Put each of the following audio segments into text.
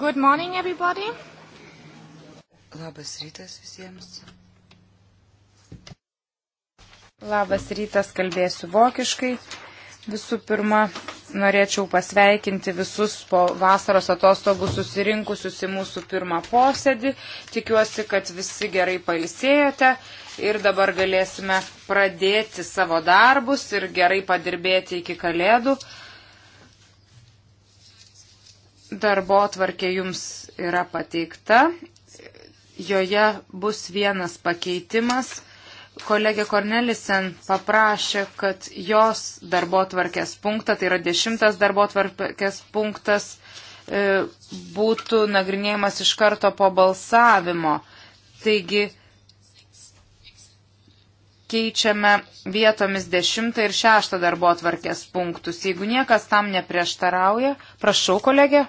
Good morning, everybody. Labas rytas visiems. Labas rytas, kalbėsiu vokiškai. Visų pirma, norėčiau pasveikinti visus po vasaros atostogų susirinkusius į mūsų pirmą posėdį. Tikiuosi, kad visi gerai pailsėjote ir dabar galėsime pradėti savo darbus ir gerai padirbėti iki kalėdų. Uh, darbo atvarkė jums yra pateikta. Joje bus vienas pakeitimas. Kolegė Kornelisen paprašė, kad jos darbo atvarkės punktą, tai yra dešimtas darbo atvarkės punktas, e, būtų nagrinėjimas iš karto po balsavimo. Taigi, keičiame vietomis 10 ir 6 darbo atvarkės punktus. Jeigu niekas tam neprieštarauja, prašau, kolegė.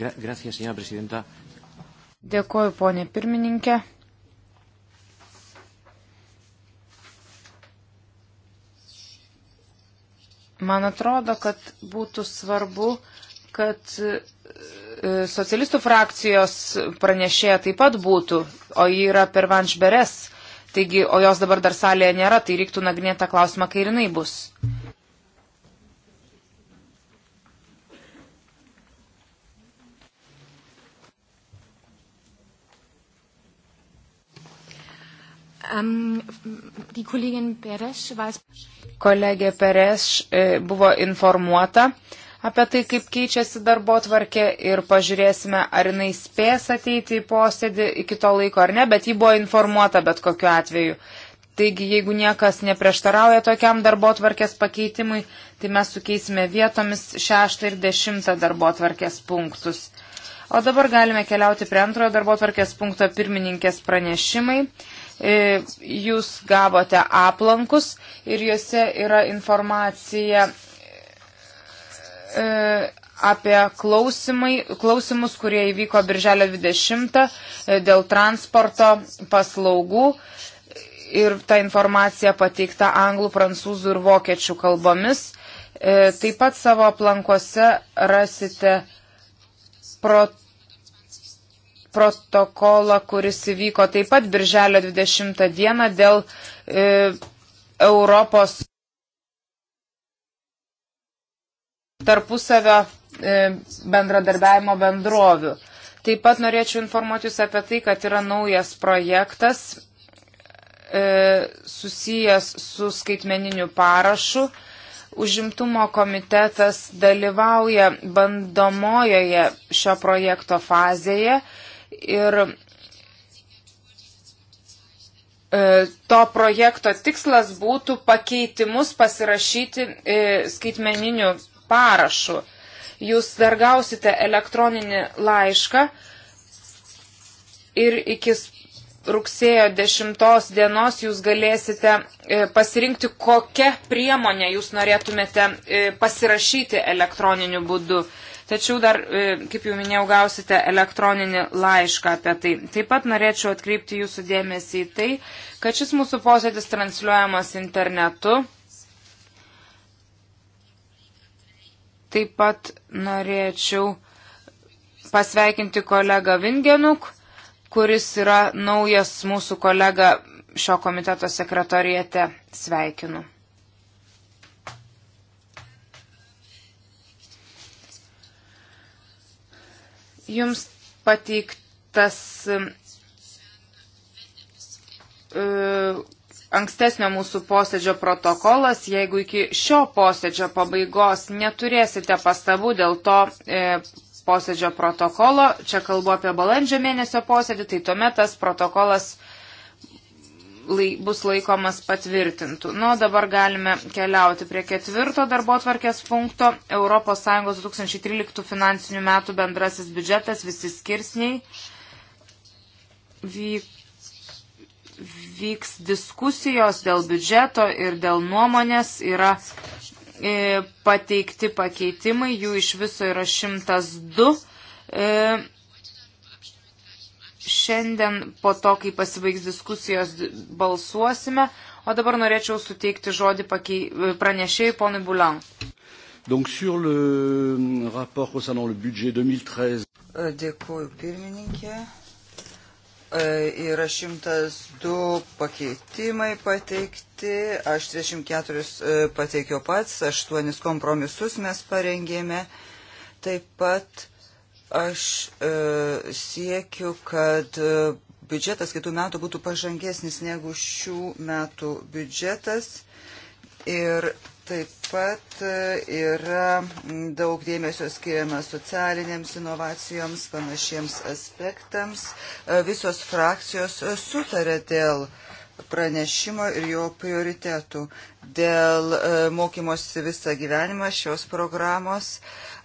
Gra gracias, señora presidenta. Dėkoju, ponė pirmininkė. Man atrodo, kad būtų svarbu, kad e, socialistų frakcijos pranešėja taip pat būtų, o ji yra pervanš beres. Taigi, o jos dabar dar salėje nėra, tai reiktų nagrinėti tą klausimą, kai jinai bus. Kolegė Pereš e, buvo informuota apie tai, kaip keičiasi darbo tvarkė ir pažiūrėsime, ar jinai spės ateiti į posėdį iki to laiko ar ne, bet ji buvo informuota bet kokiu atveju. Taigi, jeigu niekas neprieštarauja tokiam darbo tvarkės pakeitimui, tai mes sukeisime vietomis 6 ir 10 darbo tvarkės punktus. O dabar galime keliauti prie antrojo darbo tvarkės punkto pirmininkės pranešimai. E, jūs gavote aplankus ir juose yra informacija e, apie klausimai, klausimus, kurie įvyko birželio 20 e, dėl transporto paslaugų. Ir ta informacija pateikta anglų, prancūzų ir vokiečių kalbomis. Taip pat savo aplankose rasite protokolą protokolą, kuris įvyko taip pat birželio 20 dieną dėl e, Europos tarpusavio e, bendradarbiavimo bendrovių. Taip pat norėčiau informuoti Jūs apie tai, kad yra naujas projektas e, susijęs su skaitmeniniu parašu. Užimtumo komitetas dalyvauja bandomojoje šio projekto fazėje. E, Ir e, to projekto tikslas būtų pakeitimus pasirašyti e, skaitmeniniu parašu. Jūs dar gausite elektroninį laišką ir iki rugsėjo 10 dienos jūs galėsite e, pasirinkti, kokią priemonę jūs norėtumėte pasirašyti elektroniniu būdu. Tačiau dar, e, kaip jau minėjau, gausite elektroninį laišką apie tai. Taip pat norėčiau atkreipti jūsų dėmesį į tai, kad šis mūsų posėdis transliuojamas internetu. Taip pat norėčiau pasveikinti kolegą Vingenuk, kuris yra naujas mūsų kolega šio komiteto sekretorijete. Sveikinu. Jums pateiktas uh, ankstesnio mūsų posėdžio protokolas, jeigu iki šio posėdžio pabaigos neturėsite pastabų dėl to e, posėdžio protokolo, čia kalbu apie balandžio mėnesio posėdį, tai tuomet tas protokolas lai, bus laikomas patvirtintų. Nu, dabar galime keliauti prie ketvirto darbo tvarkės punkto ES 2013 finansinių metų bendrasis biudžetas visi skirsniai. Vyk, vyks diskusijos dėl biudžeto ir dėl nuomonės. Yra e, pateikti pakeitimai, jų iš viso yra 102. E, šiandien po to, kai pasibaigs diskusijos, balsuosime. O dabar norėčiau suteikti žodį pakei... pranešėjai ponui Bulan. Donc sur le rapport concernant le budget 2013. E, dėkuoju pirmininkė. E, yra 102 pakeitimai pateikti, aš 34 e, pateikiau pats, 8 kompromisus mes parengėme. Taip pat Aš e, siekiu, kad e, biudžetas kitų metų būtų pažangesnis negu šių metų biudžetas. Ir taip pat e, yra daug dėmesio skiriama socialinėms inovacijoms, panašiems aspektams. E, visos frakcijos e, sutarė dėl uh, pranešimo ir jo prioritetų. Dėl e, mokymosi visą gyvenimą šios programos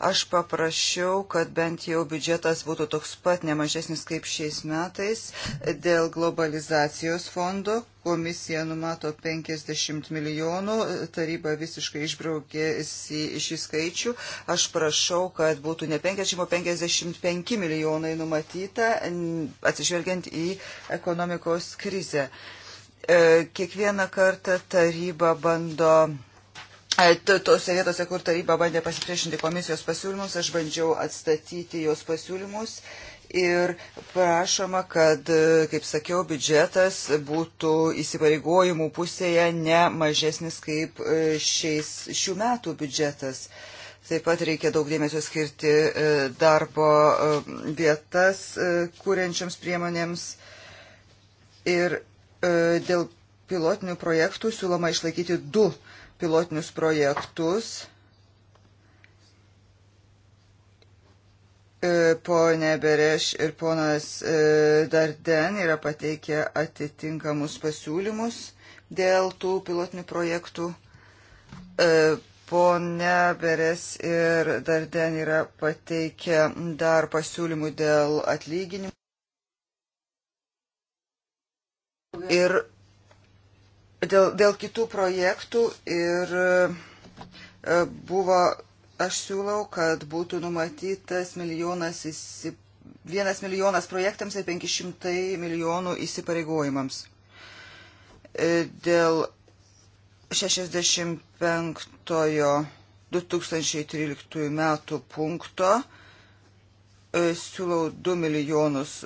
aš paprašiau, kad bent jau biudžetas būtų toks pat nemažesnis kaip šiais metais. Dėl globalizacijos fondo komisija numato 50 milijonų, taryba visiškai išbraukė šį skaičių. Aš prašau, kad būtų ne 50, o 55 milijonai numatyta, atsižvelgiant į ekonomikos krizę. Uh, E, kiekvieną kartą taryba bando, e, tose vietose, kur taryba bandė pasipriešinti komisijos pasiūlymus, aš bandžiau atstatyti jos pasiūlymus ir prašoma, kad, e, kaip sakiau, biudžetas būtų įsipareigojimų pusėje ne mažesnis kaip šiais, šių metų biudžetas. Taip pat reikia daug dėmesio skirti darbo vietas kūrenčiams priemonėms. Ir E, dėl pilotinių projektų siūloma išlaikyti du pilotinius projektus. E, pone Bereš ir ponas e, Darden yra pateikę atitinkamus pasiūlymus dėl tų pilotinių projektų. Pone Beres ir Darden yra pateikę dar pasiūlymų dėl atlyginimų. ir dėl, dėl kitų projektų ir e, buvo, aš siūlau, kad būtų numatytas milijonas įsipareigojimas vienas milijonas projektams ir 500 milijonų įsipareigojimams. E, dėl 65-ojo 2013 metų punkto e, siūlau 2 milijonus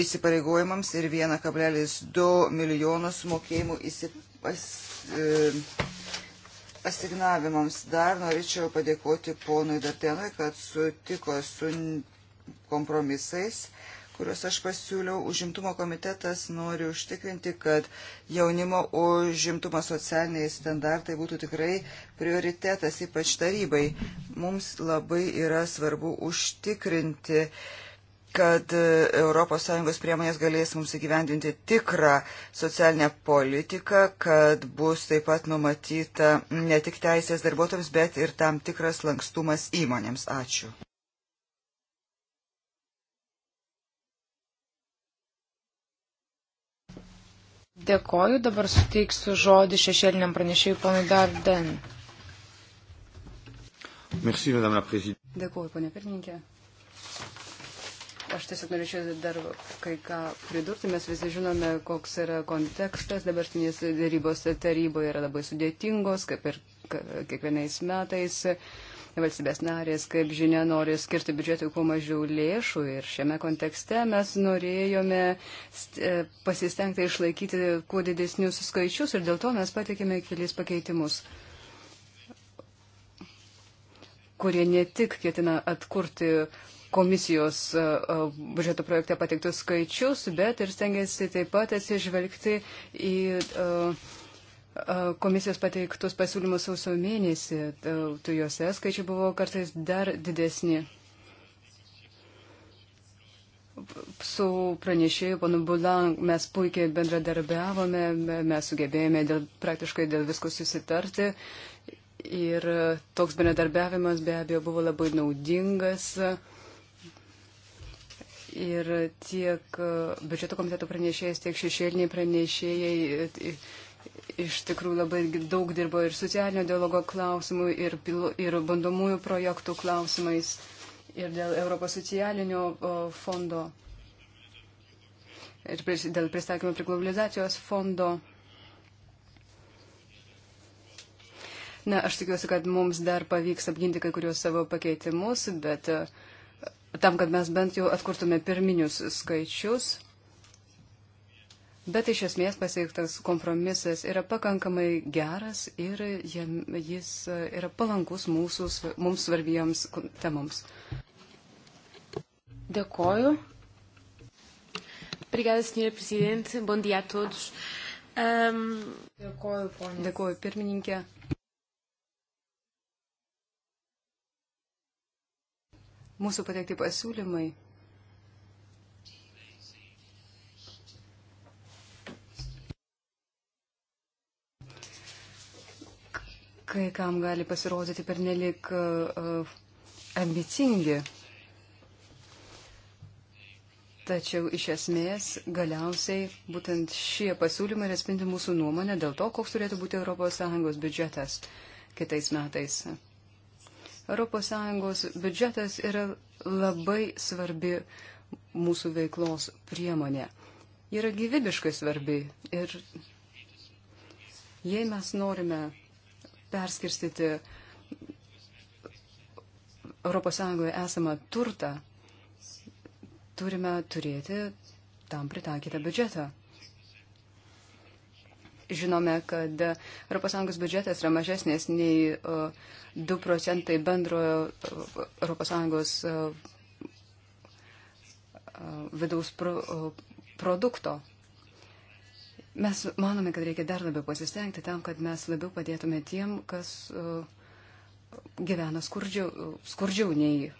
įsipareigojimams ir 1,2 milijonus mokėjimų įsipas, e, asignavimams. Dar norėčiau padėkoti ponui Dartenui, kad sutiko su kompromisais kuriuos aš pasiūliau, užimtumo komitetas nori užtikrinti, kad jaunimo užimtumo socialiniai standartai būtų tikrai prioritetas, ypač tarybai. Mums labai yra svarbu užtikrinti uh, kad ES priemonės galės mums įgyvendinti tikrą socialinę politiką, kad bus taip pat numatyta ne tik teisės darbuotojams, bet ir tam tikras lankstumas įmonėms. Ačiū. Dėkoju, dabar suteiksiu žodį šešėliniam pranešėjui ponui Darden. Merci, Dėkuoju, ponė pirmininkė. Aš tiesiog norėčiau dar kai ką pridurti. Mes visi žinome, koks yra kontekstas. Dabartinės dėrybos taryboje yra labai sudėtingos, kaip ir kiekvienais metais. Valstybės narės, kaip žinia, nori skirti biudžetui kuo mažiau lėšų ir šiame kontekste mes norėjome e, pasistengti išlaikyti kuo didesnius skaičius ir dėl to mes patikėme kelis pakeitimus kurie ne tik ketina atkurti komisijos e, e, biudžeto projekte pateiktus skaičius, bet ir stengiasi taip pat atsižvelgti į e, komisijos pateiktus pasiūlymus sausio mėnesį. Tu juose skaičiai buvo kartais dar didesni. Su pranešėju panu Bulan mes puikiai bendradarbiavome, mes sugebėjome dėl, praktiškai dėl visko susitarti Ir toks bendradarbiavimas be abejo buvo labai naudingas ir tiek e, biudžeto komiteto pranešėjas, tiek šešėliniai pranešėjai e, iš tikrųjų labai daug dirbo ir socialinio dialogo klausimų, ir, pilo, ir bandomųjų projektų klausimais, ir dėl Europos socialinio fondo, ir dėl pristatymo prie globalizacijos fondo. Na, aš tikiuosi, kad mums dar pavyks apginti kai kurios savo pakeitimus, bet uh, tam, kad mes bent jau atkurtume pirminius skaičius. Bet iš esmės pasiektas kompromisas yra pakankamai geras ir jis e, yra palankus mūsų, mums svarbiems temams. Dėkoju. Obrigada, senhora Presidente. Bom dia a todos. Um... Dėkoju, ponė. Dėkoju, pirmininkė. mūsų pateikti pasiūlymai kai kam gali pasirodyti pernelik uh, ambicingi. Tačiau iš esmės galiausiai būtent šie pasiūlymai atspindi mūsų nuomonę dėl to, koks turėtų būti ES biudžetas kitais metais. ES biudžetas yra labai svarbi mūsų veiklos priemonė. Ji yra gyvybiškai svarbi ir jei mes norime perskirstyti ES esamą turtą, turime turėti tam pritaikytą biudžetą žinome, kad ES biudžetas yra mažesnės nei 2 e, procentai bendrojo e, ES e, vidaus pro, produkto. Mes manome, kad reikia dar labiau pasistengti tam, kad mes labiau padėtume tiem, kas gyvena skurdžiau, skurdžiau nei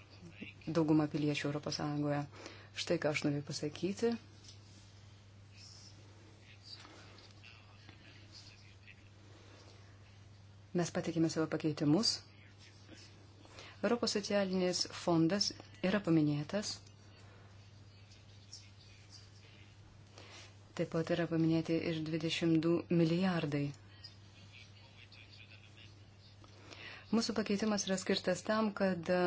dauguma piliečių ES. Štai ką aš noriu pasakyti. Mes patikėme savo pakeitimus. Europos socialinis fondas yra paminėtas. Taip pat yra paminėti ir 22 milijardai. Mūsų pakeitimas yra skirtas tam, kad e,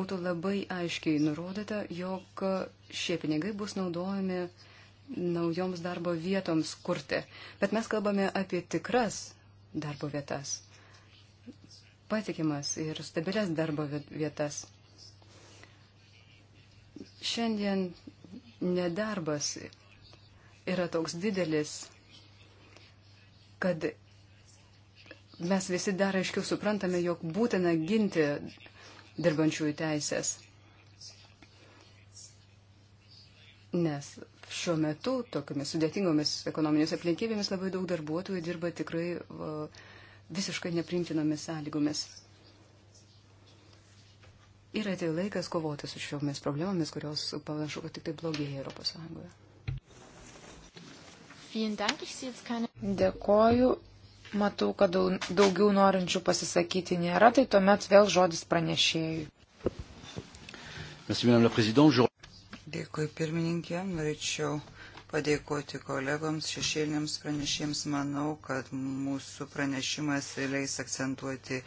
būtų labai aiškiai nurodyta, jog šie pinigai bus naudojami naujoms darbo vietoms kurti. Bet mes kalbame apie tikras darbo vietas, patikimas ir stabilias darbo vietas. Šiandien nedarbas yra toks didelis, kad mes visi dar aiškiau suprantame, jog būtina ginti dirbančiųjų teisės. Nes Šiuo metu tokiamis sudėtingomis ekonominės aplinkybėmis labai daug darbuotojų dirba tikrai visiškai neprimtinomis sąlygomis. Ir atėjo laikas kovoti su šiomis problemomis, kurios panašu, kad tik tai blogėja Europos Sąjungoje. Dėkoju. Matau, kad daugiau norinčių pasisakyti nėra, tai tuomet vėl žodis pranešėjui. Merci, Dėkui pirmininkė, norėčiau padėkoti kolegoms, šešėliniams pranešėjams. Manau, kad mūsų pranešimas leis akcentuoti e,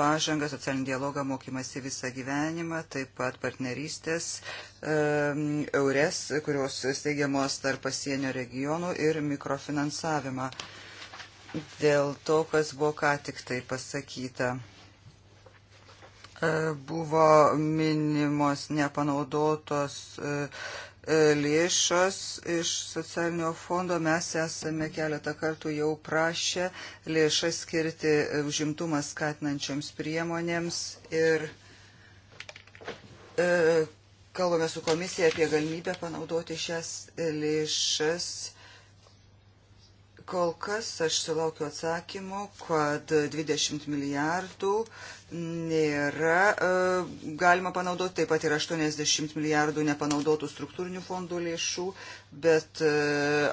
pažangą, socialinį dialogą, mokymasi visą gyvenimą, taip pat partnerystės, e, eures, kurios steigiamos tarp pasienio regionų ir mikrofinansavimą. Dėl to, kas buvo ką tik tai pasakyta. E, buvo minimos nepanaudotos e, e, lėšas iš socialinio fondo. Mes esame keletą kartų jau prašę lėšas skirti užimtumą skatinančioms priemonėms ir kalbame su komisija apie galimybę panaudoti šias lėšas Kol kas aš sulaukiu atsakymo, kad 20 milijardų nėra e, galima panaudoti, taip pat yra 80 milijardų nepanaudotų struktūrinių fondų lėšų, bet e,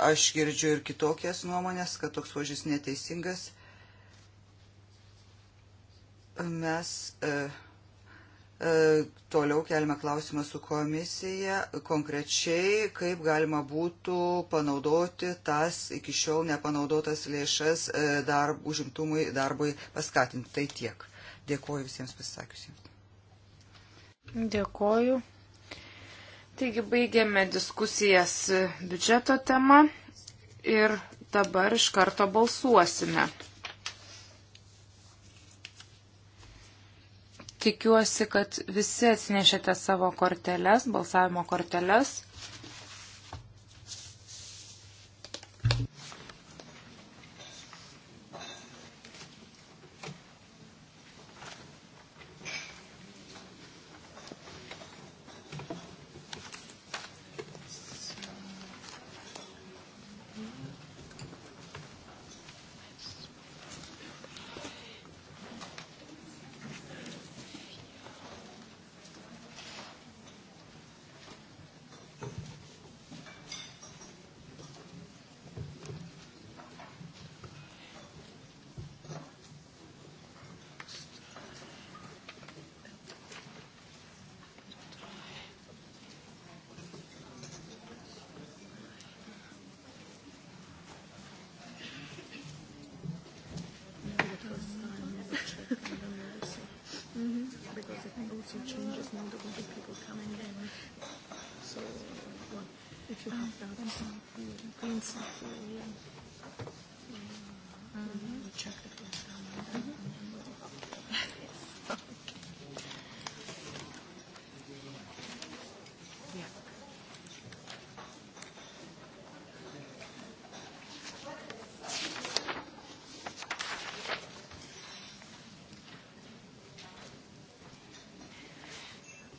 aš girdžiu ir kitokias nuomonės, kad toks požiūris neteisingas. Mes e, E, toliau keliame klausimą su komisija, konkrečiai kaip galima būtų panaudoti tas iki šiol nepanaudotas lėšas e, darb, užimtumui darbui paskatinti. Tai tiek. Dėkuoju visiems pasisakiusiems. Dėkuoju. Taigi baigėme diskusijas biudžeto tema ir dabar iš karto balsuosime. Tikiuosi, kad visi atsinešėte savo korteles, balsavimo korteles.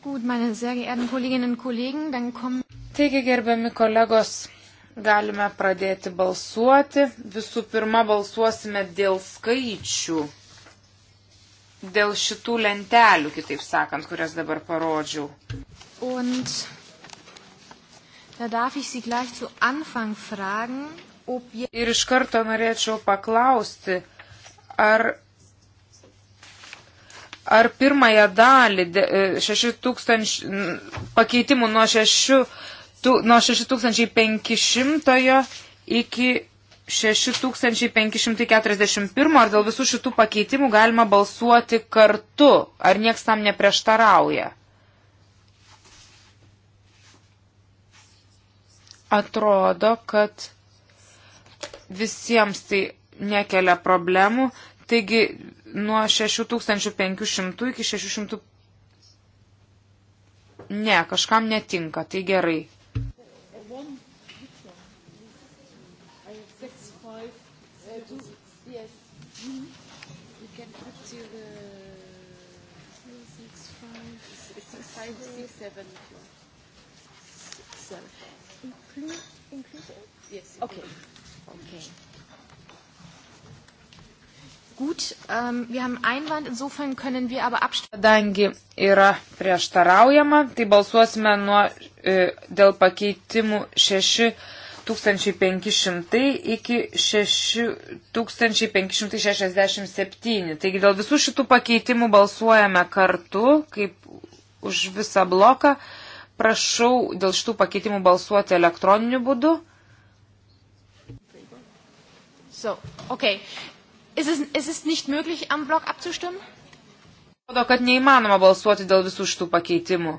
Gut, meine sehr geehrten Kolleginnen und Kollegen, dann kommen Taigi, gerbiami kolegos, galime pradėti balsuoti. Visų pirma, balsuosime dėl skaičių, dėl šitų lentelių, kitaip sakant, kurias dabar parodžiau. Und da darf ich Sie gleich zu Anfang fragen, ob je... Ir iš karto norėčiau paklausti, ar ar pirmąją dalį 6000 e, pakeitimų nuo 6 nuo 6500 iki 6541 ar dėl visų šitų pakeitimų galima balsuoti kartu, ar nieks tam neprieštarauja. Atrodo, kad visiems tai nekelia problemų, taigi nuo 6500 iki 600 ne, kažkam netinka, tai gerai. seven. Seven. Include, include it? Yes. Okay. Okay. Gut, ähm, wir haben Einwand, insofern können wir aber abstimmen. Kadangi yra prieštaraujama, tai balsuosime nuo, e, dėl pakeitimų 6500 iki 6567. Taigi dėl visų šitų pakeitimų balsuojame kartu, kaip už visą bloką. Prašau dėl šitų pakeitimų balsuoti elektroniniu būdu. So, okay. Ist es, ist es nicht möglich, am Block abzustimmen? Atrodo, kad neįmanoma balsuoti dėl visų šitų pakeitimų.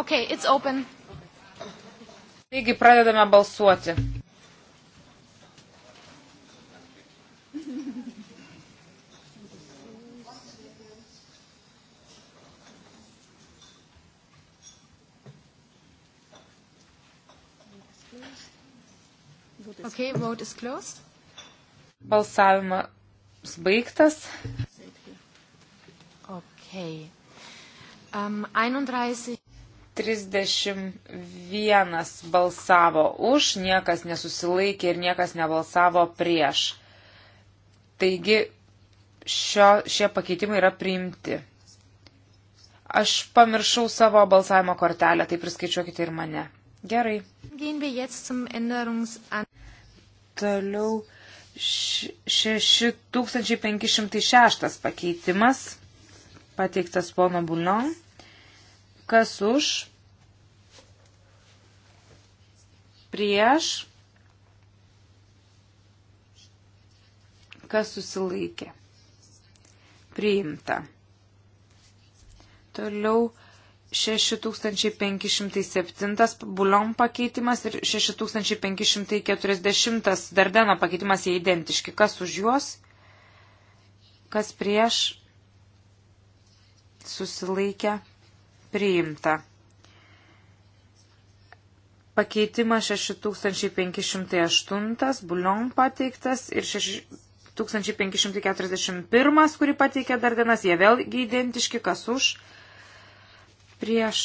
Okay, it's open. Taigi pradedame balsuoti. Okay, vote is closed. Balsavimas baigtas. Okay. Um, 31. 31 balsavo už, niekas nesusilaikė ir niekas nebalsavo prieš. Taigi šio, šie pakeitimai yra priimti. Aš pamiršau savo balsavimo kortelę, tai priskaičiuokite ir mane. Gerai. Toliau 6506 pakeitimas pateiktas pono Bulnon. Kas už? Prieš? Kas susilaikė? Priimta. Toliau 6507 buliom pakeitimas ir 6540 dardeno pakeitimas jie identiški. Kas už juos, kas prieš susilaikę priimta. Pakeitimas 6508 buliom pateiktas ir 6541, kurį pateikė dardenas, jie vėlgi identiški, kas už prieš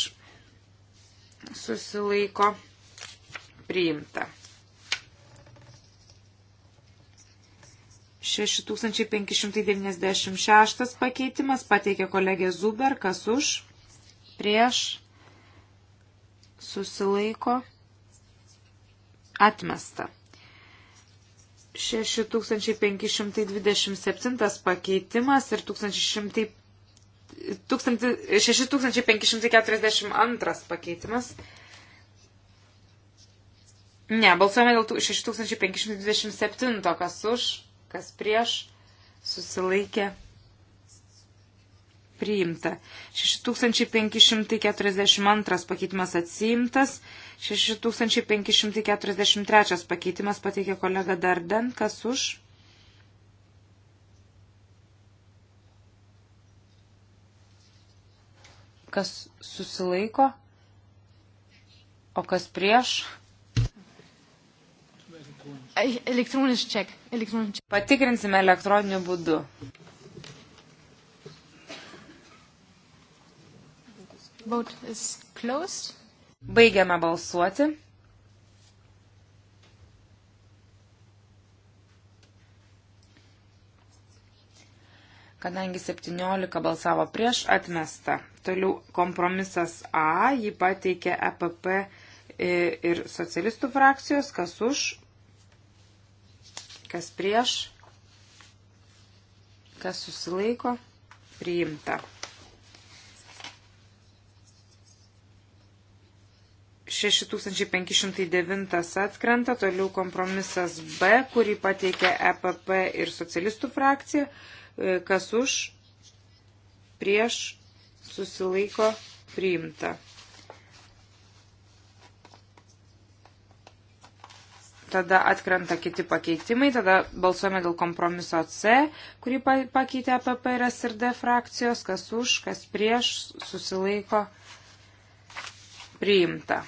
susilaiko priimta. 6596 pakeitimas pateikė kolegė Zuber, kas už, prieš, susilaiko, atmesta. 6527 pakeitimas ir 1600 6542 pakeitimas. Ne, balsuojame dėl 6527, kas už, kas prieš, susilaikė, priimta. 6542 pakeitimas atsiimtas, 6543 pakeitimas pateikė kolega Darden, kas už, kas susilaiko, o kas prieš. Elektroninis ček. Elektroninis ček. Patikrinsime elektroniniu būdu. Vote is closed. Baigiame balsuoti. kadangi 17 balsavo prieš atmesta. Toliau kompromisas A, jį pateikė EPP ir socialistų frakcijos, kas už, kas prieš, kas susilaiko, priimta. Šeši tūkstančiai penkišimtai devintas atkrenta, toliau kompromisas B, kurį pateikė EPP ir socialistų frakcija, E, kas už, prieš, susilaiko, priimta. tada atkrenta kiti pakeitimai, tada balsuojame dėl kompromiso C, kurį pakeitė APP ir SRD frakcijos, kas už, kas prieš, susilaiko, priimta.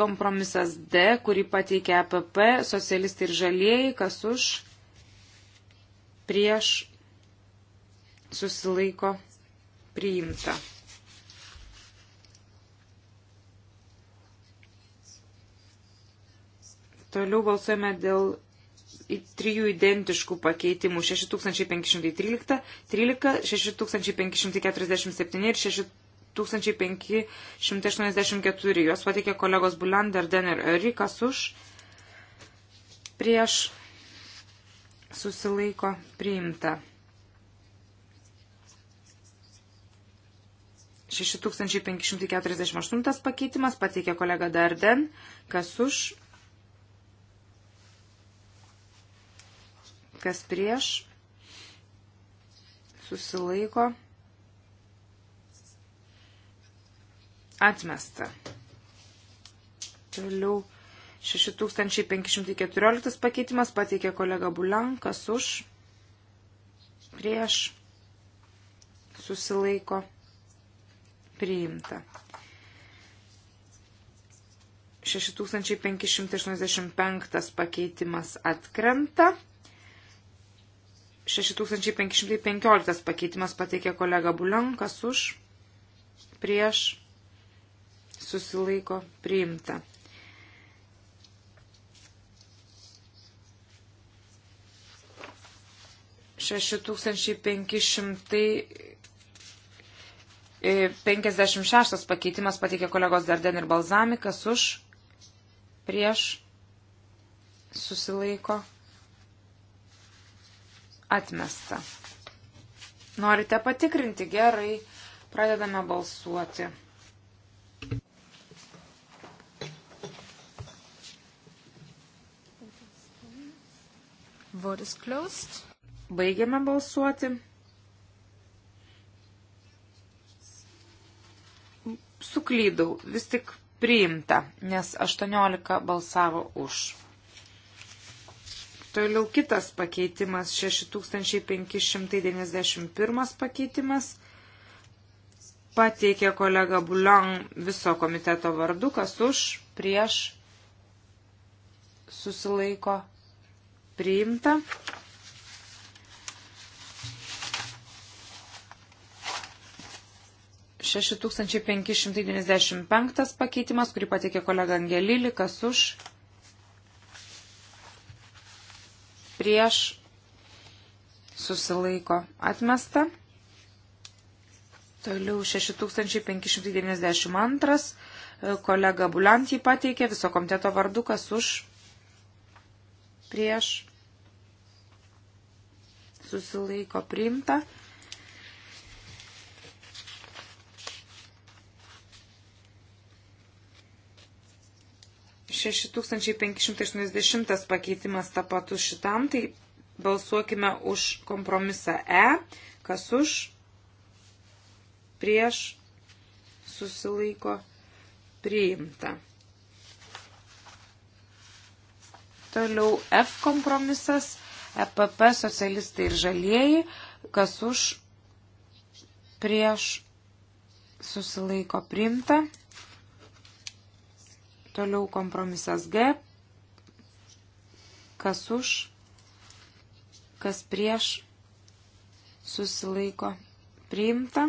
Kompromisas D, kurį pateikė APP, socialistai ir žalieji, kas už, prieš susilaiko priimta. Toliau balsuojame dėl trijų identiškų pakeitimų 6513, 13, 6547 ir 6584. Juos pateikė kolegos Bulan, Darden ir Rikas už prieš susilaiko priimta. 6548 pakeitimas pateikė kolega Darden, kas už, kas prieš, susilaiko, atmesta. Toliau 6514 pakeitimas pateikė kolega Bulan, kas už, prieš, susilaiko, priimta. 6585 pakeitimas atkrenta. 6515 pakeitimas pateikė kolega Bulankas už, prieš, susilaiko, priimta. 6556 e, pakeitimas pateikė kolegos Darden ir Balzamikas už, prieš, susilaiko, atmesta. Norite patikrinti gerai, pradedame balsuoti. Vote is closed. Baigiame balsuoti. Suklydau, vis tik priimta, nes 18 balsavo už. Toliau kitas pakeitimas, 6591 pakeitimas pateikė kolega Bulang viso komiteto vardu, kas už, prieš, susilaiko, priimta. 6595 pakeitimas, kurį patikė kolega Angelili, kas už, prieš, susilaiko atmesta. Toliau 6592, kolega Bulant jį pateikė, viso komiteto vardu, kas už, prieš, susilaiko priimta. 6580 pakeitimas tapatus šitam, tai balsuokime už kompromisą E, kas už, prieš, susilaiko, priimta. Toliau F kompromisas, EPP, socialistai ir žalieji, kas už, prieš, susilaiko, priimta. Toliau kompromisas G. Kas už, kas prieš, susilaiko priimta.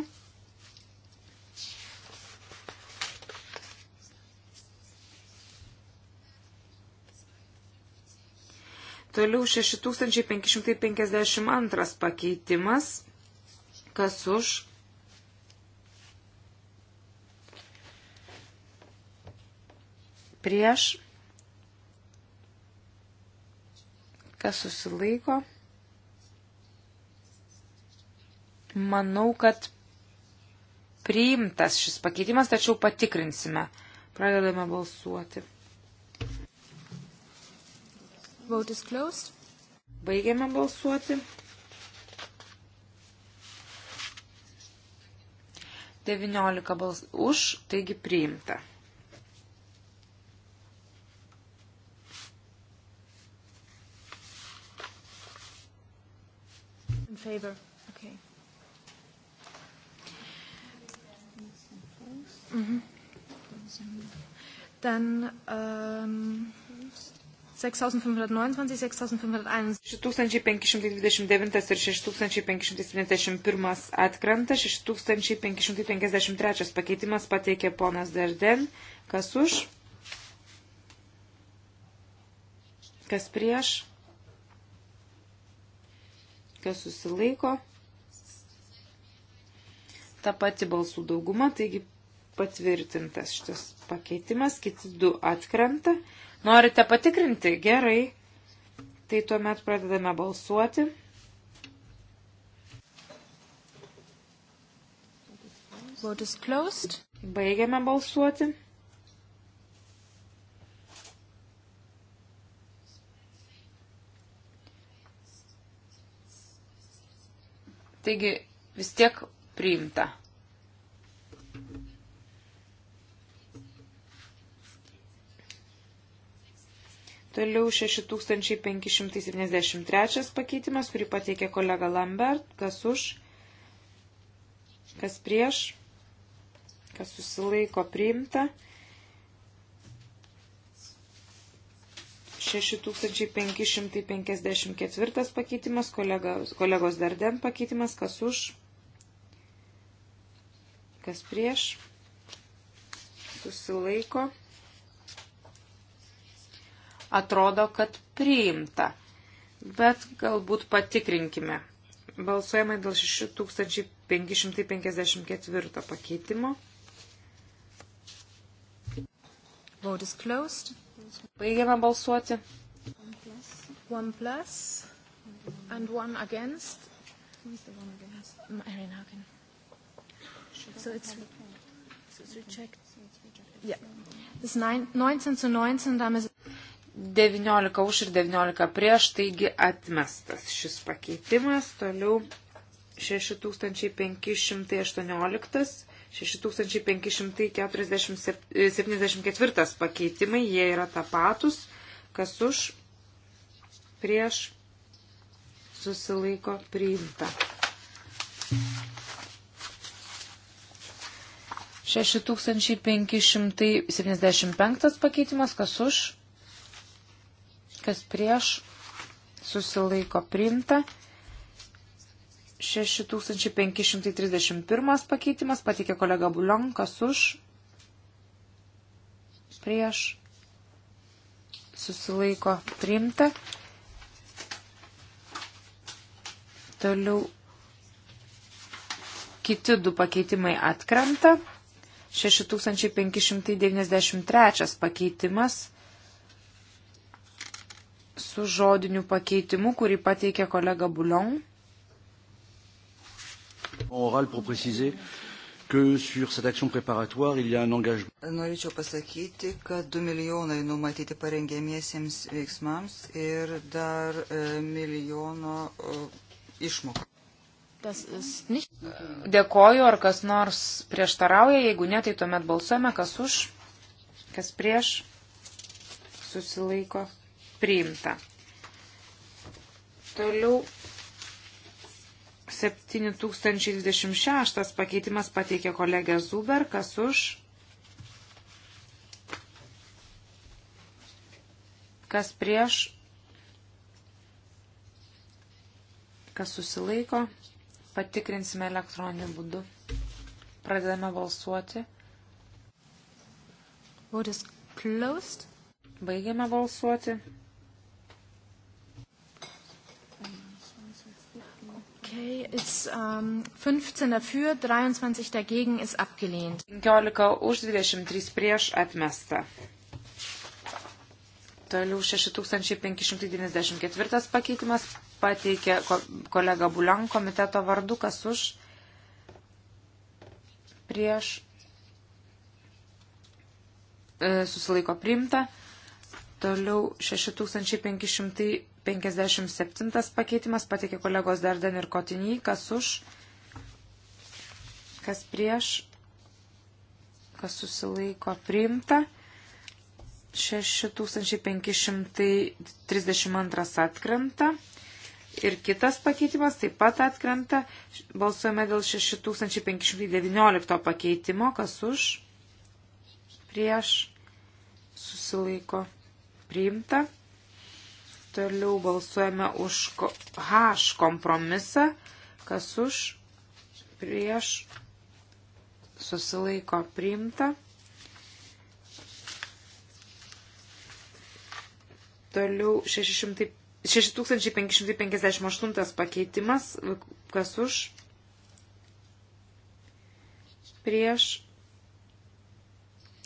Toliau 6552 pakeitimas. Kas už, prieš, kas susilaiko. Manau, kad priimtas šis pakeitimas, tačiau patikrinsime. Pradedame balsuoti. Vote is closed. Baigiame balsuoti. 19 bals už, taigi priimta. favor? Okay. Mhm. Dann ähm, 6529, 6529 ir 6571 atkrenta, 6553 pakeitimas pateikė ponas Darden. Kas už? Kas prieš? kas susilaiko. Ta pati balsų dauguma, taigi patvirtintas šitas pakeitimas, kiti du atkrenta. Norite patikrinti? Gerai. Tai tuomet pradedame balsuoti. Vote is closed. Baigiame balsuoti. Taigi vis tiek priimta. Toliau 6573 pakeitimas, kurį pateikė kolega Lambert, kas už, kas prieš, kas susilaiko priimta. 6554 pakeitimas, kolegos, kolegos Darden pakeitimas, kas už, kas prieš, susilaiko. Atrodo, kad priimta, bet galbūt patikrinkime. Balsuojama dėl 6554 pakeitimo. Vote is closed. Baigiame balsuoti. One plus and one against. Who is the one against? Erin Hagen. So it's, so it's rejected. Yeah. It's nine, 19 to 19, damas. 19 už ir 19 prieš, taigi atmestas šis pakeitimas. Toliau 6518. 6574 eh, pakeitimai, jie yra tapatus, kas už, prieš, susilaiko priimta. 6575 pakeitimas, kas už, kas prieš, susilaiko priimta. 6531 pakeitimas pateikė kolega Bulionkas už, prieš, susilaiko priimta. Toliau kiti du pakeitimai atkrenta. 6593 pakeitimas su žodiniu pakeitimu, kurį pateikė kolega Bulion. Norėčiau pasakyti, kad 2 milijonai numatyti parengiamiesiems veiksmams ir dar e, milijono e, išmokų. Dėkoju, ar kas nors prieštarauja, jeigu ne, tai tuomet balsuojame, kas už, kas prieš, susilaiko, priimta. Toliau 7026 pakeitimas pateikė kolegė Zuber, kas už, kas prieš, kas susilaiko, patikrinsime elektroniniu būdu. Pradedame balsuoti. Vote is closed. Baigiame balsuoti. Okay, ist um, 15 dafür, 23 dagegen ist abgelehnt. 15 už 23 prieš atmesta. Toliau 6594 pakeitimas pateikė kolega Bulan komiteto vardu, kas už prieš e, susilaiko priimta. Toliau 6500. 57 pakeitimas pateikė kolegos Darden ir Kotinį, kas už, kas prieš, kas susilaiko priimta. 6532 atkrenta. Ir kitas pakeitimas taip pat atkrenta. Balsuojame dėl 6519 pakeitimo, kas už, prieš, susilaiko priimta. Toliau balsuojame už H kompromisą, kas už, prieš, susilaiko priimta. Toliau 600, 6558 pakeitimas, kas už, prieš,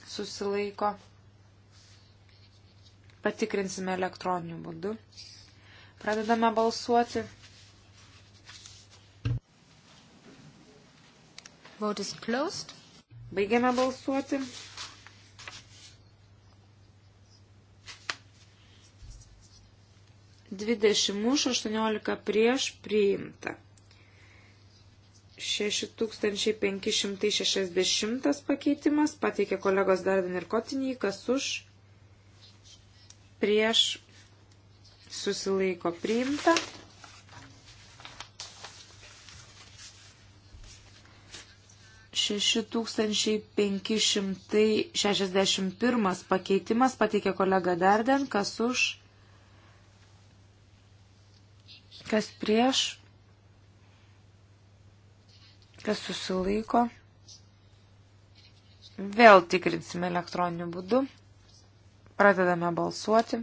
susilaiko Patikrinsime elektroniniu būdu. Pradedame balsuoti. Vote is closed. Baigiame balsuoti. Dvidešimt už, aštuoniolika prieš priimta. 6560 pakeitimas pateikė kolegos Darvin ir Kotinį, kas už prieš susilaiko priimta. Šeši tūkstančiai penki šimtai šešiasdešimt pirmas pakeitimas pateikė kolega Darden, kas už, kas prieš, kas susilaiko. Vėl tikrinsime elektroniniu būdu. Pradedame balsuoti.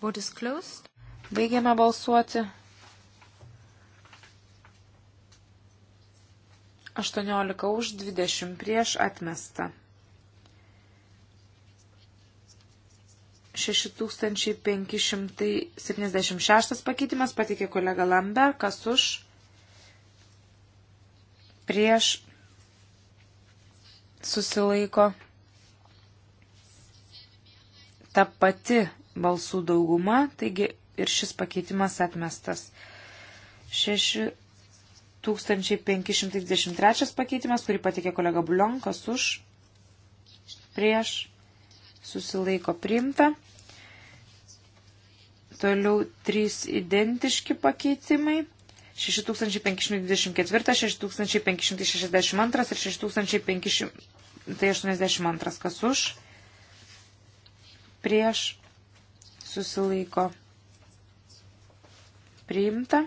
Vote is closed. Baigiame balsuoti. 18 už 20 prieš atmesta. 6576 pakeitimas patikė kolega Lambert, kas už prieš susilaiko ta pati balsų dauguma, taigi ir šis pakeitimas atmestas. 6523 pakeitimas, kurį patikė kolega Blionkas už, prieš, susilaiko priimta. Toliau trys identiški pakeitimai. 6524, 6562 ir 6582, tai kas už, prieš susilaiko priimta.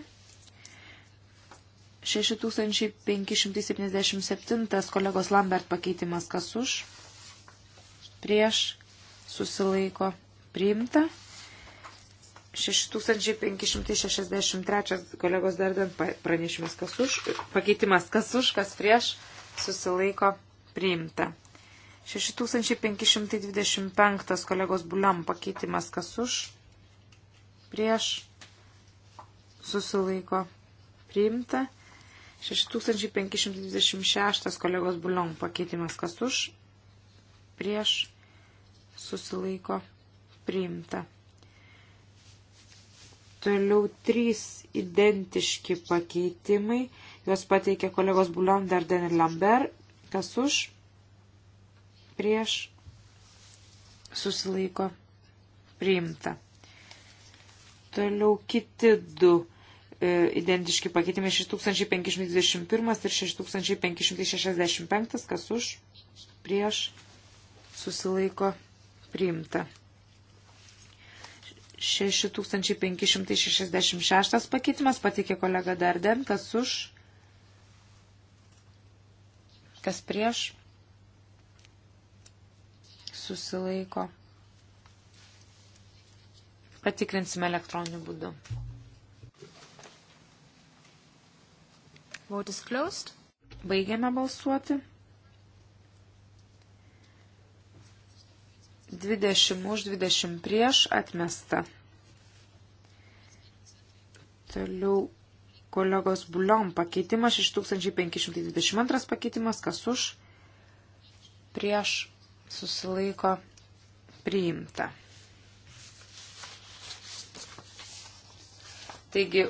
6577 kolegos Lambert pakeitimas kas už, prieš susilaiko priimta. 6563 kolegos Dardan pranešimas kas už, pakeitimas kas už, kas prieš susilaiko priimta. 6525 kolegos Buliam pakeitimas kas už, prieš, susilaiko, priimta. 6526 kolegos Buliam pakeitimas kas už, prieš, susilaiko, priimta. Toliau trys identiški pakeitimai. Juos pateikė kolegos Buliam Darden ir Lambert. Kas už? prieš susilaiko priimta. Toliau kiti du e, identiški pakeitimai 6521 ir 6565, kas už, prieš susilaiko priimta. 6566 pakeitimas patikė kolega Darden, kas už, kas prieš susilaiko. Patikrinsime elektroniniu būdu. Vote is closed. Baigiame balsuoti. 20 už 20 prieš atmesta. Toliau kolegos Buliom pakeitimas 6522 pakeitimas, kas už prieš susilaiko priimta. Taigi,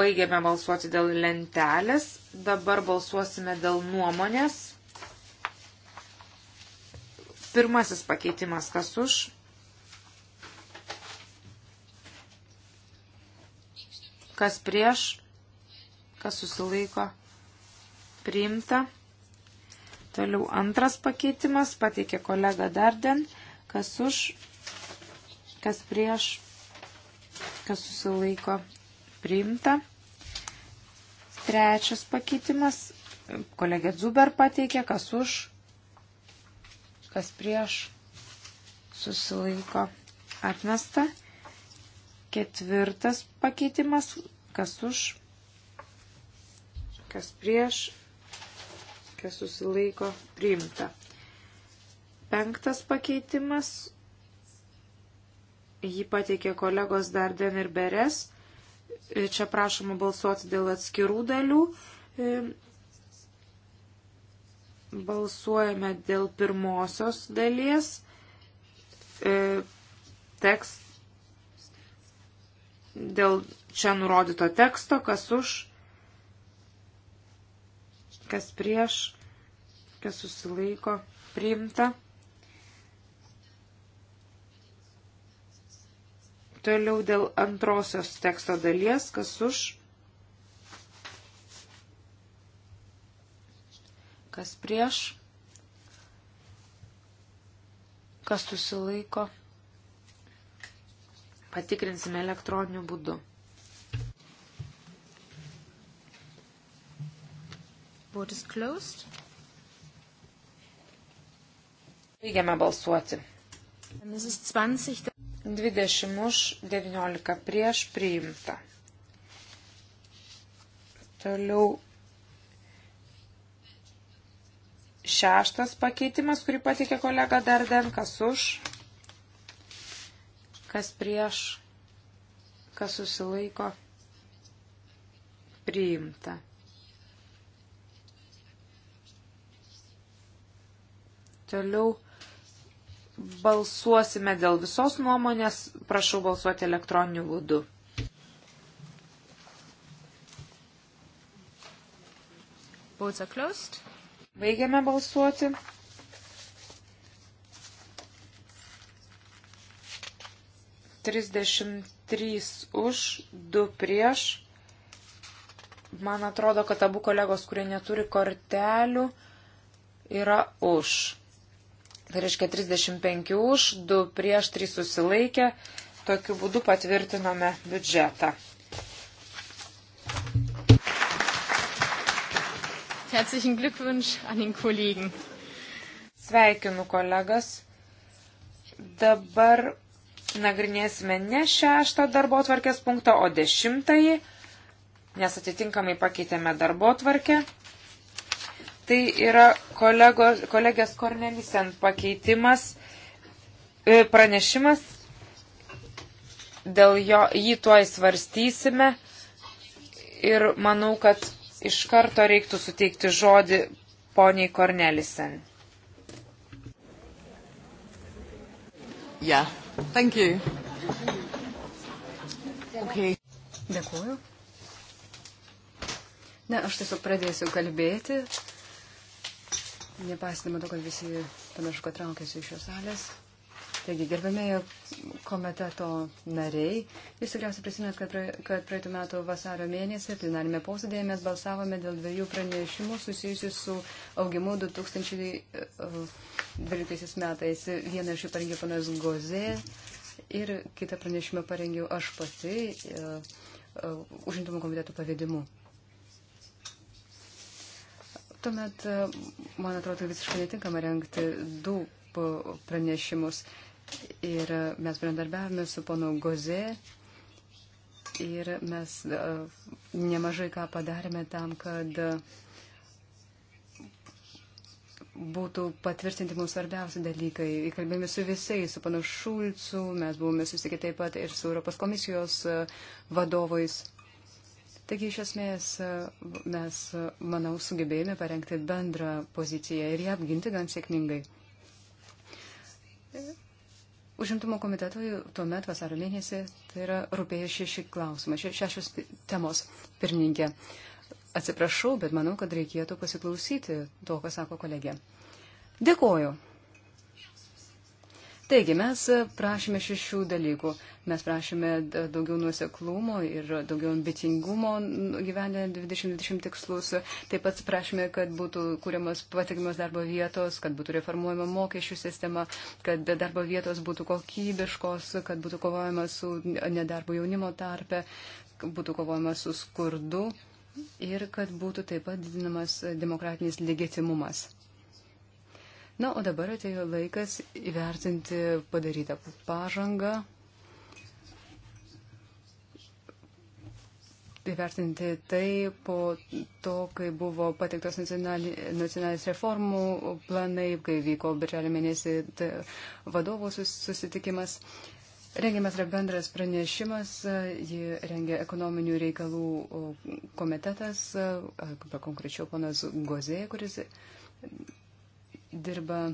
baigėme balsuoti dėl lentelės, dabar balsuosime dėl nuomonės. Pirmasis pakeitimas, kas už? Kas prieš? Kas susilaiko? Priimta. Toliau antras pakeitimas pateikė kolega Darden, kas už, kas prieš, kas susilaiko priimta. Trečias pakeitimas kolegė Zuber pateikė, kas už, kas prieš, susilaiko atmesta. Ketvirtas pakeitimas, kas už, kas prieš, kas susilaiko priimta. Penktas pakeitimas, jį pateikė kolegos Darden ir Beres. E, čia prašoma balsuoti dėl atskirų dalių. E, balsuojame dėl pirmosios dalies. E, tekst, dėl čia nurodyto teksto, kas už kas prieš, kas susilaiko, priimta. Toliau dėl antrosios teksto dalies, kas už, kas prieš, kas susilaiko. Patikrinsime elektroniniu būdu. Vote is closed. Baigiame balsuoti. 20 už, 19 prieš priimta. Toliau šeštas pakeitimas, kurį patikė kolega Darden, kas už, kas prieš, kas susilaiko, priimta. Toliau balsuosime dėl visos nuomonės. Prašau balsuoti elektroniniu būdu. Votes are closed. Baigiame balsuoti. Trisdešimt trys už, du prieš. Man atrodo, kad abu kolegos, kurie neturi kortelių, yra už. Tai reiškia 35 už, 2 prieš, 3 susilaikė. Tokiu būdu patvirtinome biudžetą. Herzlichen Glückwunsch an den Kollegen. Sveikinu kolegas. Dabar nagrinėsime ne šeštą darbo tvarkės punktą, o dešimtąjį, nes atitinkamai pakeitėme darbo tvarkę tai yra kolegos, kolegės Kornelisen pakeitimas, e, pranešimas, dėl jo jį tuoj svarstysime ir manau, kad iš karto reiktų suteikti žodį poniai Kornelisen. Yeah. Thank you. Okay. Dėkuoju. Ne, aš tiesiog pradėsiu kalbėti, Nepaisydama to, kad visi panašu, kad traukiasi iš šios salės. Taigi, gerbėmėjo komiteto nariai, jūs tikriausiai prisimenat, kad, pra, kad praeitų metų vasario mėnesį plenarime posėdėje mes balsavome dėl dviejų pranešimų susijusių su augimu 2012 e, metais. Vieną iš jų parengė panas Gozė ir kitą pranešimą parengiau aš pati e, e, užimtumo komiteto pavėdimu. Tuomet, e, man atrodo, visiškai netinkama rengti du e, pranešimus. Ir e, mes bendarbiavome su ponu Goze ir mes nemažai ką padarėme tam, kad būtų patvirtinti mūsų svarbiausi dalykai. Įkalbėjome su visais, su panu Šulcu, mes buvome susitikę taip pat ir su Europos komisijos vadovais. Taigi iš esmės mes, manau, sugebėjome parengti bendrą poziciją ir ją apginti gan sėkmingai. Užimtumo komitetui tuomet vasario mėnesį tai yra rūpėjo šeši klausimai, še, šešios temos pirmininkė. Atsiprašau, bet manau, kad reikėtų pasiklausyti to, ką sako kolegė. Dėkoju. Taigi mes prašėme šešių dalykų. Mes prašėme daugiau nuoseklumo ir daugiau ambicingumo gyvenę 2020 tikslus. Taip pat prašėme, kad būtų kūriamas patikimas darbo vietos, kad būtų reformuojama mokesčių sistema, kad darbo vietos būtų kokybiškos, kad būtų kovojama su nedarbo jaunimo tarpe, būtų kovojama su skurdu ir kad būtų taip pat didinamas demokratinis legitimumas. Na, o dabar atėjo laikas įvertinti padarytą pažangą, įvertinti tai po to, kai buvo pateiktos nacionalinės reformų planai, kai vyko birželio mėnesį vadovų susitikimas. Rengiamas yra bendras pranešimas, jį rengia ekonominių reikalų komitetas, konkrečiau ponas Gozė, kuris dirba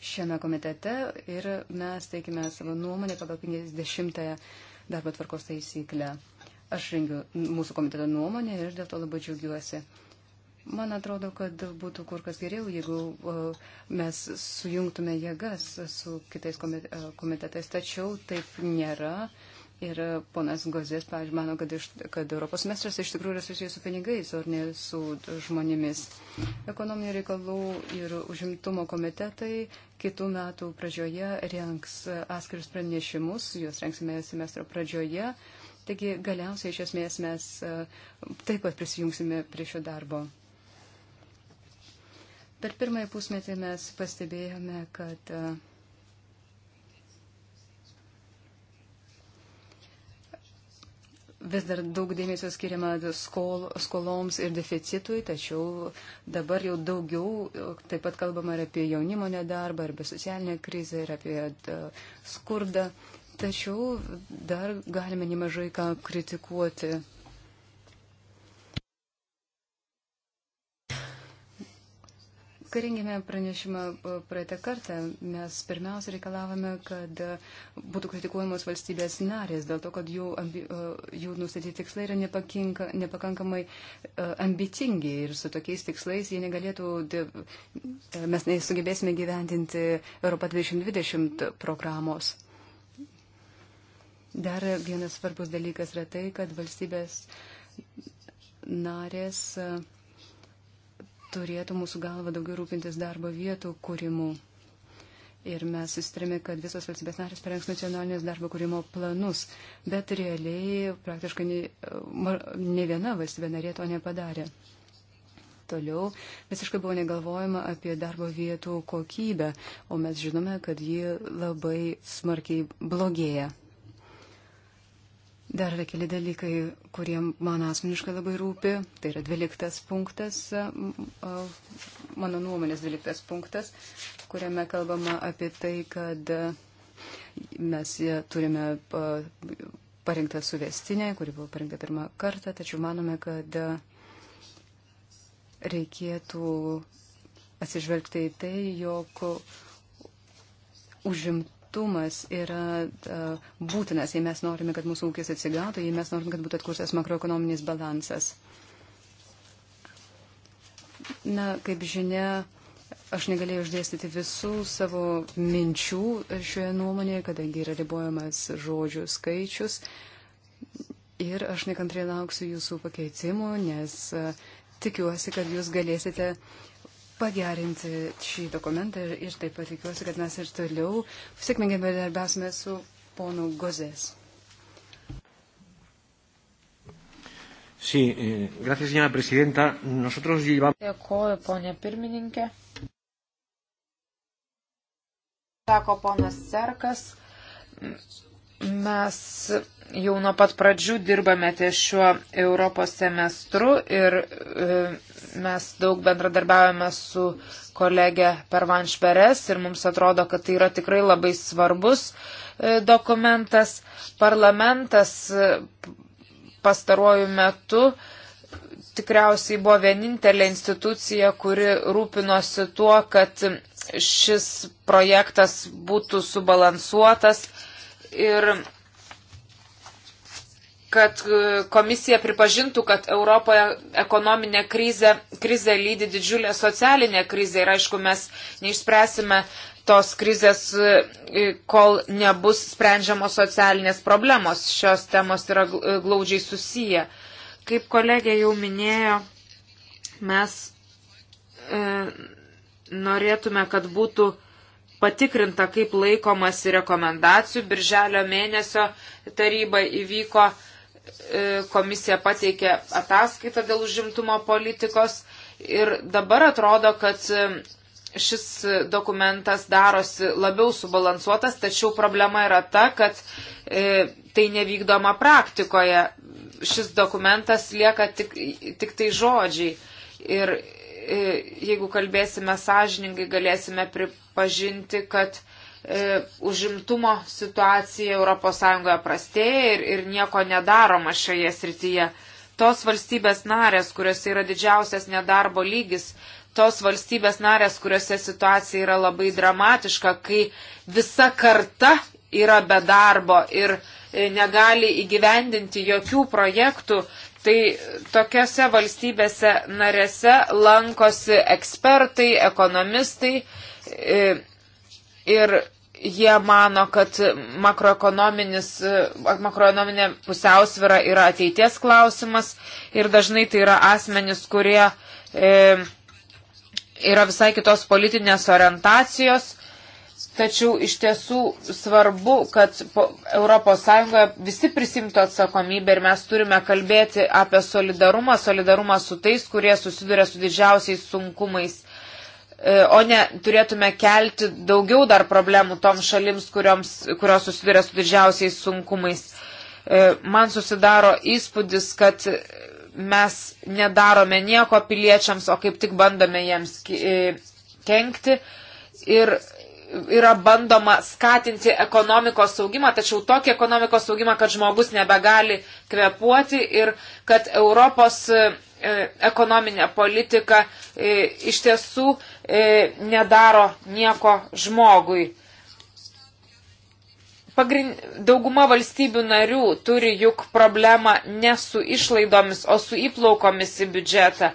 šiame komitete ir mes teikime savo nuomonę pagal 50-ąją darbo tvarkos taisyklę. Aš rengiu mūsų komiteto nuomonę ir dėl to labai džiaugiuosi. Man atrodo, kad būtų kur kas geriau, jeigu mes sujungtume jėgas su kitais komitetais, tačiau taip nėra. Ir e, ponas Gozės, pavyzdžiui, mano, kad, iš, kad Europos semestras iš tikrųjų yra susijęs su pinigais, o ne su žmonėmis. Ekonominių reikalų ir užimtumo komitetai kitų metų pradžioje renks e, atskirius pranešimus, juos renksime semestro pradžioje. Taigi galiausiai iš esmės mes e, taip pat prisijungsime prie šio darbo. Per pirmąjį pusmetį mes pastebėjome, kad uh, vis dar daug dėmesio skiriama skol, skoloms ir deficitui, tačiau dabar jau daugiau taip pat kalbama ir apie jaunimo nedarbą, ir apie socialinę krizę, ir apie e, skurdą. Tačiau dar galime nemažai ką kritikuoti Kai rengėme pranešimą e, praeitą kartą, mes pirmiausia reikalavome, kad e, būtų kritikuojamos valstybės narės dėl to, kad jų, ambi, e, jų nustatyti tikslai yra nepakankamai ambicingi ir su tokiais tikslais jie negalėtų, mes nesugebėsime gyvendinti Europą 2020 programos. Dar vienas svarbus dalykas yra tai, kad valstybės narės. Uh, turėtų mūsų galva daugiau rūpintis darbo vietų kūrimu. Ir mes susitarėme, kad visos valstybės narės parengs nacionalinės darbo kūrimo planus, bet realiai praktiškai ne, ne viena valstybė narė to nepadarė. Toliau visiškai buvo negalvojama apie darbo vietų kokybę, o mes žinome, kad ji labai smarkiai blogėja. Dar yra keli dalykai, kurie man asmeniškai labai rūpi. Tai yra dvyliktas punktas, mano nuomonės dvyliktas punktas, kuriame kalbama apie tai, kad mes e, turime parengtą suvestinę, kuri buvo parengta pirmą kartą, tačiau manome, kad e, reikėtų atsižvelgti į tai, jog užimt privatumas yra būtinas, jei mes norime, kad mūsų ūkis atsigautų, jei mes norime, kad būtų atkurstas makroekonominis balansas. Na, kaip žinia, aš negalėjau išdėstyti visų savo minčių šioje nuomonėje, kadangi yra ribojamas žodžių skaičius. Ir aš nekantriai lauksiu jūsų pakeitimų, nes tikiuosi, kad jūs galėsite uh, pagerinti šį dokumentą ir, ir taip pat tikiuosi, kad mes ir toliau sėkmingai bendradarbiausime su ponu Gozės. Sí, eh, gracias, señora presidenta. Nosotros llevamos. Dėkoju, ponė pirmininkė. Sako ponas Serkas. Mes jau nuo pat pradžių dirbame ties šiuo Europos semestru ir e, mes daug bendradarbiavame su kolegė Pervanš Beres ir mums atrodo, kad tai yra tikrai labai svarbus e, dokumentas. Parlamentas e, pastaruoju metu tikriausiai buvo vienintelė institucija, kuri rūpinosi tuo, kad šis projektas būtų subalansuotas ir kad komisija pripažintų, kad Europoje ekonominė krizė, krizė lydi didžiulė socialinė krizė ir aišku, mes neišspręsime tos krizės, e, kol nebus sprendžiamos socialinės problemos. Šios temos yra e, glaudžiai susiję. Kaip kolegė jau minėjo, mes e, norėtume, kad būtų patikrinta, kaip laikomasi rekomendacijų. Birželio mėnesio taryba įvyko, e, komisija pateikė ataskaitą dėl užimtumo politikos ir dabar atrodo, kad e, šis dokumentas darosi labiau subalansuotas, tačiau problema yra ta, kad e, tai nevykdoma praktikoje. Šis dokumentas lieka tik, tik tai žodžiai. Ir E, jeigu kalbėsime sąžiningai, galėsime pripažinti, kad e, užimtumo situacija ES prastėja ir, ir nieko nedaroma šioje srityje. Tos valstybės narės, kuriuose yra didžiausias nedarbo lygis, tos valstybės narės, kuriuose situacija yra labai dramatiška, kai visa karta yra be darbo ir e, negali įgyvendinti jokių projektų, tai tokiose valstybėse narėse lankosi ekspertai, ekonomistai e, ir jie mano, kad e, makroekonominė pusiausvira yra ateities klausimas ir dažnai tai yra asmenys, kurie e, yra visai kitos politinės orientacijos Tačiau iš tiesų svarbu, kad ES visi prisimtų atsakomybę ir mes turime kalbėti apie solidarumą, solidarumą su tais, kurie susiduria su didžiausiais sunkumais, e, o ne turėtume kelti daugiau dar problemų tom šalims, kurioms, kurios susiduria su didžiausiais sunkumais. E, man susidaro įspūdis, kad mes nedarome nieko piliečiams, o kaip tik bandome jiems e, kenkti. Ir yra bandoma skatinti ekonomikos saugimą, tačiau tokį ekonomikos saugimą, kad žmogus nebegali kvepuoti ir kad Europos e, ekonominė politika e, iš tiesų e, nedaro nieko žmogui. Pagrind, dauguma valstybių narių turi juk problemą ne su išlaidomis, o su įplaukomis į biudžetą,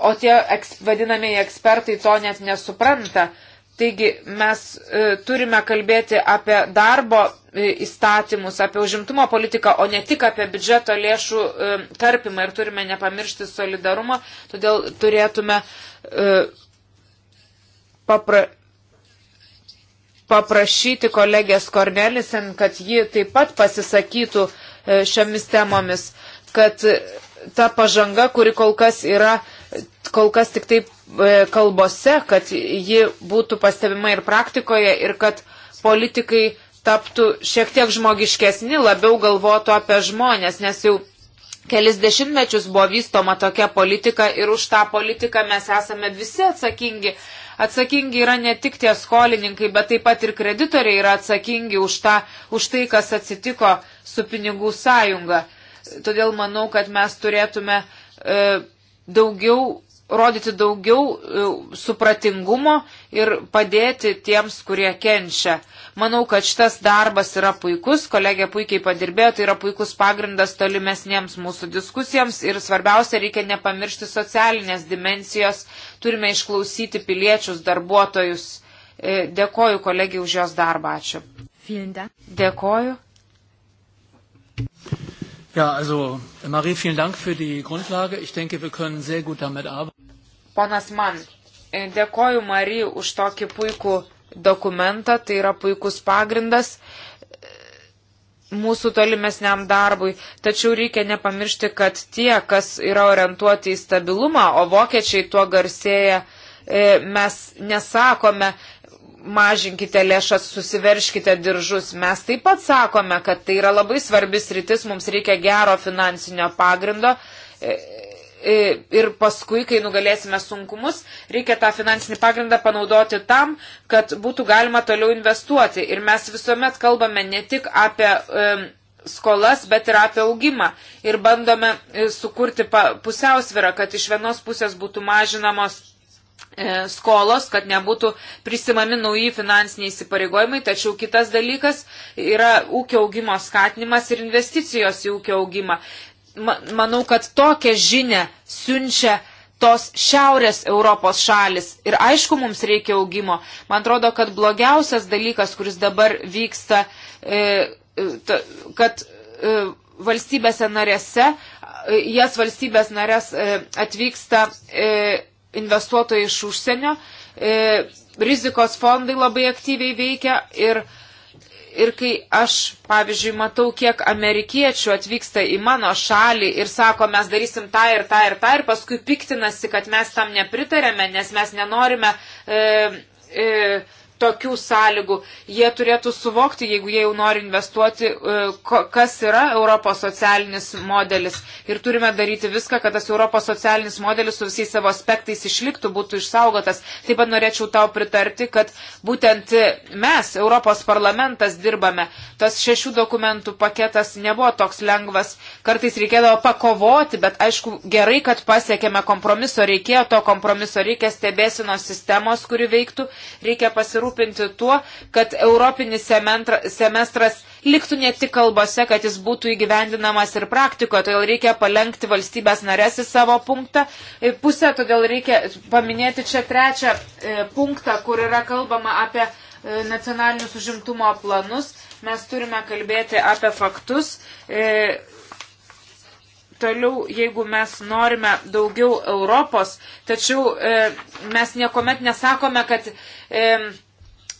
o tie eks, vadinamieji ekspertai to net nesupranta. Taigi mes e, turime kalbėti apie darbo e, įstatymus, apie užimtumo politiką, o ne tik apie biudžeto lėšų e, tarpimą ir turime nepamiršti solidarumą, todėl turėtume e, papra, paprašyti kolegės Kornelisen, kad ji taip pat pasisakytų e, šiomis temomis, kad ta pažanga, kuri kol kas yra e, kol kas tik taip e, kalbose, kad ji būtų pastebima ir praktikoje ir kad politikai taptų šiek tiek žmogiškesni, labiau galvotų apie žmonės, nes jau kelis dešimtmečius buvo vystoma tokia politika ir už tą politiką mes esame visi atsakingi. Atsakingi yra ne tik tie skolininkai, bet taip pat ir kreditoriai yra atsakingi už, tą, už tai, kas atsitiko su pinigų sąjunga. Todėl manau, kad mes turėtume e, daugiau rodyti daugiau e, supratingumo ir padėti tiems, kurie kenčia. Manau, kad šitas darbas yra puikus, kolegė puikiai padirbėjo, tai yra puikus pagrindas tolimesniems mūsų diskusijams ir svarbiausia, reikia nepamiršti socialinės dimensijos, turime išklausyti piliečius, darbuotojus. E, dėkoju kolegijai už jos darbą, ačiū. Dėkoju. Ja, also, Marie, vielen Dank für die Grundlage. Ich denke, wir können sehr gut damit arbeiten. Ponas Man, e, dėkoju Marijai už tokį puikų dokumentą, tai yra puikus pagrindas e, mūsų tolimesniam darbui. Tačiau reikia nepamiršti, kad tie, kas yra orientuoti į stabilumą, o vokiečiai tuo garsėja, e, mes nesakome, mažinkite lėšas, susiverškite diržus. Mes taip pat sakome, kad tai yra labai svarbis rytis, mums reikia gero finansinio pagrindo. E, e, ir paskui, kai nugalėsime sunkumus, reikia tą finansinį pagrindą panaudoti tam, kad būtų galima toliau investuoti. Ir mes visuomet kalbame ne tik apie um, skolas, bet ir apie augimą. Ir bandome sukurti pusiausvirą, kad iš vienos pusės būtų mažinamos E, skolos, kad nebūtų prisimami nauji finansiniai įsipareigojimai, tačiau kitas dalykas yra ūkio augimo skatinimas ir investicijos į ūkio augimą. Manau, kad tokią žinę siunčia tos šiaurės Europos šalis. Ir aišku, mums reikia augimo. Man atrodo, kad blogiausias dalykas, kuris dabar vyksta, e, e, kad valstybėse narėse, jas valstybės narės atvyksta investuotojai iš užsienio, e, rizikos fondai labai aktyviai veikia ir, ir kai aš, pavyzdžiui, matau, kiek amerikiečių atvyksta į mano šalį ir sako, mes darysim tą ir tą ir tą ir paskui piktinasi, kad mes tam nepritarėme, nes mes nenorime. E, e, tokių sąlygų. Jie turėtų suvokti, jeigu jie jau nori investuoti, e, kas yra Europos socialinis modelis. Ir turime daryti viską, kad tas Europos socialinis modelis su visais savo aspektais išliktų, būtų išsaugotas. Taip pat norėčiau tau pritarti, kad būtent mes, Europos parlamentas, dirbame. Tas šešių dokumentų paketas nebuvo toks lengvas. Kartais reikėdavo pakovoti, bet aišku, gerai, kad pasiekėme kompromiso. Reikėjo to kompromiso, reikia stebėsino sistemos, kuri veiktų. Reikia pasirūpinti pasirūpinti tuo, kad Europinis semestras liktų ne tik kalbose, kad jis būtų įgyvendinamas ir praktikoje, todėl reikia palengti valstybės narės į savo punktą. E, pusę, todėl reikia paminėti čia trečią e, punktą, kur yra kalbama apie e, nacionalinius užimtumo planus. Mes turime kalbėti apie faktus toliau, jeigu mes norime daugiau Europos, tačiau e, mes niekuomet nesakome, kad e,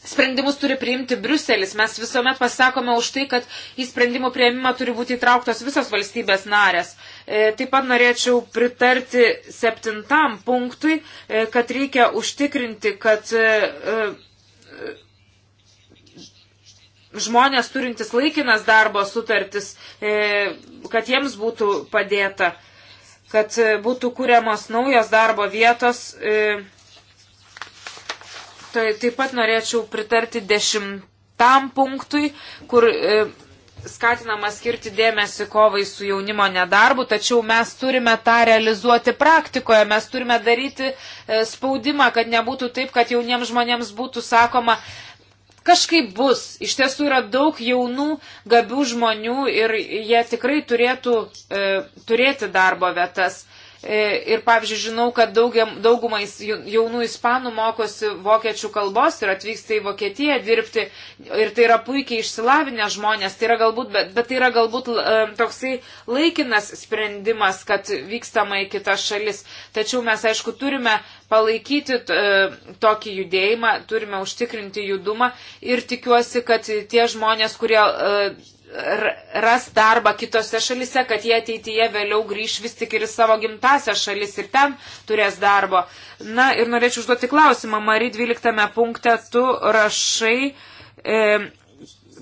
sprendimus turi priimti Briuselis. Mes visuomet pasakome už tai, kad į sprendimų prieimimą turi būti įtrauktos visos valstybės narės. E, taip pat norėčiau pritarti septintam punktui, e, kad reikia užtikrinti, kad e, e žmonės turintis laikinas darbo sutartis, e, kad jiems būtų padėta, kad e, būtų kūriamos naujos darbo vietos Tai taip pat norėčiau pritarti dešimtam punktui, kur e, skatinama skirti dėmesį kovai su jaunimo nedarbu, tačiau mes turime tą realizuoti praktikoje, mes turime daryti e, spaudimą, kad nebūtų taip, kad jauniems žmonėms būtų sakoma, kažkaip bus. Iš tiesų yra daug jaunų, gabių žmonių ir jie tikrai turėtų e, turėti darbo vietas. E, E, ir, pavyzdžiui, žinau, kad daugumai jaunų ispanų mokosi vokiečių kalbos ir atvyksta į Vokietiją dirbti. Ir tai yra puikiai išsilavinę žmonės. Tai yra galbūt, bet, bet tai yra galbūt e, toksai laikinas sprendimas, kad vykstama į kitas šalis. Tačiau mes, aišku, turime palaikyti e, tokį judėjimą, turime užtikrinti judumą ir tikiuosi, kad tie žmonės, kurie ras darbą kitose šalise, kad jie ateityje vėliau grįž vis tik ir į savo gimtasią šalis ir ten turės darbo. Na ir norėčiau užduoti klausimą. Mari 12 punkte tu rašai, e,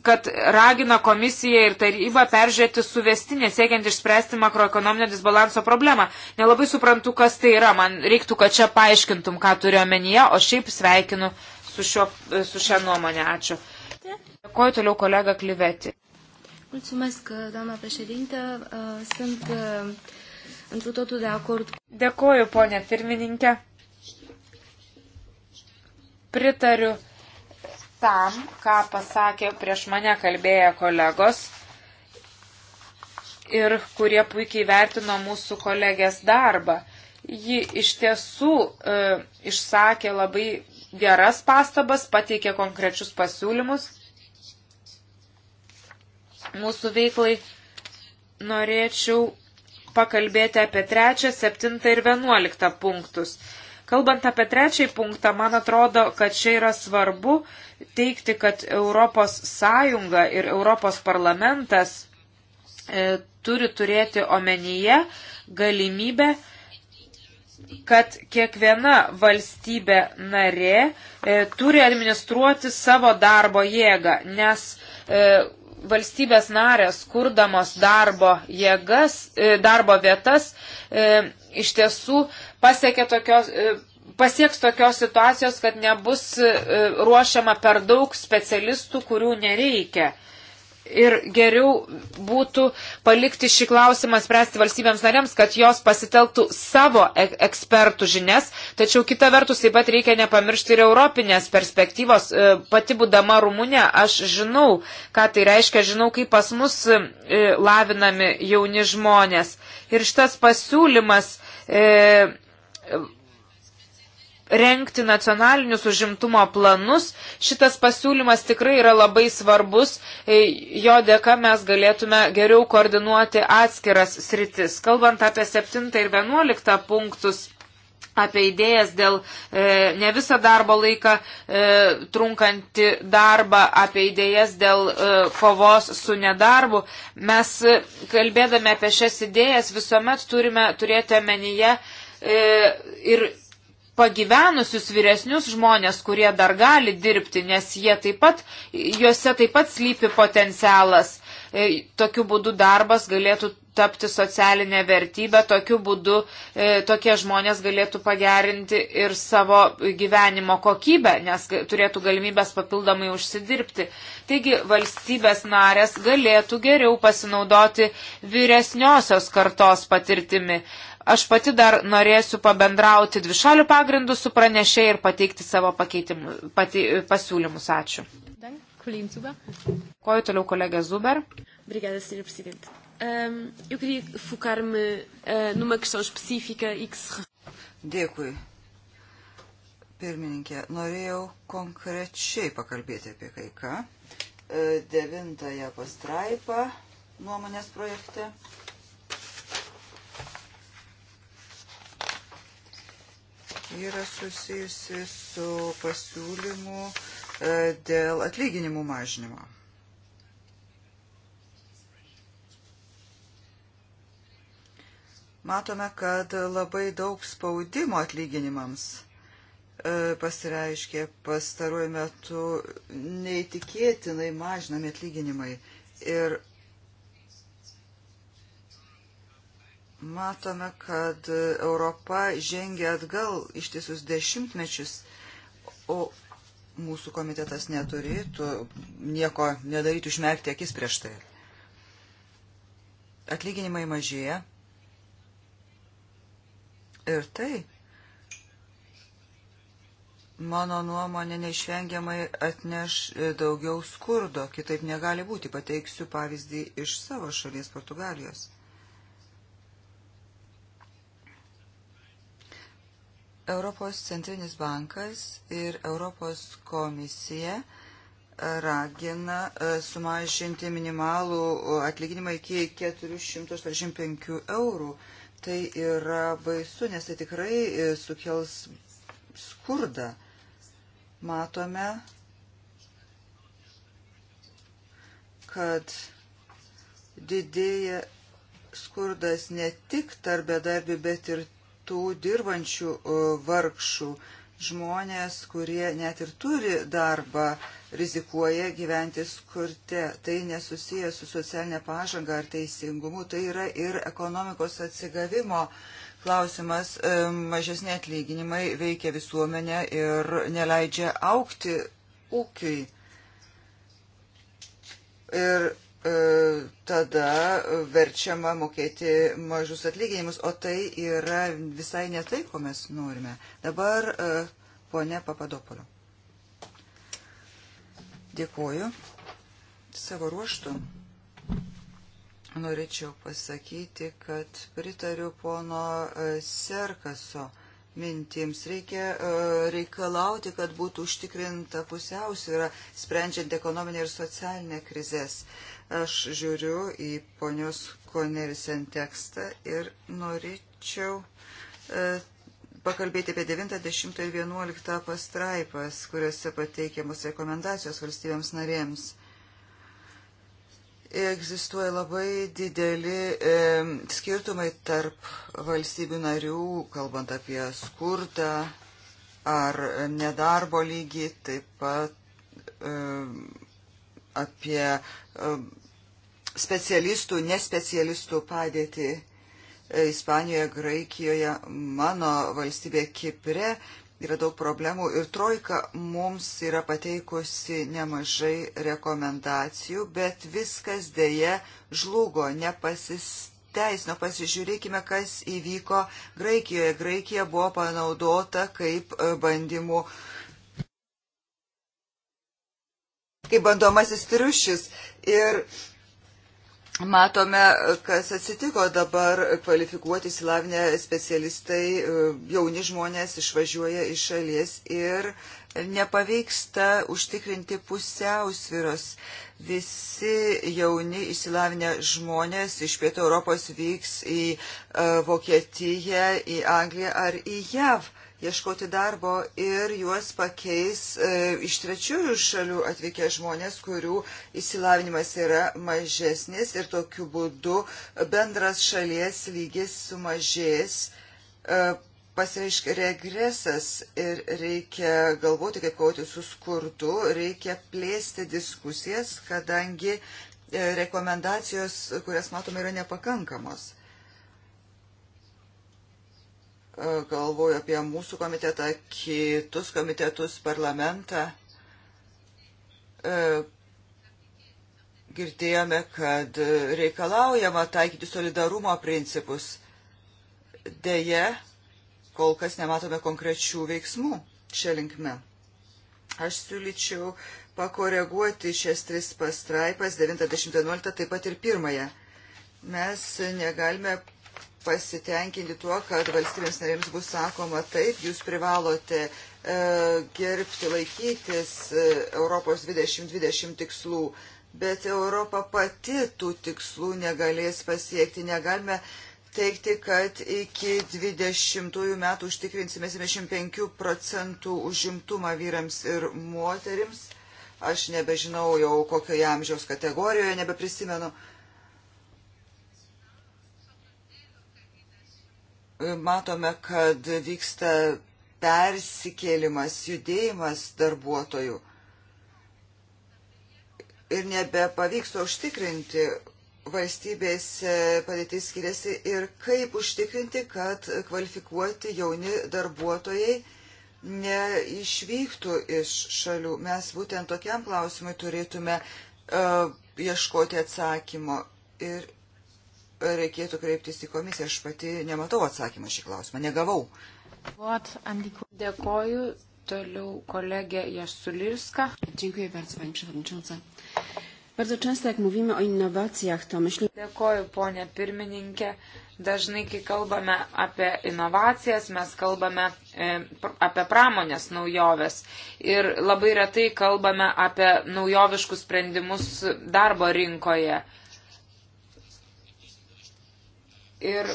kad ragina komisiją ir tarybą peržiūrėti suvestinę, siekiant išspręsti makroekonominio disbalanso problemą. Nelabai suprantu, kas tai yra. Man reiktų, kad čia paaiškintum, ką turiu omenyje, o šiaip sveikinu su, šio, su šia nuomonė. Ačiū. Dėkuoju toliau kolega Klyveti. Mulțumesc, uh, doamna președintă. Uh, sunt uh, întru totul de acord. Dėkoju, ponė pirmininkė. Pritariu tam, ką pasakė prieš mane kalbėję kolegos ir kurie puikiai vertino mūsų kolegės darbą. Ji iš tiesų e, išsakė labai geras pastabas, pateikė konkrečius pasiūlymus mūsų veiklai, norėčiau pakalbėti apie trečią, septintą ir vienuoliktą punktus. Kalbant apie trečiąjį punktą, man atrodo, kad čia yra svarbu teikti, kad Europos Sąjunga ir Europos parlamentas e, turi turėti omenyje galimybę, kad kiekviena valstybė narė e, turi administruoti savo darbo jėgą, nes e, valstybės narės, kurdamos darbo jėgas, e, darbo vietas, e, iš tiesų tokios, e, pasieks tokios situacijos, kad nebus ruošiama per daug specialistų, kurių nereikia ir geriau būtų palikti šį klausimą spręsti valstybėms narėms, kad jos pasitelktų savo e- ekspertų žinias, tačiau kita vertus taip pat reikia nepamiršti ir europinės perspektyvos. E, pati būdama Rumunė, aš žinau, ką tai reiškia, žinau, kaip pas mus e, lavinami jauni žmonės. Ir šitas pasiūlymas. E, renkti nacionalinius užimtumo planus. Šitas pasiūlymas tikrai yra labai svarbus, e, jo dėka mes galėtume geriau koordinuoti atskiras sritis. Kalbant apie 7 ir 11 punktus apie idėjas dėl e, ne visą darbo laiką e, trunkantį darbą, apie idėjas dėl e, kovos su nedarbu. Mes e, kalbėdami apie šias idėjas visuomet turime turėti omenyje e, ir pagyvenusius vyresnius žmonės, kurie dar gali dirbti, nes jie taip pat, juose taip pat slypi potencialas. E, tokiu būdu darbas galėtų tapti socialinę vertybę, tokiu būdu e, tokie žmonės galėtų pagerinti ir savo gyvenimo kokybę, nes turėtų galimybės papildomai užsidirbti. Taigi valstybės narės galėtų geriau pasinaudoti vyresniosios kartos patirtimi. Aš pati dar norėsiu pabendrauti dvišalių pagrindų su pranešė ir pateikti savo pati, pasiūlymus. Ačiū. Koju toliau kolegė Zuber. Obrigada, senhor presidente. Um, eu queria focar-me uh, numa questão específica e que se. Dėkui. Pirmininkė, norėjau konkrečiai pakalbėti apie kai ką. Eh, devintąją pastraipą nuomonės projekte. yra susijusi su pasiūlymu e, dėl atlyginimų mažinimo. matome, kad labai daug spaudimo atlyginimams e, pasireiškė pastaruoju metu neįtikėtinai mažinami atlyginimai. Ir matome, kad Europa žengia atgal ištisus dešimtmečius, o mūsų komitetas neturėtų nieko nedaryti užmerkti akis prieš tai. Atlyginimai mažėja. Ir tai, mano nuomonė, neišvengiamai atneš daugiau skurdo, kitaip negali būti. Pateiksiu pavyzdį iš savo šalies Portugalijos. Europos centrinis bankas ir Europos komisija ragina e, sumažinti minimalų atlyginimą iki 485 eurų. Tai yra baisu, nes tai tikrai e, sukels skurdą. Matome, kad didėja skurdas ne tik tarp bedarbių, bet ir tų dirbančių e, vargšų žmonės, kurie net ir turi darbą, rizikuoja gyventi skurte. Tai nesusiję su socialinė pažanga ar teisingumu, tai yra ir ekonomikos atsigavimo klausimas. E, mažesni atlyginimai veikia visuomenę ir neleidžia aukti ūkiui. Ir E, tada verčiama mokėti mažus atlyginimus, o tai yra visai ne tai, ko mes norime. Dabar e, ponė Papadopolio. Dėkuoju. Savo ruoštų norėčiau pasakyti, kad pritariu pono e, Serkaso mintims. Reikia reikalauti, kad būtų užtikrinta pusiausvyrą, sprendžiant ekonominę ir socialinę krizės. Aš žiūriu į ponios Konerisen tekstą ir norėčiau e, pakalbėti apie 9, 10 ir 11 pastraipas, kuriuose pateikiamos rekomendacijos valstybėms narėms egzistuoja labai dideli e, skirtumai tarp valstybių narių, kalbant apie skurdą ar nedarbo lygį, taip pat e, apie um, specialistų, nespecialistų padėtį e, Ispanijoje, Graikijoje, mano valstybė Kipre yra daug problemų ir Trojka mums yra pateikusi nemažai rekomendacijų, bet viskas dėje žlugo, nepasisteisino. Nu, pasižiūrėkime, kas įvyko Graikijoje. Graikija buvo panaudota kaip e, bandymų uh, kaip bandomasis triušis. Ir matome, kas atsitiko dabar kvalifikuoti įsilavinę specialistai, jauni žmonės išvažiuoja iš šalies ir nepavyksta užtikrinti pusiausviros. Visi jauni įsilavinę žmonės iš Pietų Europos vyks į e, Vokietiją, į Angliją ar į JAV ieškoti darbo ir juos pakeis e, iš trečiųjų šalių atvykę žmonės, kurių įsilavinimas yra mažesnis ir tokiu būdu bendras šalies lygis sumažės. E, pasireiškia regresas ir reikia galvoti, kaip kovoti su skurdu, reikia plėsti diskusijas, kadangi e, rekomendacijos, kurias matome, yra nepakankamos galvoju apie mūsų komitetą, kitus komitetus, parlamentą. E, girdėjome, kad reikalaujama taikyti solidarumo principus. Deja, kol kas nematome konkrečių veiksmų šią linkmę. Aš siūlyčiau pakoreguoti šias tris pastraipas, 90-11, taip pat ir pirmąją. Mes negalime pasitenkinti tuo, kad valstybėms narėms bus sakoma taip, jūs privalote e, gerbti, laikytis e, Europos 2020 tikslų, bet Europa pati tų tikslų negalės pasiekti. Negalime teikti, kad iki 20 metų užtikrinsime 75 procentų užimtumą vyrams ir moterims. Aš nebežinau jau kokioje amžiaus kategorijoje, nebeprisimenu. E, matome, kad vyksta persikėlimas, judėjimas darbuotojų. Ir nebepavyks užtikrinti valstybėse padėtis skiriasi ir kaip užtikrinti, kad kvalifikuoti jauni darbuotojai neišvyktų iš šalių. Mes būtent tokiam klausimui turėtume uh, ieškoti atsakymo. Ir reikėtų kreiptis į komisiją. Aš pati nematau atsakymą šį klausimą, negavau. Dėkoju. Toliau kolegė Jasulirska. Dziękuję bardzo, Pani Przewodnicząca. Bardzo często, jak mówimy o innowacjach, to myślę... Dėkoju, ponė pirmininkė. Dažnai, kai kalbame apie inovacijas, mes kalbame e, apie pramonės naujoves. Ir labai retai kalbame apie naujoviškus sprendimus darbo rinkoje. E, Ir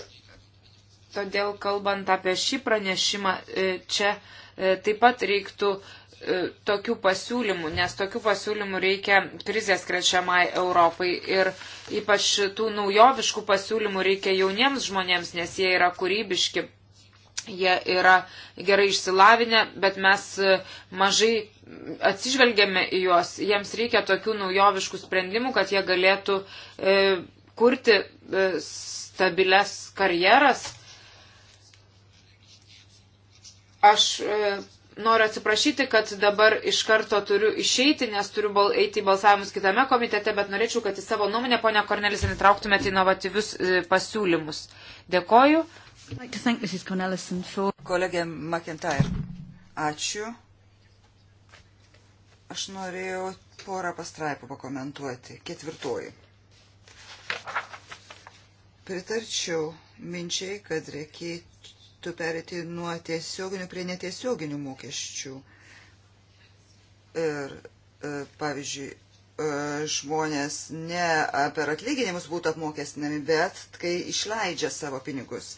todėl, kalbant apie šį pranešimą, e, čia e, taip pat reiktų e, tokių pasiūlymų, nes tokių pasiūlymų reikia krizės krečiamai Europai ir ypač tų naujoviškų pasiūlymų reikia jauniems žmonėms, nes jie yra kūrybiški, jie yra gerai išsilavinę, bet mes mažai atsižvelgiame į juos, jiems reikia tokių naujoviškų sprendimų, kad jie galėtų e, kurti e, stabilias karjeras. Aš e, noriu atsiprašyti, kad dabar iš karto turiu išeiti, nes turiu bal, eiti į balsavimus kitame komitete, bet norėčiau, kad į savo nuomonę, ponia Kornelis, įtrauktumėte inovatyvius e, pasiūlymus. Dėkoju. Kolegė McIntyre, ačiū. Aš norėjau porą pastraipų pakomentuoti. Ketvirtoji. Pritarčiau minčiai, kad reikėtų perėti nuo tiesioginių prie netiesioginių mokesčių. Ir, e, pavyzdžiui, e, žmonės ne per atlyginimus būtų apmokestinami, bet kai išleidžia savo pinigus.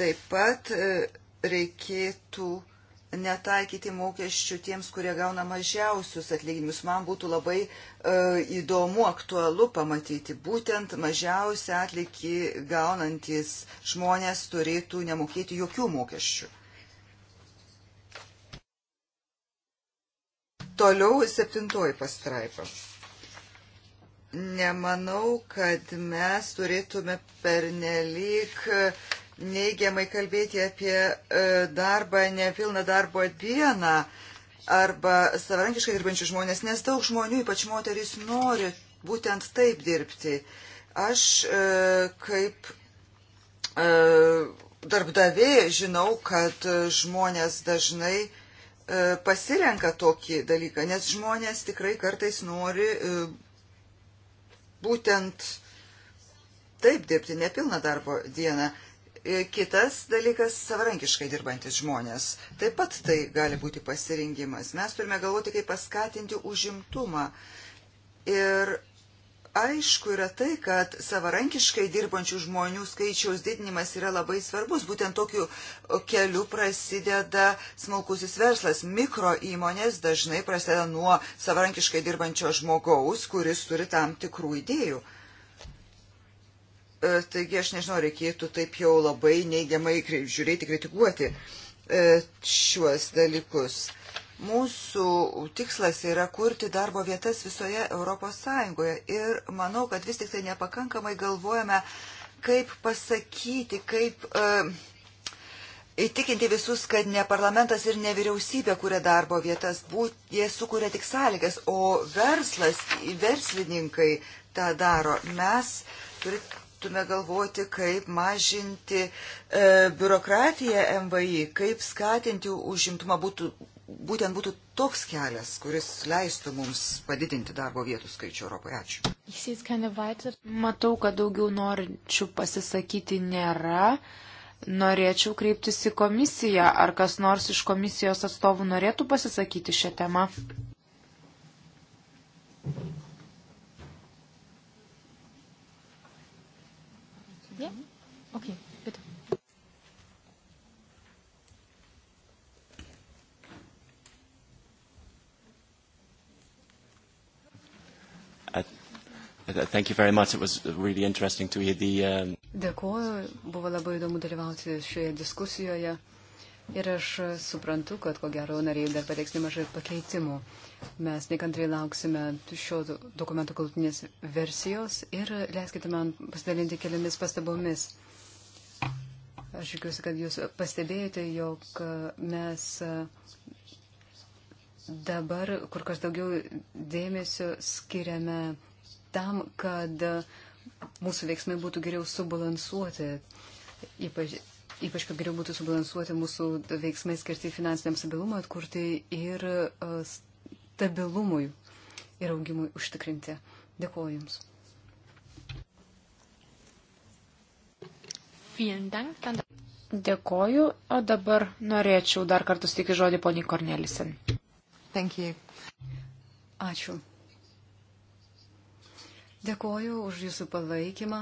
Taip pat e, reikėtų uh, netaikyti mokesčių tiems, kurie gauna mažiausius atlyginimus. Man būtų labai e, įdomu, aktualu pamatyti. Būtent mažiausią atlygį gaunantis žmonės turėtų nemokėti jokių mokesčių. Toliau septintoji pastraipa. Nemanau, kad mes turėtume pernelyg neigiamai kalbėti apie e, darbą nepilną darbo dieną arba savarankiškai dirbančių žmonės, nes daug žmonių, ypač moterys, nori būtent taip dirbti. Aš e, kaip e, darbdavė žinau, kad žmonės dažnai pasirenka tokį dalyką, nes žmonės tikrai kartais nori būtent taip dirbti, nepilną darbo dieną. E, kitas dalykas - savarankiškai dirbantis žmonės. Taip pat tai gali būti pasirinkimas. Mes turime galvoti, kaip paskatinti užimtumą. Ir aišku yra tai, kad savarankiškai dirbančių žmonių skaičiaus didinimas yra labai svarbus. Būtent tokiu keliu prasideda smulkusis verslas. Mikro įmonės dažnai prasideda nuo savarankiškai dirbančio žmogaus, kuris turi tam tikrų idėjų. E, taigi aš nežinau, reikėtų taip jau labai neigiamai žiūrėti, kritikuoti e, šiuos dalykus. Mūsų tikslas yra kurti darbo vietas visoje Europos Sąjungoje ir manau, kad vis tik tai nepakankamai galvojame, kaip pasakyti, kaip uh, įtikinti visus, kad ne parlamentas ir ne vyriausybė kuria darbo vietas, būt, jie sukuria tik sąlygas, o verslas, verslininkai tą daro. Mes turit, turėtume galvoti, kaip mažinti e, biurokratiją MVI, kaip skatinti užimtumą. Būtų, būtent būtų toks kelias, kuris leistų mums padidinti darbo vietų skaičių Europoje. Ačiū. Matau, kad daugiau norinčių pasisakyti nėra. Norėčiau kreiptis į komisiją. Ar kas nors iš komisijos atstovų norėtų pasisakyti šią temą? Thank you. Okay, bitte. Uh, thank you very much. It was really interesting to hear the. Um... Dėkuoju, buvo labai įdomu dalyvauti šioje diskusijoje. Ir aš suprantu, kad ko gero nariai dar pateiks nemažai pakeitimų. Mes nekantriai lauksime šio dokumento galutinės versijos ir leiskite man pasidalinti keliomis pastabomis. Aš tikiuosi, kad jūs pastebėjote, jog mes dabar kur kas daugiau dėmesio skiriame tam, kad mūsų veiksmai būtų geriau subalansuoti, ypač, ypač kad geriau būtų subalansuoti mūsų veiksmai skirti finansiniam stabilumui atkurti ir e, stabilumui ir augimui užtikrinti. Dėkuoju Jums. Vielen Dank. Dann Dėkoju, o dabar norėčiau dar kartą stikti žodį poniai Kornelisen. Ačiū. Dėkoju už Jūsų palaikymą.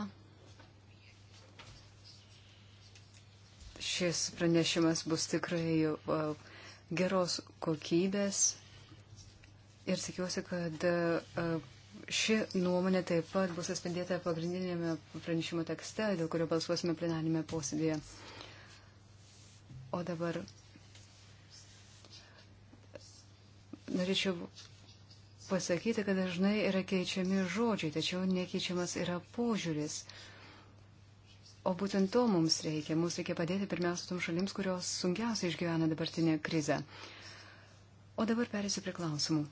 Šis pranešimas bus tikrai uh, geros kokybės ir tikiuosi, kad uh, ši nuomonė taip pat bus atspindėta pagrindinėme pranešimo tekste, dėl kurio balsuosime plenarinėme posėdėje. Uh, O dabar norėčiau pasakyti, kad dažnai yra keičiami žodžiai, tačiau nekeičiamas yra požiūris. O būtent to mums reikia. Mums reikia padėti pirmiausia tom šalims, kurios sunkiausiai išgyvena dabartinę krizę. O dabar perėsiu prie klausimų.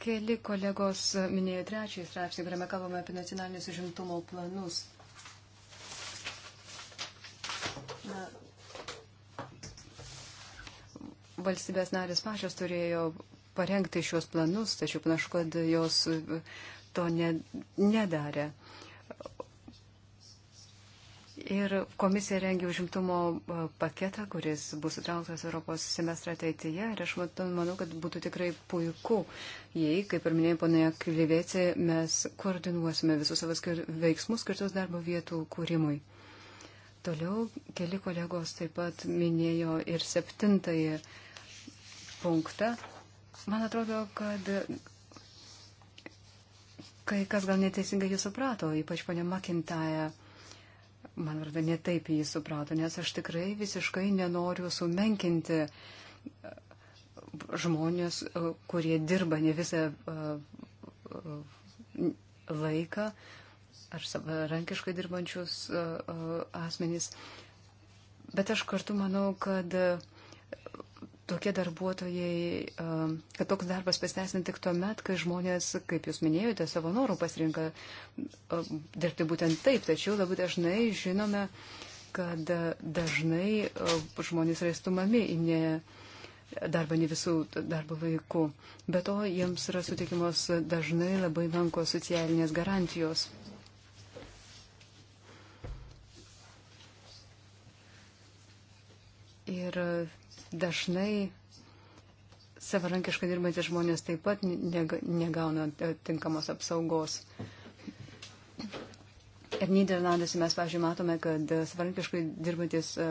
Keli kolegos minėjo trečiąjį straipsnį, kuriame kalbame apie nacionalinius užimtumo planus. Na, valstybės narės pačios turėjo parengti šios planus, tačiau panašu, kad jos to ne, nedarė. Ir komisija rengia užimtumo e, paketą, kuris bus įtrauktas Europos semestrą ateityje. Ir aš manau, kad būtų tikrai puiku, jei, kaip ir minėjai, ponėje Klyvėci, mes koordinuosime visus savo skir veiksmus skirtus darbo vietų kūrimui. Toliau keli kolegos taip pat minėjo ir septintąjį punktą. Man atrodo, kad kai kas gal neteisingai jūs suprato, ypač ponė Makintaja. E Man varda, netaip jį suprato, nes aš tikrai visiškai nenoriu sumenkinti e, žmonės, e, kurie dirba ne visą e, laiką, ar savarankiškai dirbančius asmenys. Bet aš kartu manau, kad uh, tokie darbuotojai, kad toks darbas pasiteisina tik tuo met, kai žmonės, kaip jūs minėjote, savo norų pasirinka dirbti būtent taip. Tačiau labai dažnai žinome, kad dažnai žmonės yra stumami į ne darbą ne visų darbo laikų. Be to, jiems yra sutikimos dažnai labai menkos socialinės garantijos. Ir Dažnai savarankiškai dirbantys žmonės taip pat negauna tinkamos apsaugos. Ir Niderlanduose mes, pažiūrėjau, matome, kad savarankiškai dirbantis e,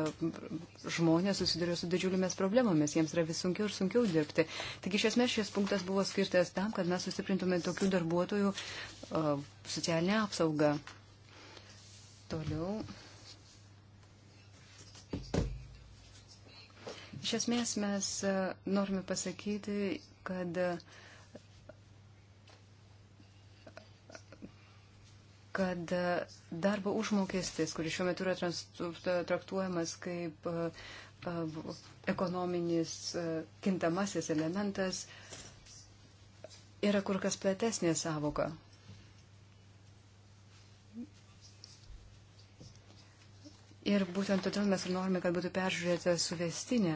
žmonės susiduria su didžiulėmis problemomis, jiems yra vis sunkiau ir sunkiau dirbti. Tik iš esmės šis punktas buvo skirtas tam, kad mes sustiprintume tokių darbuotojų e, socialinę apsaugą. Toliau. Iš esmės mes e, norime pasakyti, kad kad darbo užmokestis, kuris šiuo metu yra traktuojamas kaip e, e, ekonominis kintamasis elementas, yra kur kas platesnė savoka. Ir būtent todėl mes ir norime, kad būtų peržiūrėta suvestinė.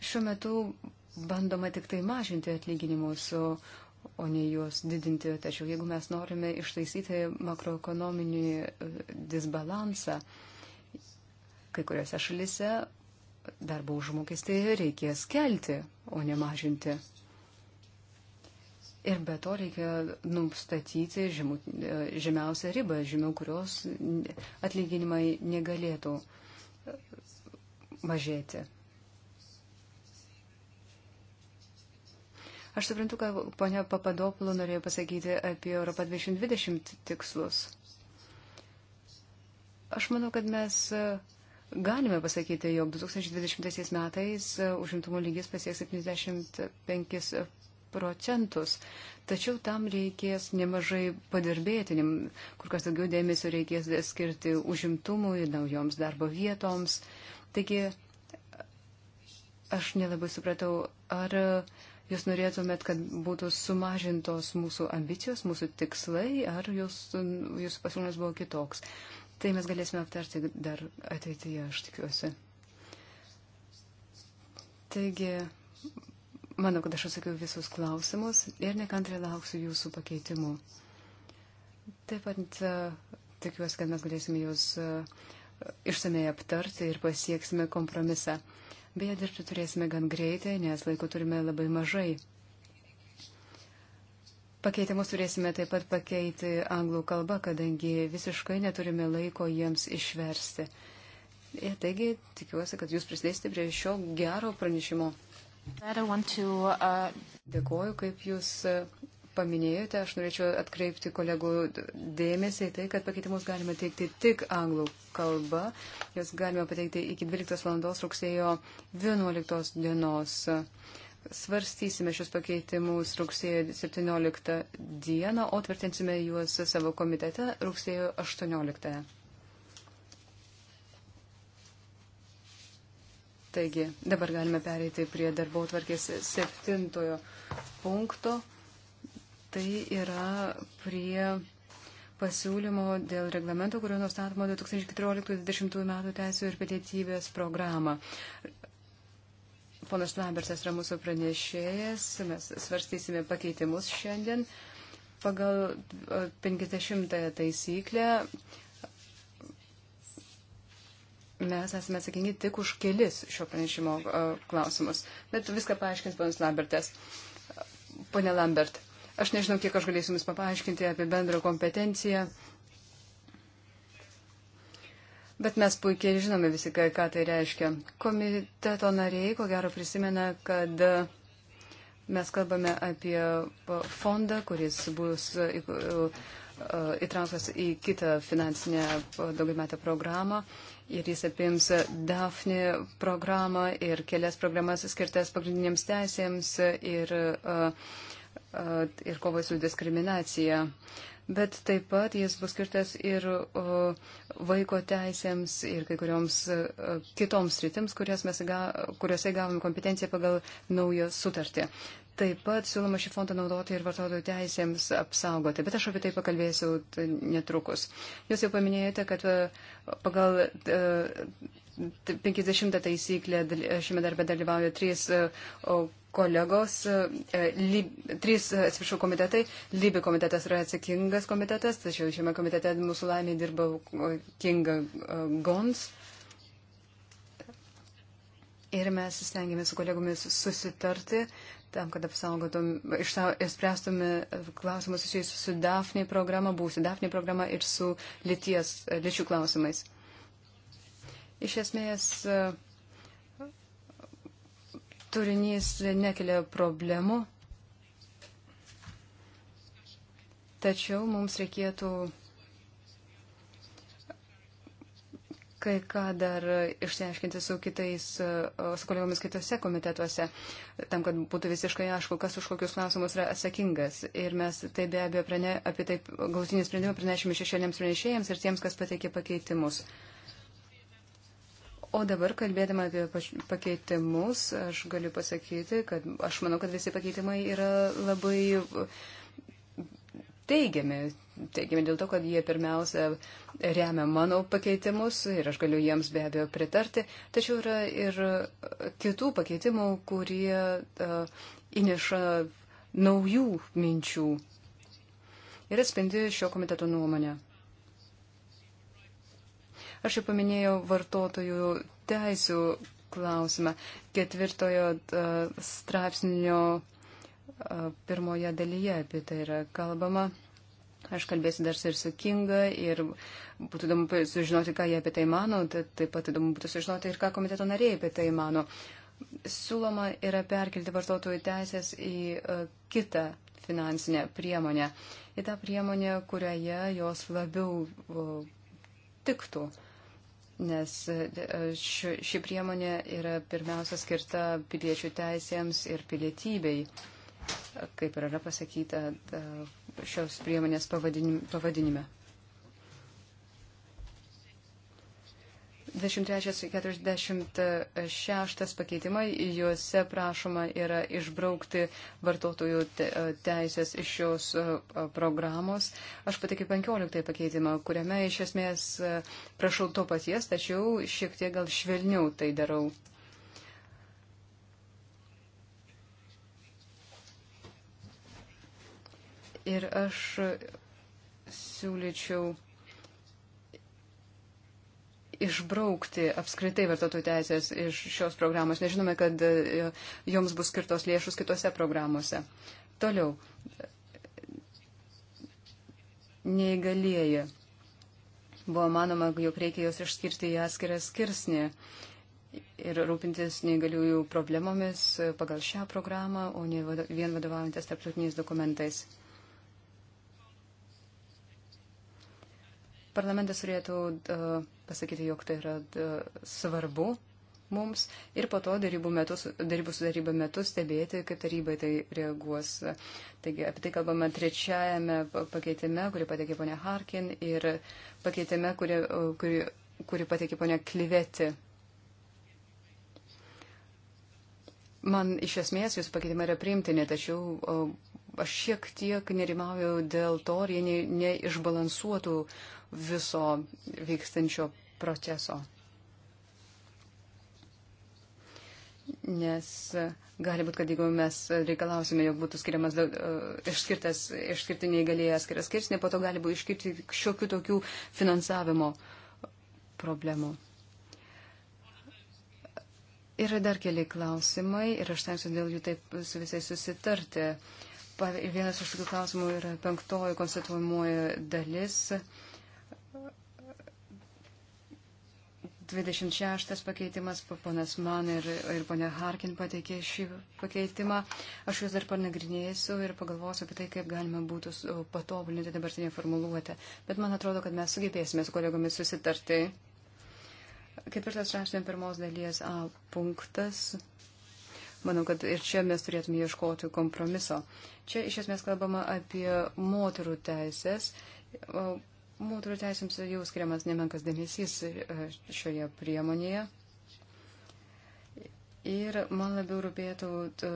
Šiuo metu bandoma tik tai mažinti atlyginimus, o ne juos didinti. Tačiau jeigu mes norime ištaisyti makroekonominį e, disbalansą, kai kuriuose šalise darbo užmokestį reikės kelti, o ne mažinti. Ir be to reikia nustatyti žymu, žemiausią ribą, žemiau kurios atlyginimai negalėtų mažėti. Aš suprantu, ką ponia Papadopulo norėjo pasakyti apie Europą 2020 tikslus. Aš manau, kad mes galime pasakyti, jog 2020 metais užimtumo lygis pasieks 75 procentus. Tačiau tam reikės nemažai padirbėti, kur kas daugiau dėmesio reikės skirti užimtumui, naujoms darbo vietoms. Taigi, aš nelabai supratau, ar jūs norėtumėt, kad būtų sumažintos mūsų ambicijos, mūsų tikslai, ar jūs, jūsų pasiūlymas buvo kitoks. Tai mes galėsime aptarti dar ateityje, aš tikiuosi. Taigi, Manau, kad aš atsakiau visus klausimus ir nekantriai lauksiu jūsų pakeitimų. Taip pat e, tikiuosi, kad mes galėsime jūs e, išsamei aptarti ir pasieksime kompromisą. Beje, dirbti turėsime gan greitai, nes laiko turime labai mažai. Pakeitimus turėsime taip pat pakeiti anglų kalbą, kadangi visiškai neturime laiko jiems išversti. Ir taigi tikiuosi, kad jūs prisidėsite prie šio gero pranešimo. To, uh... Dėkuoju, kaip jūs e, paminėjote, aš norėčiau atkreipti kolegų dėmesį į tai, kad pakeitimus galima teikti tik anglų kalba. Jūs galima pateikti iki 12 val. rugsėjo 11 dienos. Svarstysime šios pakeitimus rugsėjo 17 dieną, o tvirtinsime juos savo komitete rugsėjo 18. Taigi, dabar galime pereiti prie darbo tvarkės septintojo punkto. Tai yra prie pasiūlymo dėl reglamento, kurio nustatoma 2014-2020 metų teisų ir pilietybės programą. Ponas Lambertas yra mūsų pranešėjas, mes svarstysime pakeitimus šiandien. Pagal 50 uh, taisyklę mes esame atsakingi tik už kelis šio pranešimo klausimus. Bet viską paaiškins ponas Lambertas. Pone Lambert, aš nežinau, kiek aš galėsiu Jums papaiškinti apie bendrą kompetenciją. Bet mes puikiai žinome visi, ką tai reiškia. Komiteto nariai, ko gero, prisimena, kad mes kalbame apie fondą, kuris bus įtrauktas į kitą finansinę daugiametę programą ir jis apims DAFNI programą ir kelias programas skirtas pagrindiniams teisėms ir, ir kovai su diskriminacija. Bet taip pat jis bus skirtas ir vaiko teisėms ir kai kurioms kitoms sritims, kuriuose gavome kompetenciją pagal naują sutartį. Taip pat siūloma šį fondą naudoti ir vartotojų teisėms apsaugoti, bet aš apie tai pakalbėsiu netrukus. Jūs jau paminėjote, kad e, pagal 50 e, taisyklę e, šiame darbe dalyvauja trys kolegos, lyb, trys, atsiprašau, komitetai. Lybi komitetas yra atsakingas komitetas, tačiau šiame komitete mūsų laimė dirba Kinga Gons. Ir mes stengiamės su kolegomis susitarti tam, kad apsaugotum, išspręstume klausimus susijusius su DAFNI programa, būsi DAFNI programa ir su lyties, lyčių klausimais. Iš esmės, turinys nekelia problemų, tačiau mums reikėtų kai ką dar išsiaiškinti su kitais, su kolegomis kitose komitetuose, tam, kad būtų visiškai aišku, kas už kokius klausimus yra atsakingas. Ir mes tai be abejo prane, apie tai galutinį sprendimą pranešime šešėliams pranešėjams ir tiems, kas pateikė pakeitimus. O dabar, kalbėdama apie pakeitimus, aš galiu pasakyti, kad aš manau, kad visi pakeitimai yra labai teigiami, teigiami dėl to, kad jie pirmiausia remia mano pakeitimus ir aš galiu jiems be abejo pritarti, tačiau yra ir e, kitų pakeitimų, kurie uh, įneša naujų minčių ir atspindi šio komiteto nuomonę. Aš jau paminėjau vartotojų teisų klausimą ketvirtojo uh, straipsnio uh, pirmoje dalyje apie tai yra kalbama. Aš kalbėsiu dar ir su Kinga ir būtų įdomu sužinoti, ką jie apie tai mano, tad taip pat įdomu būtų sužinoti ir ką komiteto nariai apie tai mano. Siūloma yra perkelti vartotojų teisės į uh, kitą finansinę priemonę, į tą priemonę, kurioje jos labiau uh, tiktų, nes uh, ši, ši priemonė yra pirmiausia skirta piliečių teisėms ir pilietybei. Uh, kaip ir yra pasakyta šios priemonės pavadinime. 23-46 pakeitimai, juose prašoma yra išbraukti vartotojų teisės iš šios programos. Aš patikiu 15 pakeitimą, kuriame iš esmės prašau to paties, tačiau šiek tiek gal švelniau tai darau. Ir aš siūlyčiau išbraukti apskritai vartotojų teisės iš šios programos. Nežinome, kad e, joms bus skirtos lėšus kitose programuose. Toliau. Neįgalieji. Buvo manoma, jog reikia jos išskirti į atskirą skirsnį ir rūpintis neįgaliųjų problemomis pagal šią programą, o ne vien vadovaujantis tarptautiniais dokumentais. Parlamentas turėtų e, pasakyti, jog tai yra e, svarbu mums ir po to darybų, metus, darybų su taryba metu stebėti, kaip tarybai tai reaguos. Taigi apie tai kalbame trečiajame pakeitime, kurį pateikė ponia Harkin ir pakeitime, kurį, e, kurį, kurį pateikė ponia Kliveti. Man iš esmės jūsų pakeitimai yra priimtini, tačiau aš šiek tiek nerimauju dėl to, ar jie neišbalansuotų ne, ne viso vykstančio proceso. Nes gali būti, kad jeigu mes reikalausime, jog būtų skiriamas uh, išskirtas, išskirtiniai galėjai atskiras skirsnė, po to gali būti iškirti šiokių tokių finansavimo problemų. Yra dar keli klausimai ir aš tenksiu dėl jų taip su visais susitarti. Vienas iš tokių klausimų yra penktoji konstatuojamoji dalis. Uh, 26 pakeitimas, ponas Man ir, ir ponė Harkin pateikė šį pakeitimą. Aš juos dar panagrinėsiu ir pagalvosiu apie tai, kaip galima būtų patobulinti dabartinę formuluotę. Bet man atrodo, kad mes sugebėsime su kolegomis susitarti. Ketvirtas straipsnio pirmos dalies A punktas. Manau, kad ir čia mes turėtume ieškoti kompromiso. Čia iš esmės kalbama apie moterų teisės. O, Moterų teisėms jau skiriamas nemenkas dėmesys e, šioje priemonėje. Ir man labiau rūpėtų e,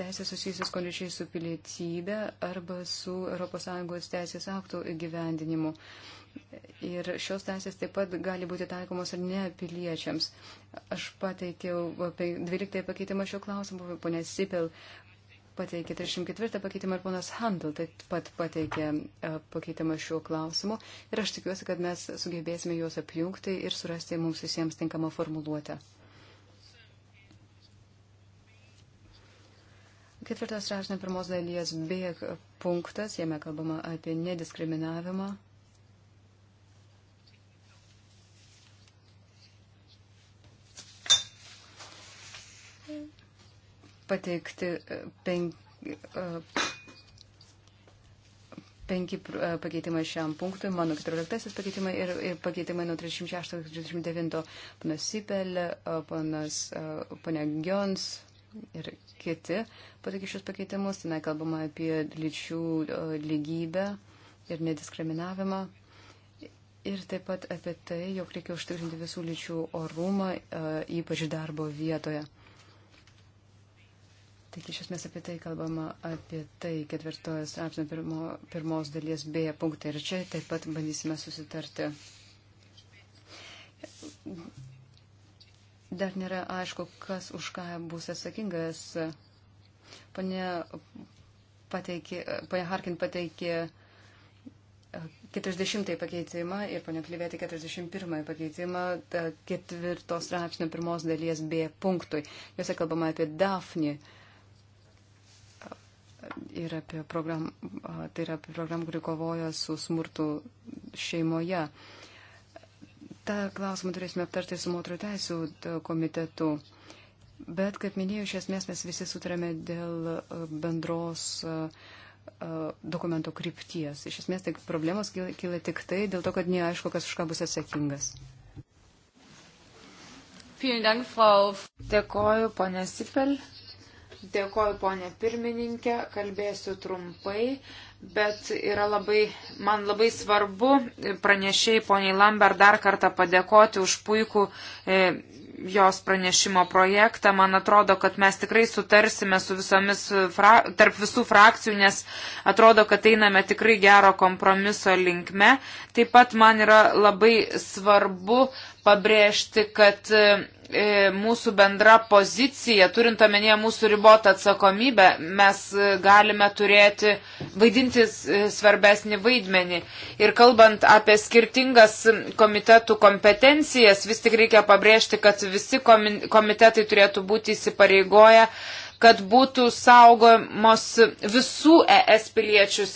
teisės susijusios konkrečiai su pilietybė arba su ES teisės aktų įgyvendinimu. Ir šios teisės taip pat gali būti taikomos ir ne piliečiams. Aš pateikiau 12 e, pakeitimą šio klausimu, ponė Sipel pateikė 34 pakeitimą ir ponas Handel taip pat pateikė e, pakeitimą šiuo klausimu. Ir aš tikiuosi, kad mes sugebėsime juos apjungti ir surasti mums visiems tinkamą formuluotę. Ketvirtas rašinio pirmos dalies B punktas, jame kalbama apie nediskriminavimą. pateikti e, e, penki, penki pakeitimai šiam punktui, mano 14 pakeitimai ir, ir pakeitimai nuo 36-39, panas Sipel, e, panas Panegions ir kiti pateikė šios pakeitimus. Tenai kalbama apie lyčių lygybę ir nediskriminavimą. Ir taip pat apie tai, jog reikia užtikrinti visų lyčių orumą, ypač darbo vietoje. Taigi iš esmės apie tai kalbama, apie tai ketvirtojo straipsnio pirmo, pirmos dalies B punktai. Ir čia taip pat bandysime susitarti. Dar nėra aišku, kas už ką bus atsakingas. Pane, pateikė, pane Harkin pateikė 40 e, pakeitimą ir pane Klyvėti 41 pakeitimą ketvirtos straipsnio pirmos dalies B punktui. Juose kalbama apie Dafnį. Uh, ir apie programą, tai yra apie programą, kuri kovoja su smurtu šeimoje. Ta klausimą turėsime aptarti su moterų teisų komitetu. Bet, kaip minėjau, iš esmės mes visi sutarėme dėl bendros dokumento krypties. Iš esmės, tai problemos kyla tik tai dėl to, kad neaišku, kas už ką bus atsakingas. Dėkoju, ponė Sipel. Dėkoju, ponė pirmininkė, kalbėsiu trumpai, bet yra labai, man labai svarbu e, pranešiai poniai Lambert dar kartą padėkoti už puikų e, jos pranešimo projektą. Man atrodo, kad mes tikrai sutarsime su visomis, e, fra, tarp visų frakcijų, nes atrodo, kad einame tikrai gero kompromiso linkme. Taip pat man yra labai svarbu pabrėžti, kad e, E, mūsų bendra pozicija, turint omenyje mūsų ribotą atsakomybę, mes e, galime turėti, vaidinti e, svarbesnį vaidmenį. Ir kalbant apie skirtingas komitetų kompetencijas, vis tik reikia pabrėžti, kad visi komitetai turėtų būti įsipareigoję kad būtų saugomos visų ES piliečių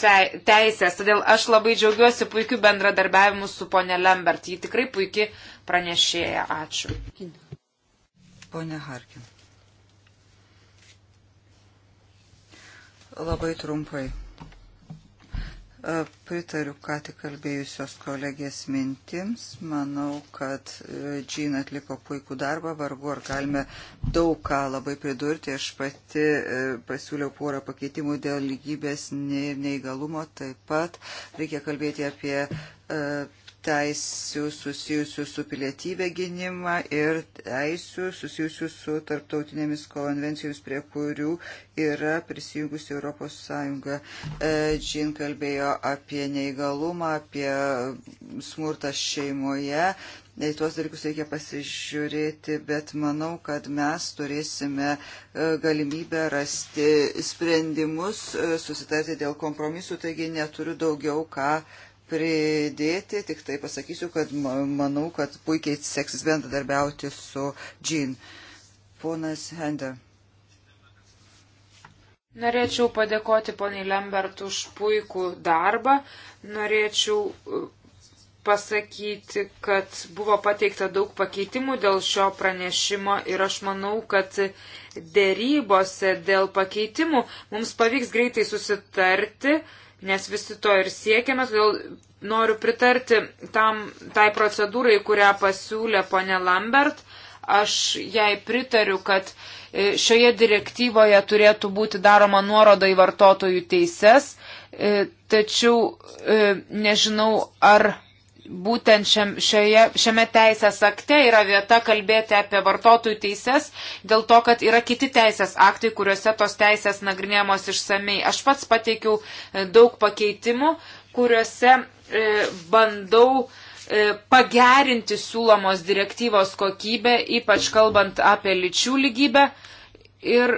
teisės. Todėl aš labai džiaugiuosi puikiu bendradarbiavimu su ponė Lambert. Ji tikrai puikiai pranešėja. Ačiū ponė Harkin. Labai trumpai. E, pritariu ką tik kalbėjusios kolegės mintims. Manau, kad Džin e, atliko puikų darbą, vargu ar galime daug ką labai pridurti. Aš pati e, pasiūliau porą pakeitimų dėl lygybės ir neįgalumo. Taip pat reikia kalbėti apie teisių susijusių su pilietybė gynimą ir teisių susijusių su tarptautinėmis konvencijomis, prie kurių yra prisijungusi Europos Sąjunga. E, Džin kalbėjo apie neįgalumą, apie smurtą šeimoje. Į tuos dalykus reikia pasižiūrėti, bet manau, kad mes turėsime e, galimybę rasti sprendimus, e, susitarti dėl kompromisų, taigi neturiu daugiau ką pridėti, tik tai pasakysiu, kad manau, kad puikiai seksis bendradarbiauti su Jean. Ponas Hender. Norėčiau padėkoti poniai Lambert už puikų darbą. Norėčiau uh, pasakyti, kad buvo pateikta daug pakeitimų dėl šio pranešimo ir aš manau, kad dėrybose dėl pakeitimų mums pavyks greitai susitarti nes visi to ir siekiame, todėl noriu pritarti tam, tai procedūrai, kurią pasiūlė ponė Lambert. Aš jai pritariu, kad e, šioje direktyvoje turėtų būti daroma nuoroda į vartotojų teises, e, tačiau e, nežinau, ar būtent šiam, šioje, šiame teisės akte yra vieta kalbėti apie vartotojų teises, dėl to, kad yra kiti teisės aktai, kuriuose tos teisės nagrinėjamos išsamei. Aš pats pateikiau e, daug pakeitimų, kuriuose e, bandau e, pagerinti siūlomos direktyvos kokybę, ypač kalbant apie lyčių lygybę. Ir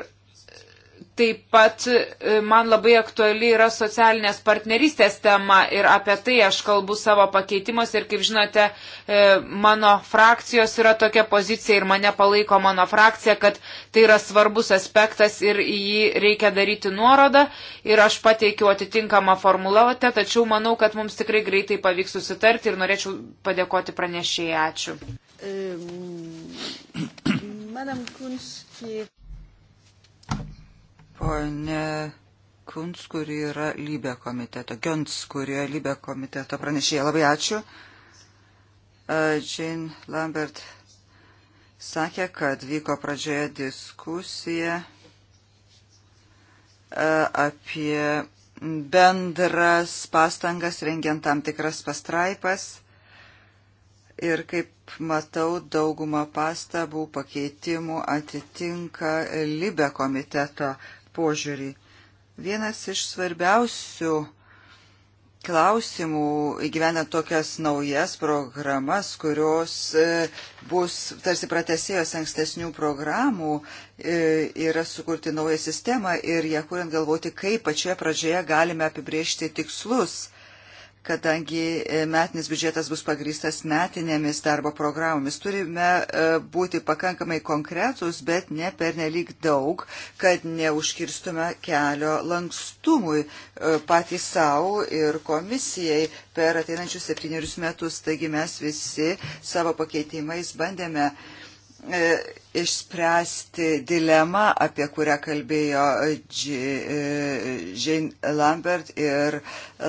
Taip pat e, man labai aktuali yra socialinės partnerystės tema ir apie tai aš kalbu savo pakeitimus ir kaip žinote, e, mano frakcijos yra tokia pozicija ir mane palaiko mano frakcija, kad tai yra svarbus aspektas ir į jį reikia daryti nuorodą ir aš pateikiau atitinkamą formuluotę, tačiau manau, kad mums tikrai greitai pavyks susitarti ir norėčiau padėkoti pranešėjai. Ačiū. Madam Kunski ponė Kunts, kuri yra lybė komiteto, Gions, kuri yra lybė komiteto pranešėja. Labai ačiū. Jane Lambert sakė, kad vyko pradžioje diskusija apie bendras pastangas rengiant tam tikras pastraipas ir kaip matau, dauguma pastabų pakeitimų atitinka Libe komiteto požiūrį. Vienas iš svarbiausių klausimų įgyvenant tokias naujas programas, kurios e, bus tarsi pratesėjos ankstesnių programų, e, yra sukurti naują sistemą ir ją kuriant galvoti, kaip pačioje pradžioje galime apibriežti tikslus kadangi e, metinis biudžetas bus pagrįstas metinėmis darbo programomis. Turime e, būti pakankamai konkretūs, bet ne pernelyg daug, kad neužkirstume kelio lankstumui e, patys savo ir komisijai per ateinančius septynerius metus. Taigi mes visi savo pakeitimais bandėme išspręsti dilemą, apie kurią kalbėjo e, e, Jane Lambert ir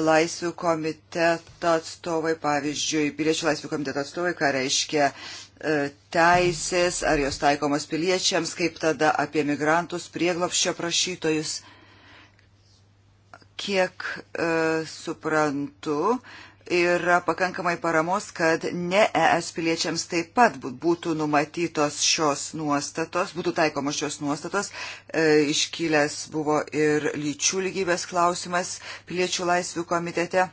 laisvių komiteto atstovai, pavyzdžiui, piliečių laisvių komiteto atstovai, ką reiškia e, teisės, ar jos taikomos piliečiams, kaip tada apie migrantus, prieglopščio prašytojus. Kiek e, suprantu, e, yra pakankamai paramos, kad ne ES piliečiams taip pat būtų numatytos šios nuostatos, būtų taikomos šios nuostatos. E, iškilęs buvo ir lyčių lygybės klausimas piliečių laisvių komitete.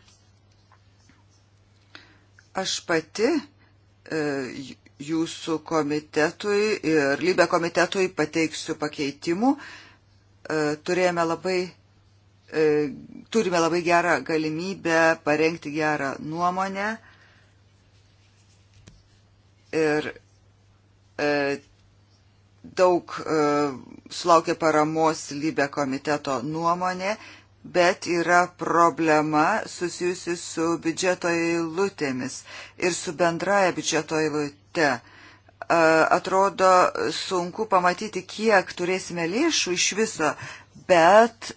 Aš pati e, jūsų komitetui ir lybė komitetui pateiksiu pakeitimų. E, turėjome labai E, turime labai gerą galimybę parengti gerą nuomonę ir e, daug e, sulaukė paramos lybė komiteto nuomonė, bet yra problema susijusi su biudžeto eilutėmis ir su bendraja biudžeto eilute. Atrodo sunku pamatyti, kiek turėsime lėšų iš viso, bet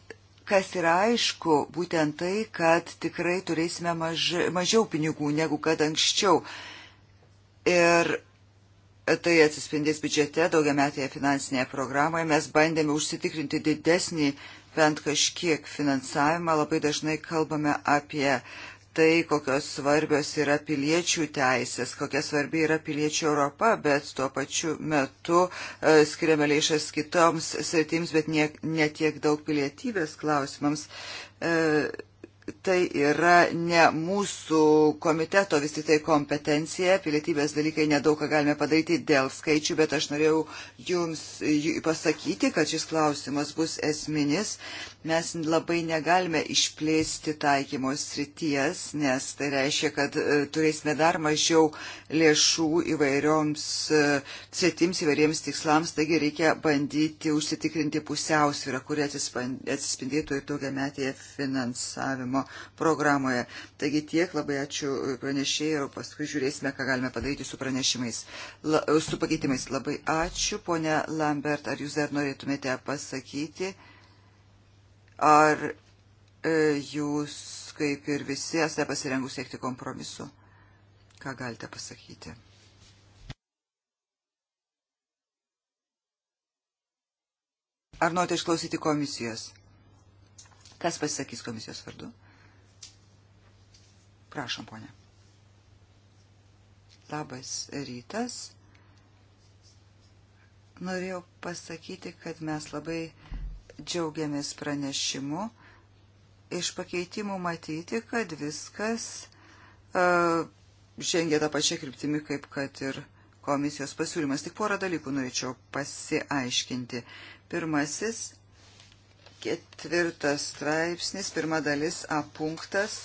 kas yra aišku, būtent tai, kad tikrai turėsime maž, mažiau pinigų negu kad anksčiau. Ir tai atsispindės biudžete daugiametėje finansinėje programoje. Mes bandėme užsitikrinti didesnį bent kažkiek finansavimą. Labai dažnai kalbame apie tai, kokios svarbios yra piliečių teisės, kokia svarbi yra piliečių Europa, bet tuo pačiu metu e, skiriame lėšas kitoms sritims, bet ne, ne tiek daug pilietybės klausimams. E, tai yra ne mūsų komiteto vis tik tai kompetencija, pilietybės dalykai nedaug ką galime padaryti dėl skaičių, bet aš norėjau jums pasakyti, kad šis klausimas bus esminis. Mes labai negalime išplėsti taikymos srities, nes tai reiškia, kad e, turėsime dar mažiau lėšų įvairioms e, sritims, įvairiems tikslams, taigi reikia bandyti užsitikrinti pusiausvyrą, kuri atsispindėtų į tokią metį finansavimo programoje. Taigi tiek, labai ačiū pranešėjai ir paskui žiūrėsime, ką galime padaryti su pranešimais, La, su pakeitimais. Labai ačiū, ponia Lambert, ar jūs dar norėtumėte pasakyti, ar e, jūs, kaip ir visi, esate pasirengus siekti kompromisu? Ką galite pasakyti? Ar norite išklausyti komisijos? Kas pasisakys komisijos vardu? Prašom, ponė. Labas rytas. Norėjau pasakyti, kad mes labai džiaugiamės pranešimu. Iš pakeitimų matyti, kad viskas uh, e, žengia tą pačią kryptimį, kaip kad ir komisijos pasiūlymas. Tik porą dalykų norėčiau pasiaiškinti. Pirmasis, ketvirtas straipsnis, pirma dalis A punktas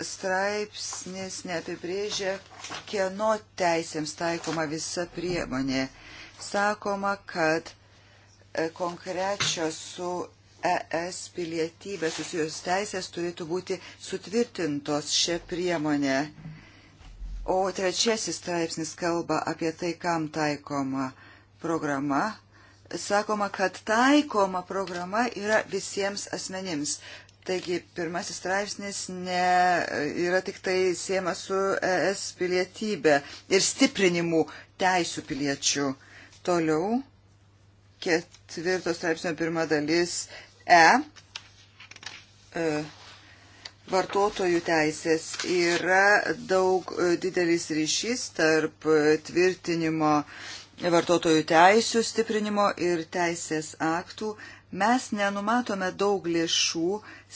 straipsnis neapibrėžia, kieno teisėms taikoma visa priemonė. Sakoma, kad e, konkrečios su ES pilietybė susijusios teisės turėtų būti sutvirtintos šią priemonę. O trečiasis straipsnis kalba apie tai, kam taikoma programa. Sakoma, kad taikoma programa yra visiems asmenims. Taigi, pirmasis straipsnis ne, yra tik tai siema su ES pilietybė ir stiprinimu teisų piliečių. Toliau, ketvirto straipsnio pirma dalis E. e vartotojų teisės yra daug e, didelis ryšys tarp e, tvirtinimo vartotojų teisų stiprinimo ir teisės aktų Mes nenumatome daug lėšų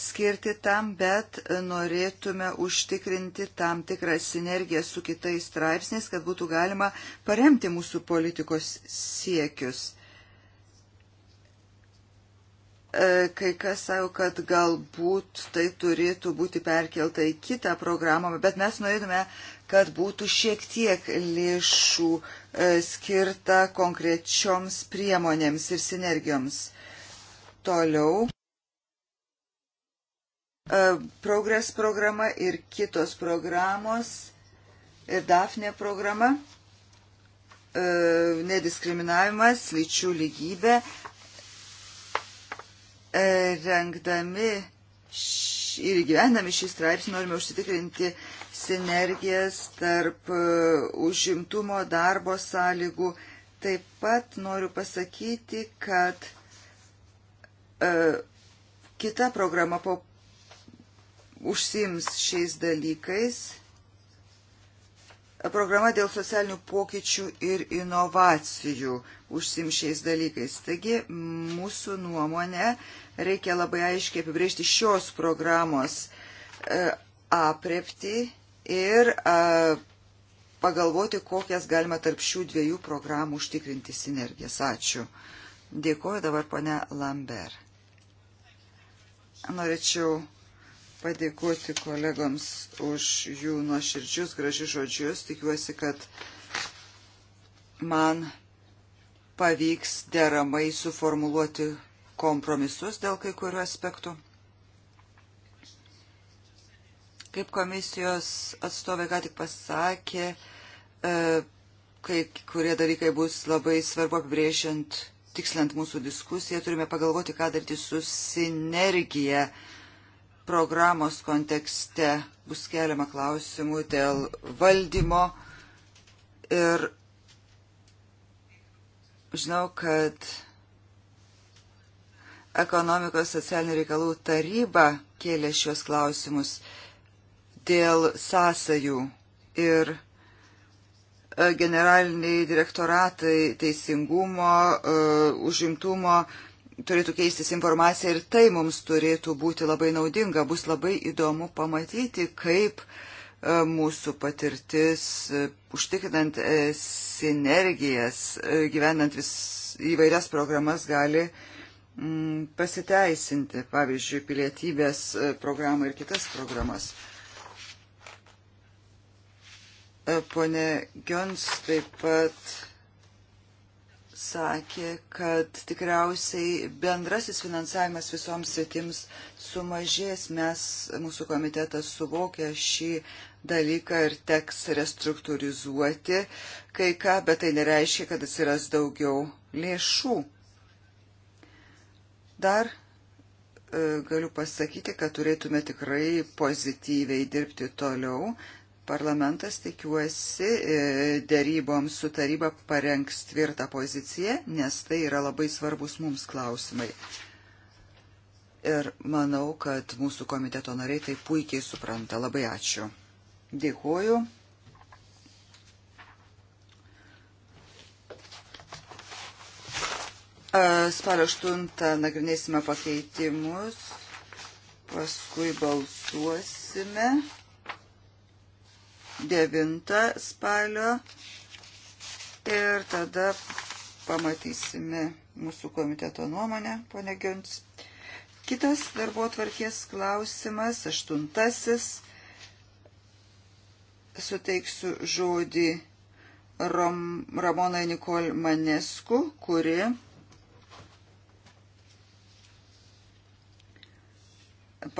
skirti tam, bet norėtume užtikrinti tam tikrą sinergiją su kitais straipsniais, kad būtų galima paremti mūsų politikos siekius. E, kai kas savo, kad galbūt tai turėtų būti perkelta į kitą programą, bet mes norėtume, kad būtų šiek tiek lėšų e, skirta konkrečioms priemonėms ir sinergijoms Toliau. E, Progress programa ir kitos programos ir e, DAFNE programa, e, nediskriminavimas, lyčių lygybė, rengdami ir gyvendami šį straipsnį norime užsitikrinti sinergijas tarp užimtumo darbo sąlygų. Taip pat noriu pasakyti, kad E, kita programa po užsims šiais dalykais. E, programa dėl socialinių pokyčių ir inovacijų užsim šiais dalykais. Taigi, mūsų nuomonė, reikia labai aiškiai apibrėžti šios programos e, aprepti ir pagalvoti, kokias galima tarp šių dviejų programų užtikrinti sinergijas. Ačiū. Dėkuoju dabar pone Lambert. Norėčiau padėkoti kolegoms už jų nuoširdžius, gražius žodžius. Tikiuosi, kad man pavyks deramai suformuluoti kompromisus dėl kai kurių aspektų. Kaip komisijos atstovai ką tik pasakė, e, kai kurie dalykai bus labai svarbu apibrėžiant tikslant mūsų diskusiją, turime pagalvoti, ką daryti su sinergija programos kontekste. Bus keliama klausimų dėl valdymo ir žinau, kad ekonomikos socialinių reikalų taryba kėlė šios klausimus dėl sąsajų ir E, generaliniai direktoratai teisingumo, e, užimtumo turėtų keistis informacija ir tai mums turėtų būti labai naudinga. Bus labai įdomu pamatyti, kaip e, mūsų patirtis, užtikrinant sinergijas, gyvenant vis įvairias programas gali mm, pasiteisinti, pavyzdžiui, pilietybės programą ir kitas programas. Pone Gions taip pat sakė, kad tikriausiai bendrasis finansavimas visoms sritims sumažės. Mes, mūsų komitetas suvokė šį dalyką ir teks restruktūrizuoti kai ką, bet tai nereiškia, kad atsiras daugiau lėšų. Dar e, galiu pasakyti, kad turėtume tikrai pozityviai dirbti toliau, Parlamentas tikiuosi e, dėryboms su taryba parengs tvirtą poziciją, nes tai yra labai svarbus mums klausimai. Ir manau, kad mūsų komiteto nariai tai puikiai supranta. Labai ačiū. Dėkuoju. E, spalio 8 nagrinėsime pakeitimus, paskui balsuosime. 9 spalio ir tada pamatysime mūsų komiteto nuomonę, ponė Gions. Kitas darbo tvarkės klausimas, aštuntasis, suteiksiu žodį Ram, Ramonai Nikol Manesku, kuri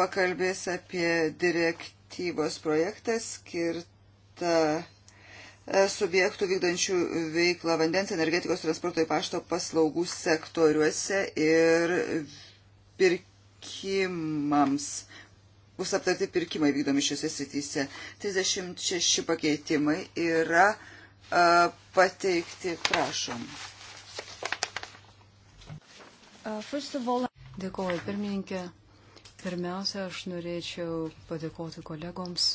pakalbės apie direktyvos projektą skirtą keletą subjektų vykdančių veiklą vandens, energetikos, transporto į pašto paslaugų sektoriuose ir pirkimams. Bus aptarti pirkimai vykdomi šiuose srityse. 36 pakeitimai yra a, e, pateikti. Prašom. Uh, Dėkuoju, pirmininkė. Pirmiausia, aš norėčiau padėkoti kolegoms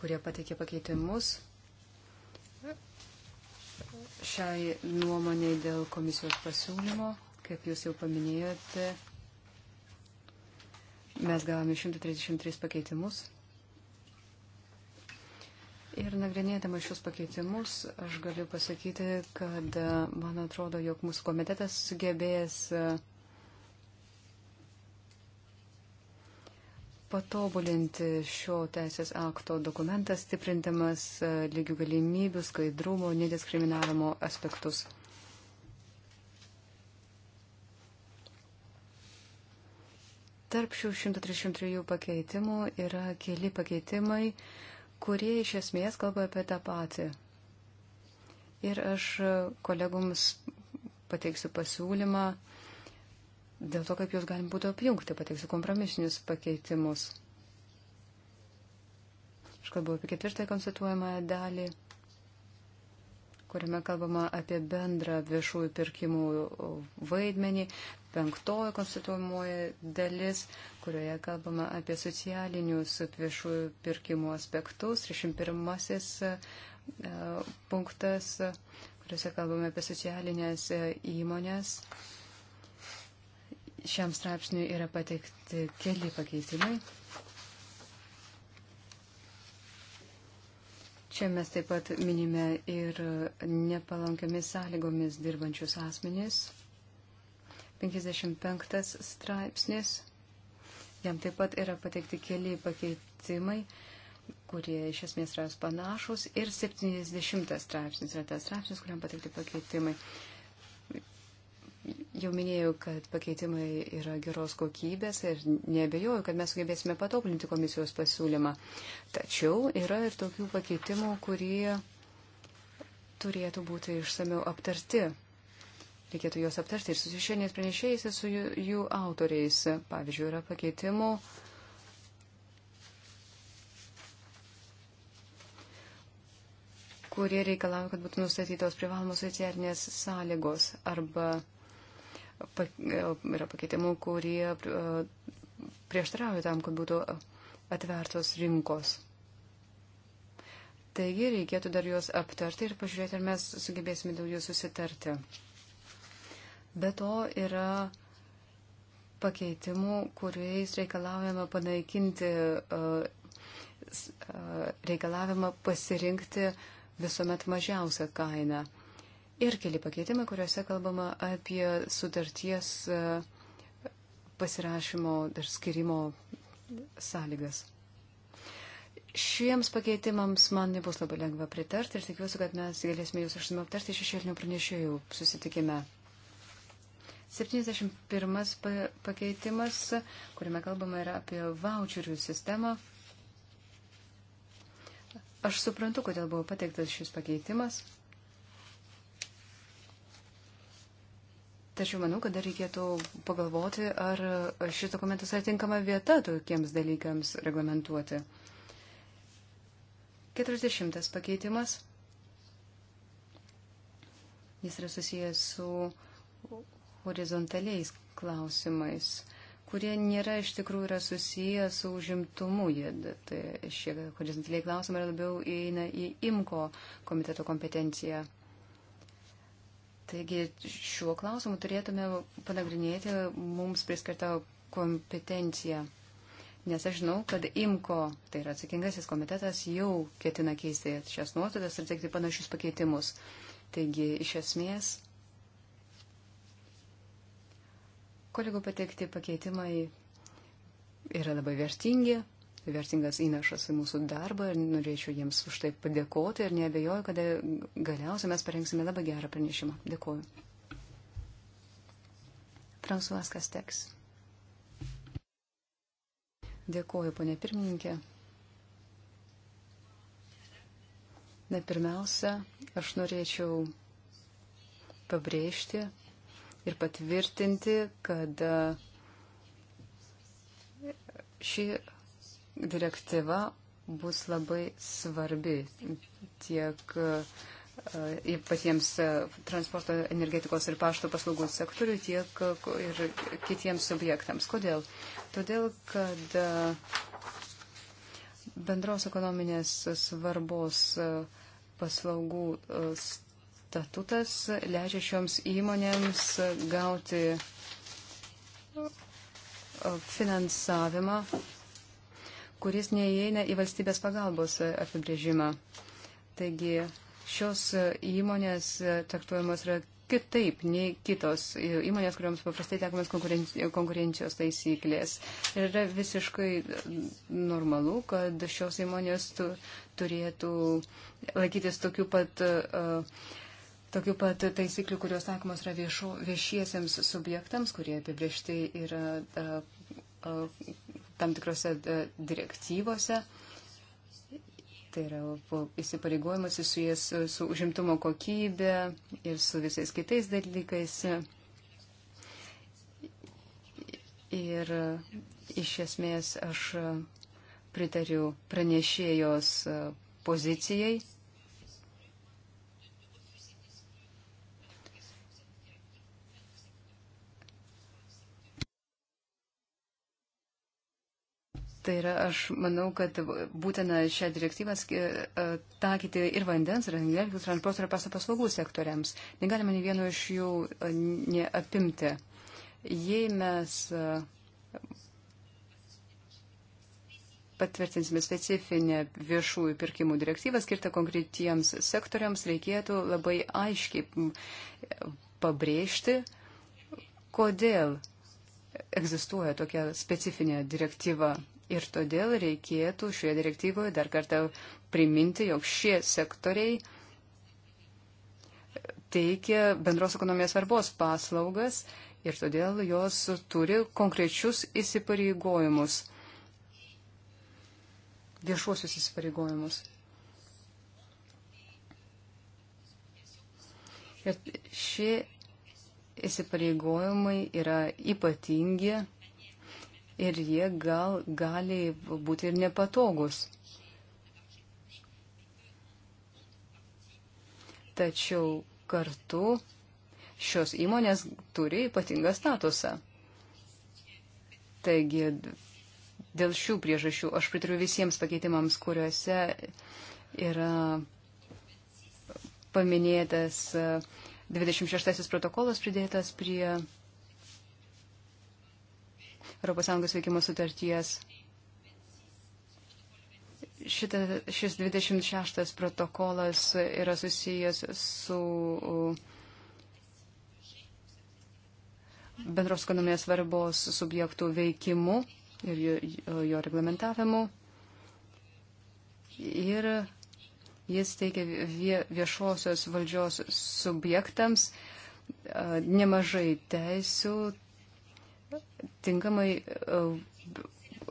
kurie pateikė pakeitimus šiai nuomonėj dėl komisijos pasiūlymo. Kaip jūs jau paminėjote, mes gavome 133 pakeitimus. Ir nagrinėdama šios pakeitimus, aš galiu pasakyti, kad man atrodo, jog mūsų komitetas sugebės uh, patobulinti šio teisės akto dokumentą, stiprindamas e, lygių galimybių, skaidrumo, nediskriminavimo aspektus. Tarp šių 133 pakeitimų yra keli pakeitimai, kurie iš esmės kalba apie tą patį. Ir aš kolegoms pateiksiu pasiūlymą dėl to, kaip jūs galim būtų apjungti, pateiksiu kompromisinius pakeitimus. Aš kalbu apie ketvirtąją konstatuojamąją dalį, kuriame kalbama apie bendrą viešųjų pirkimų vaidmenį, penktoji konstatuojamoji dalis, kurioje kalbama apie socialinius viešųjų pirkimų aspektus, 31 e, punktas, kuriuose kalbame apie socialinės e, įmonės šiam straipsniui yra pateikti keli pakeitimai. Čia mes taip pat minime ir nepalankiomis sąlygomis dirbančius asmenys. 55 straipsnis. Jam taip pat yra pateikti keli pakeitimai, kurie iš esmės yra panašus. Ir 70 straipsnis yra tas straipsnis, kuriam pateikti pakeitimai. Jau minėjau, kad pakeitimai yra geros kokybės ir nebejoju, kad mes sugebėsime patobulinti komisijos pasiūlymą. Tačiau yra ir tokių pakeitimų, kurie turėtų būti išsameu aptarti. Reikėtų juos aptarti ir su šiandien pranešėjais, ir su jų, jų autoriais. Pavyzdžiui, yra pakeitimų, kurie reikalauja, kad būtų nustatytos privalomos socialinės sąlygos arba yra pakeitimų, kurie e, prieštarauja tam, kad būtų atvertos rinkos. Taigi reikėtų dar juos aptarti ir pažiūrėti, ar mes sugebėsime dėl jų susitarti. Be to yra pakeitimų, kuriais reikalaujama panaikinti e, e, reikalavimą pasirinkti visuomet mažiausią kainą ir keli pakeitimai, kuriuose kalbama apie sutarties e, pasirašymo ir skirimo sąlygas. Šiems pakeitimams man nebus labai lengva pritarti ir tikiuosi, kad mes galėsime jūs išsamiau aptarti šešėlinių pranešėjų susitikime. 71 pakeitimas, kuriame kalbama yra apie voucherių sistemą. Aš suprantu, kodėl buvo pateiktas šis pakeitimas. Tačiau manau, kad dar reikėtų pagalvoti, ar šis dokumentas yra tinkama vieta tokiems dalykams reglamentuoti. 40 pakeitimas. Jis yra susijęs su horizontaliais klausimais, kurie nėra iš tikrųjų yra susiję su užimtumu. Tai šie horizontaliai klausimai labiau įeina į IMKO komiteto kompetenciją. Taigi šiuo klausimu turėtume panagrinėti mums priskirtą kompetenciją. Nes aš žinau, kad IMKO, tai yra atsakingasis komitetas, jau ketina keisti šias nuostatas ir teikti panašius pakeitimus. Taigi, iš esmės, kolegų pateikti pakeitimai yra labai vertingi vertingas įnašas į mūsų darbą ir norėčiau jiems už tai padėkoti ir nebejoju, kad galiausiai mes parengsime labai gerą pranešimą. Dėkuoju. Fransuas Kasteks. Dėkuoju, ponė pirmininkė. Na, pirmiausia, aš norėčiau pabrėžti ir patvirtinti, kad e, ši direktyva bus labai svarbi tiek e, patiems e, transporto, energetikos ir pašto paslaugų sektoriui, tiek e, ir kitiems subjektams. Kodėl? Todėl, kad bendros ekonominės svarbos paslaugų statutas leidžia šioms įmonėms gauti finansavimą kuris neįeina į valstybės pagalbos apibrėžimą. Taigi šios įmonės traktuojamos yra kitaip nei kitos įmonės, kuriuoms paprastai tekamas konkurencijos taisyklės. Ir yra visiškai normalu, kad šios įmonės tu, turėtų laikytis tokių pat. Uh, Tokių pat taisyklių, kurios sakomos yra viešo, viešiesiems subjektams, kurie apibriešti yra uh, uh, tam tikrose e, direktyvose. Tai yra įsipareigojimas susijęs su, su užimtumo kokybė ir su visais kitais dalykais. Ir iš esmės aš pritariu pranešėjos e, pozicijai Tai yra, aš manau, kad būtina šią direktyvą e, taikyti ir vandens, ir energetikos transporto ir pasto paslaugų sektoriams. Negalima nei vieno iš jų e, neapimti. Jei mes e, patvirtinsime specifinę viešųjų pirkimų direktyvą skirtą konkretiems sektoriams, reikėtų labai aiškiai pabrėžti, kodėl egzistuoja tokia specifinė direktyva Ir todėl reikėtų šioje direktyvoje dar kartą priminti, jog šie sektoriai teikia bendros ekonomijos svarbos paslaugas ir todėl jos turi konkrečius įsipareigojimus, viešuosius įsipareigojimus. Ir šie įsipareigojimai yra ypatingi ir jie gal gali būti ir nepatogus. Tačiau kartu šios įmonės turi ypatingą statusą. Taigi dėl šių priežasčių aš pritariu visiems pakeitimams, kuriuose yra paminėtas 26 e, protokolas pridėtas prie ES veikimo sutarties. Šita, šis 26 protokolas yra susijęs su uh, bendros ekonominės svarbos subjektų veikimu ir jo, jo reglamentavimu. Ir jis teikia vie, viešosios valdžios subjektams uh, nemažai teisų tinkamai e,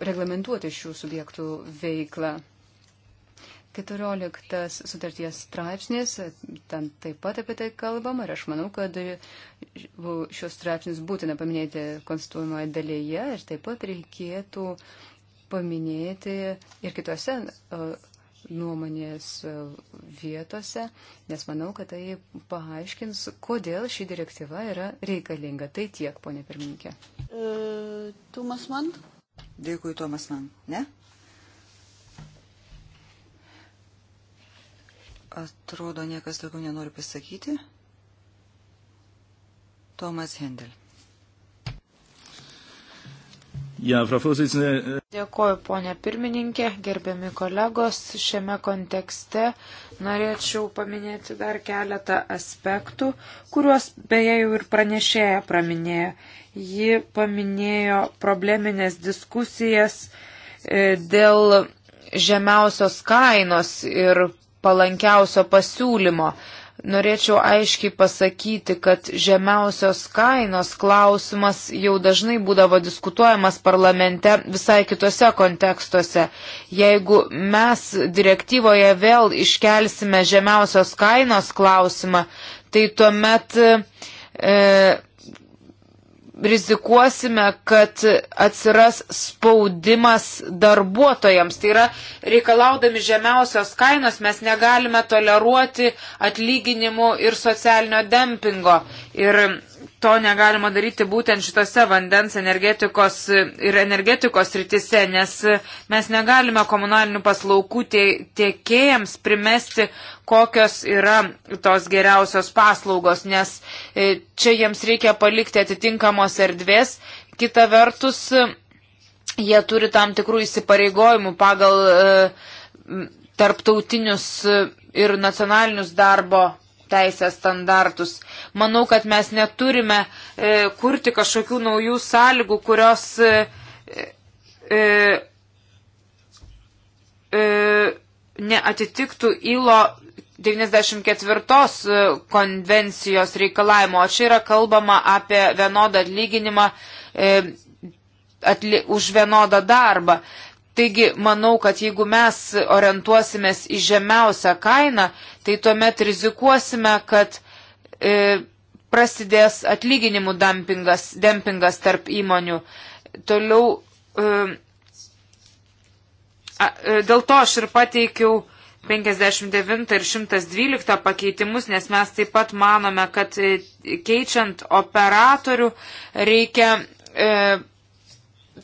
reglamentuoti šių subjektų veiklą. 14 sutarties straipsnis, ten taip pat apie tai kalbama ir aš manau, kad šios straipsnis būtina paminėti konstituojamoje dalyje ir taip pat reikėtų paminėti ir kitose uh, nuomonės vietose, nes manau, kad tai paaiškins, kodėl ši direktyva yra reikalinga. Tai tiek, ponė pirmininkė. E, Tomas man. Dėkui, Tomas man. Ne? Atrodo, niekas daugiau nenori pasakyti. Tomas Hendel. Ja, äh, Dėkoju, ponė pirmininkė, gerbiami kolegos. Šiame kontekste norėčiau paminėti dar keletą aspektų, kuriuos beje jau ir pranešėja praminėjo. Ji paminėjo probleminės diskusijas e, dėl žemiausios kainos ir palankiausio pasiūlymo. Norėčiau aiškiai pasakyti, kad žemiausios kainos klausimas jau dažnai būdavo diskutuojamas parlamente visai kitose kontekstuose. Jeigu mes direktyvoje vėl iškelsime žemiausios kainos klausimą, tai tuomet e, rizikuosime, kad atsiras spaudimas darbuotojams. Tai yra, reikalaudami žemiausios kainos mes negalime toleruoti atlyginimų ir socialinio dempingo. Ir to negalima daryti būtent šitose vandens energetikos ir energetikos rytise, nes mes negalime komunalinių paslaugų tiekėjams primesti, kokios yra tos geriausios paslaugos, nes e, čia jiems reikia palikti atitinkamos erdvės. Kita vertus, jie turi tam tikrų įsipareigojimų pagal e, tarptautinius ir nacionalinius darbo teisės standartus. Manau, kad mes neturime e, kurti kažkokių naujų sąlygų, kurios e, e, e, neatitiktų įlo 94 e, konvencijos reikalavimo. O čia yra kalbama apie vienodą atlyginimą. E, atli, už vienodą darbą. Taigi, manau, kad jeigu mes orientuosimės į žemiausią kainą, tai tuomet rizikuosime, kad e, prasidės atlyginimų dumpingas, dumpingas tarp įmonių. Toliau, e, a, e, dėl to aš ir pateikiau 59 ir 112 pakeitimus, nes mes taip pat manome, kad e, keičiant operatorių reikia e,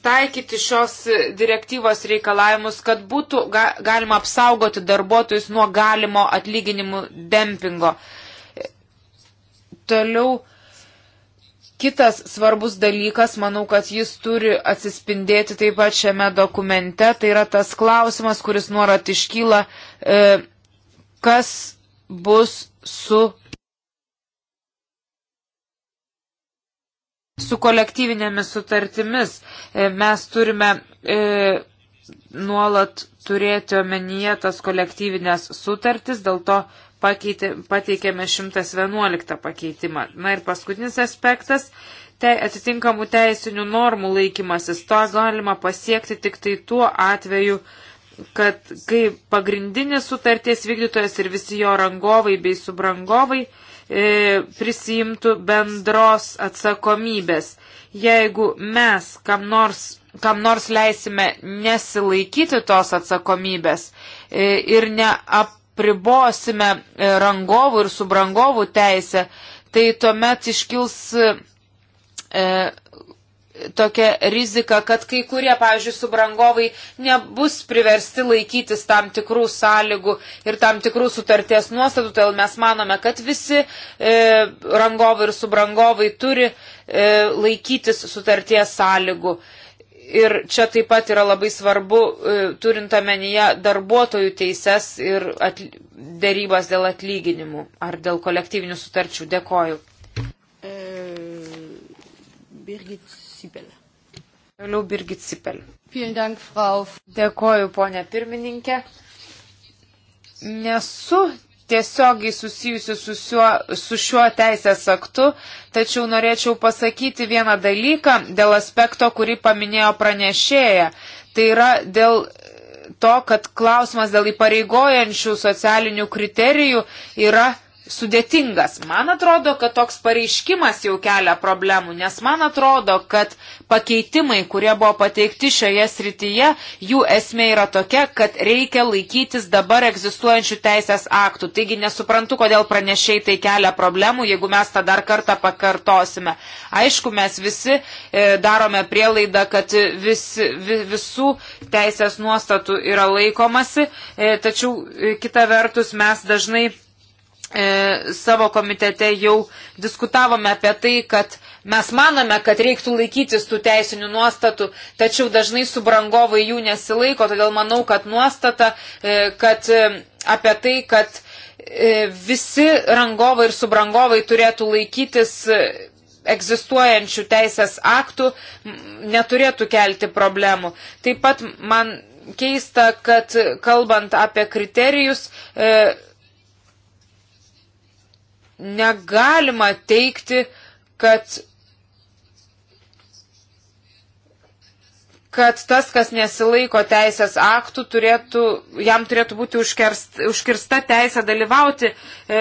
taikyti šios direktyvos reikalavimus, kad būtų ga, galima apsaugoti darbuotojus nuo galimo atlyginimų dempingo. Toliau kitas svarbus dalykas, manau, kad jis turi atsispindėti taip pat šiame dokumente, tai yra tas klausimas, kuris nuorat iškyla, e, kas bus su su kolektyvinėmis sutartimis e, mes turime e, nuolat turėti omenyje tas kolektyvinės sutartis, dėl to pakeitė, pateikėme 111 pakeitimą. Na ir paskutinis aspektas te, atitinkamų teisinių normų laikymasis. To galima pasiekti tik tai tuo atveju, kad kai pagrindinis sutarties vykdytojas ir visi jo rangovai bei subrangovai E, prisijimtų bendros atsakomybės. Jeigu mes kam nors, kam nors leisime nesilaikyti tos atsakomybės e, ir neapribosime e, rangovų ir subrangovų teisę, tai tuomet iškils tokia rizika, kad kai kurie, pavyzdžiui, subrangovai nebus priversti laikytis tam tikrų sąlygų ir tam tikrų sutarties nuostatų, todėl mes manome, kad visi e, rangovai ir subrangovai turi e, laikytis sutarties sąlygų. Ir čia taip pat yra labai svarbu, e, turint omenyje darbuotojų teises ir atly, dėrybas dėl atlyginimų ar dėl kolektyvinių sutarčių. Dėkoju. E, Birgit Sipel. Toliau Birgit Sipel. Dank, Frau. Dėkoju, ponė pirmininkė. Nesu tiesiogiai susijusi su šiuo, su šiuo teisės aktu, tačiau norėčiau pasakyti vieną dalyką dėl aspekto, kurį paminėjo pranešėja. Tai yra dėl to, kad klausimas dėl įpareigojančių socialinių kriterijų yra sudėtingas. Man atrodo, kad toks pareiškimas jau kelia problemų, nes man atrodo, kad pakeitimai, kurie buvo pateikti šioje srityje, jų esmė yra tokia, kad reikia laikytis dabar egzistuojančių teisės aktų. Taigi nesuprantu, kodėl pranešiai tai kelia problemų, jeigu mes tą dar kartą pakartosime. Aišku, mes visi e, darome prielaidą, kad vis, vi, visų teisės nuostatų yra laikomasi, e, tačiau e, kita vertus mes dažnai e, savo komitete jau diskutavome apie tai, kad mes manome, kad reiktų laikytis tų teisinių nuostatų, tačiau dažnai subrangovai jų nesilaiko, todėl manau, kad nuostata, e, kad e, apie tai, kad e, visi rangovai ir subrangovai turėtų laikytis e, egzistuojančių teisės aktų, neturėtų kelti problemų. Taip pat man keista, kad kalbant apie kriterijus, e, negalima teikti, kad kad tas, kas nesilaiko teisės aktų, turėtų, jam turėtų būti užkerst, užkirsta teisė dalyvauti e,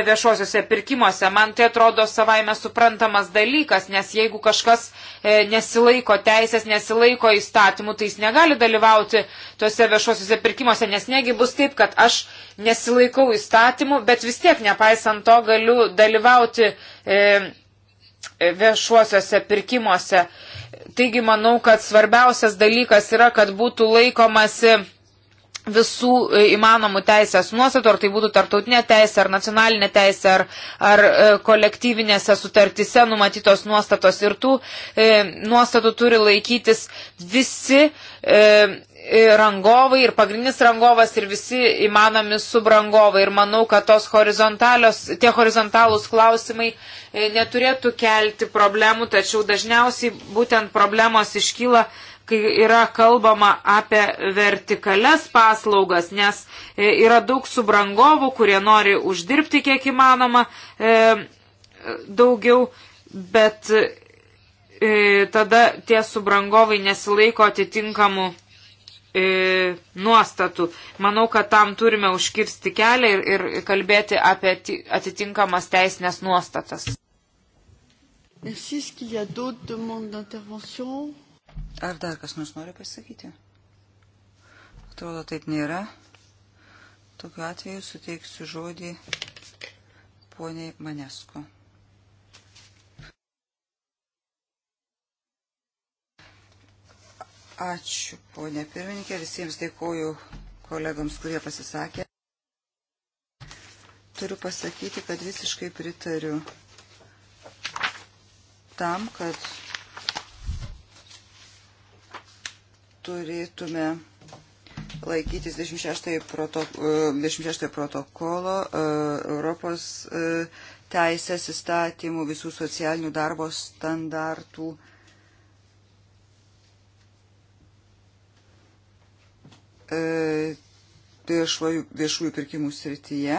viešuosiuose pirkimuose. Man tai atrodo savaime suprantamas dalykas, nes jeigu kažkas e, nesilaiko teisės, nesilaiko įstatymų, tai jis negali dalyvauti tuose viešuosiuose pirkimuose, nes negi bus taip, kad aš nesilaikau įstatymų, bet vis tiek nepaisant to galiu dalyvauti e, viešuosiuose pirkimuose. Taigi manau, kad svarbiausias dalykas yra, kad būtų laikomasi visų e, įmanomų teisės nuostatų, ar tai būtų tartautinė teisė, ar nacionalinė teisė, ar, ar e, kolektyvinėse sutartise numatytos nuostatos. Ir tų e, nuostatų turi laikytis visi e, e, rangovai ir pagrindinis rangovas ir visi įmanomi subrangovai. Ir manau, kad tos horizontalios, tie horizontalūs klausimai E, neturėtų kelti problemų, tačiau dažniausiai būtent problemos iškyla, kai yra kalbama apie vertikales paslaugas, nes e, yra daug subrangovų, kurie nori uždirbti kiek įmanoma e, daugiau, bet tada tie subrangovai nesilaiko atitinkamų e, nuostatų. Manau, kad tam turime užkirsti kelią ir, ir kalbėti apie atitinkamas teisinės nuostatas. Ar dar kas nors nori pasakyti? Atrodo, taip nėra. Tokiu atveju suteiksiu žodį poniai Manesku. Ačiū, ponė pirmininkė. Visiems dėkoju kolegams, kurie pasisakė. Turiu pasakyti, kad visiškai pritariu tam, kad turėtume laikytis 26 protokolo, 26 e, protokolo Europos e, teisės įstatymų, visų socialinių darbo standartų E, viešųjų, viešųjų pirkimų srityje,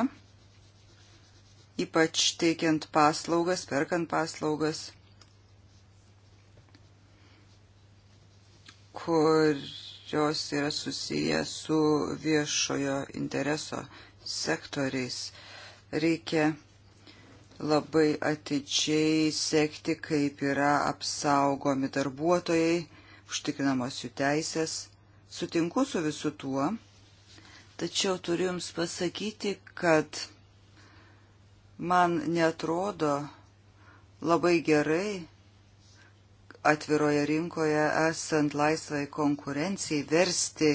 ypač teikiant paslaugas, perkant paslaugas, kurios yra susiję su viešojo intereso sektoriais. Reikia labai atidžiai sekti, kaip yra apsaugomi darbuotojai, užtikrinamos jų teisės Sutinku su visu tuo, tačiau turiu Jums pasakyti, kad man netrodo labai gerai atviroje rinkoje esant laisvai konkurencijai versti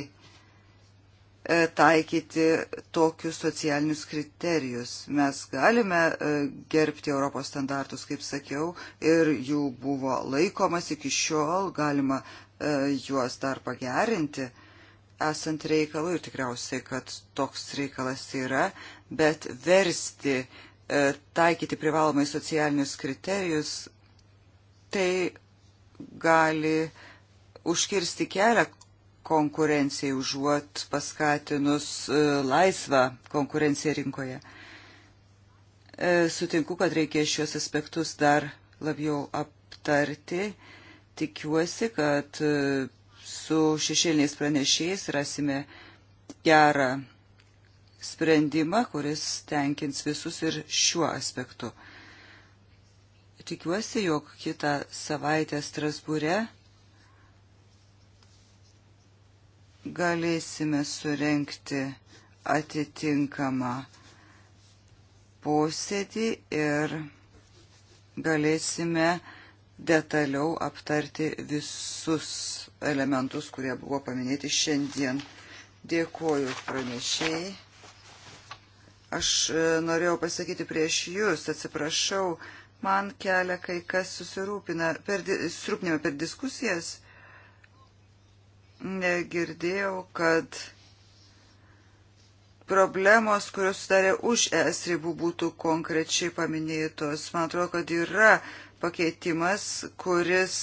e, taikyti tokius socialinius kriterijus. Mes galime e, gerbti Europos standartus, kaip sakiau, ir jų buvo laikomas iki šiol, galima E, juos dar pagerinti esant reikalui ir tikriausiai, kad toks reikalas yra, bet versti, e, taikyti privalomai socialinius kriterijus, tai gali užkirsti kelią konkurencijai užuot paskatinus e, laisvą konkurenciją rinkoje. Sutinku, kad reikia šios aspektus dar labiau aptarti Tikiuosi, kad e, su šešėliniais pranešėjais rasime gerą sprendimą, kuris tenkins visus ir šiuo aspektu. Tikiuosi, jog kitą savaitę Strasbūre galėsime surenkti atitinkamą posėdį ir galėsime detaliau aptarti visus elementus, kurie buvo paminėti šiandien. Dėkuoju pranešėjai. Aš e, norėjau pasakyti prieš jūs, atsiprašau, man kelia kai kas susirūpina, per, susirūpinimą per diskusijas. Negirdėjau, kad problemos, kurios sudarė už ES ribų, būtų konkrečiai paminėtos. Man atrodo, kad yra pakeitimas, kuris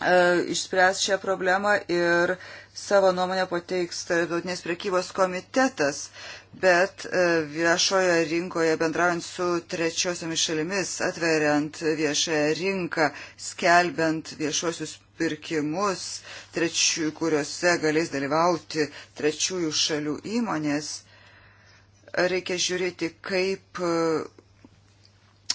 e, išspręs šią problemą ir savo nuomonę pateiks Tarptautinės prekybos komitetas, bet e, viešoje rinkoje bendraujant su trečiosiomis šalimis, atveriant viešąją rinką, skelbiant viešuosius pirkimus, trečių, kuriuose galės dalyvauti trečiųjų šalių įmonės, reikia žiūrėti, kaip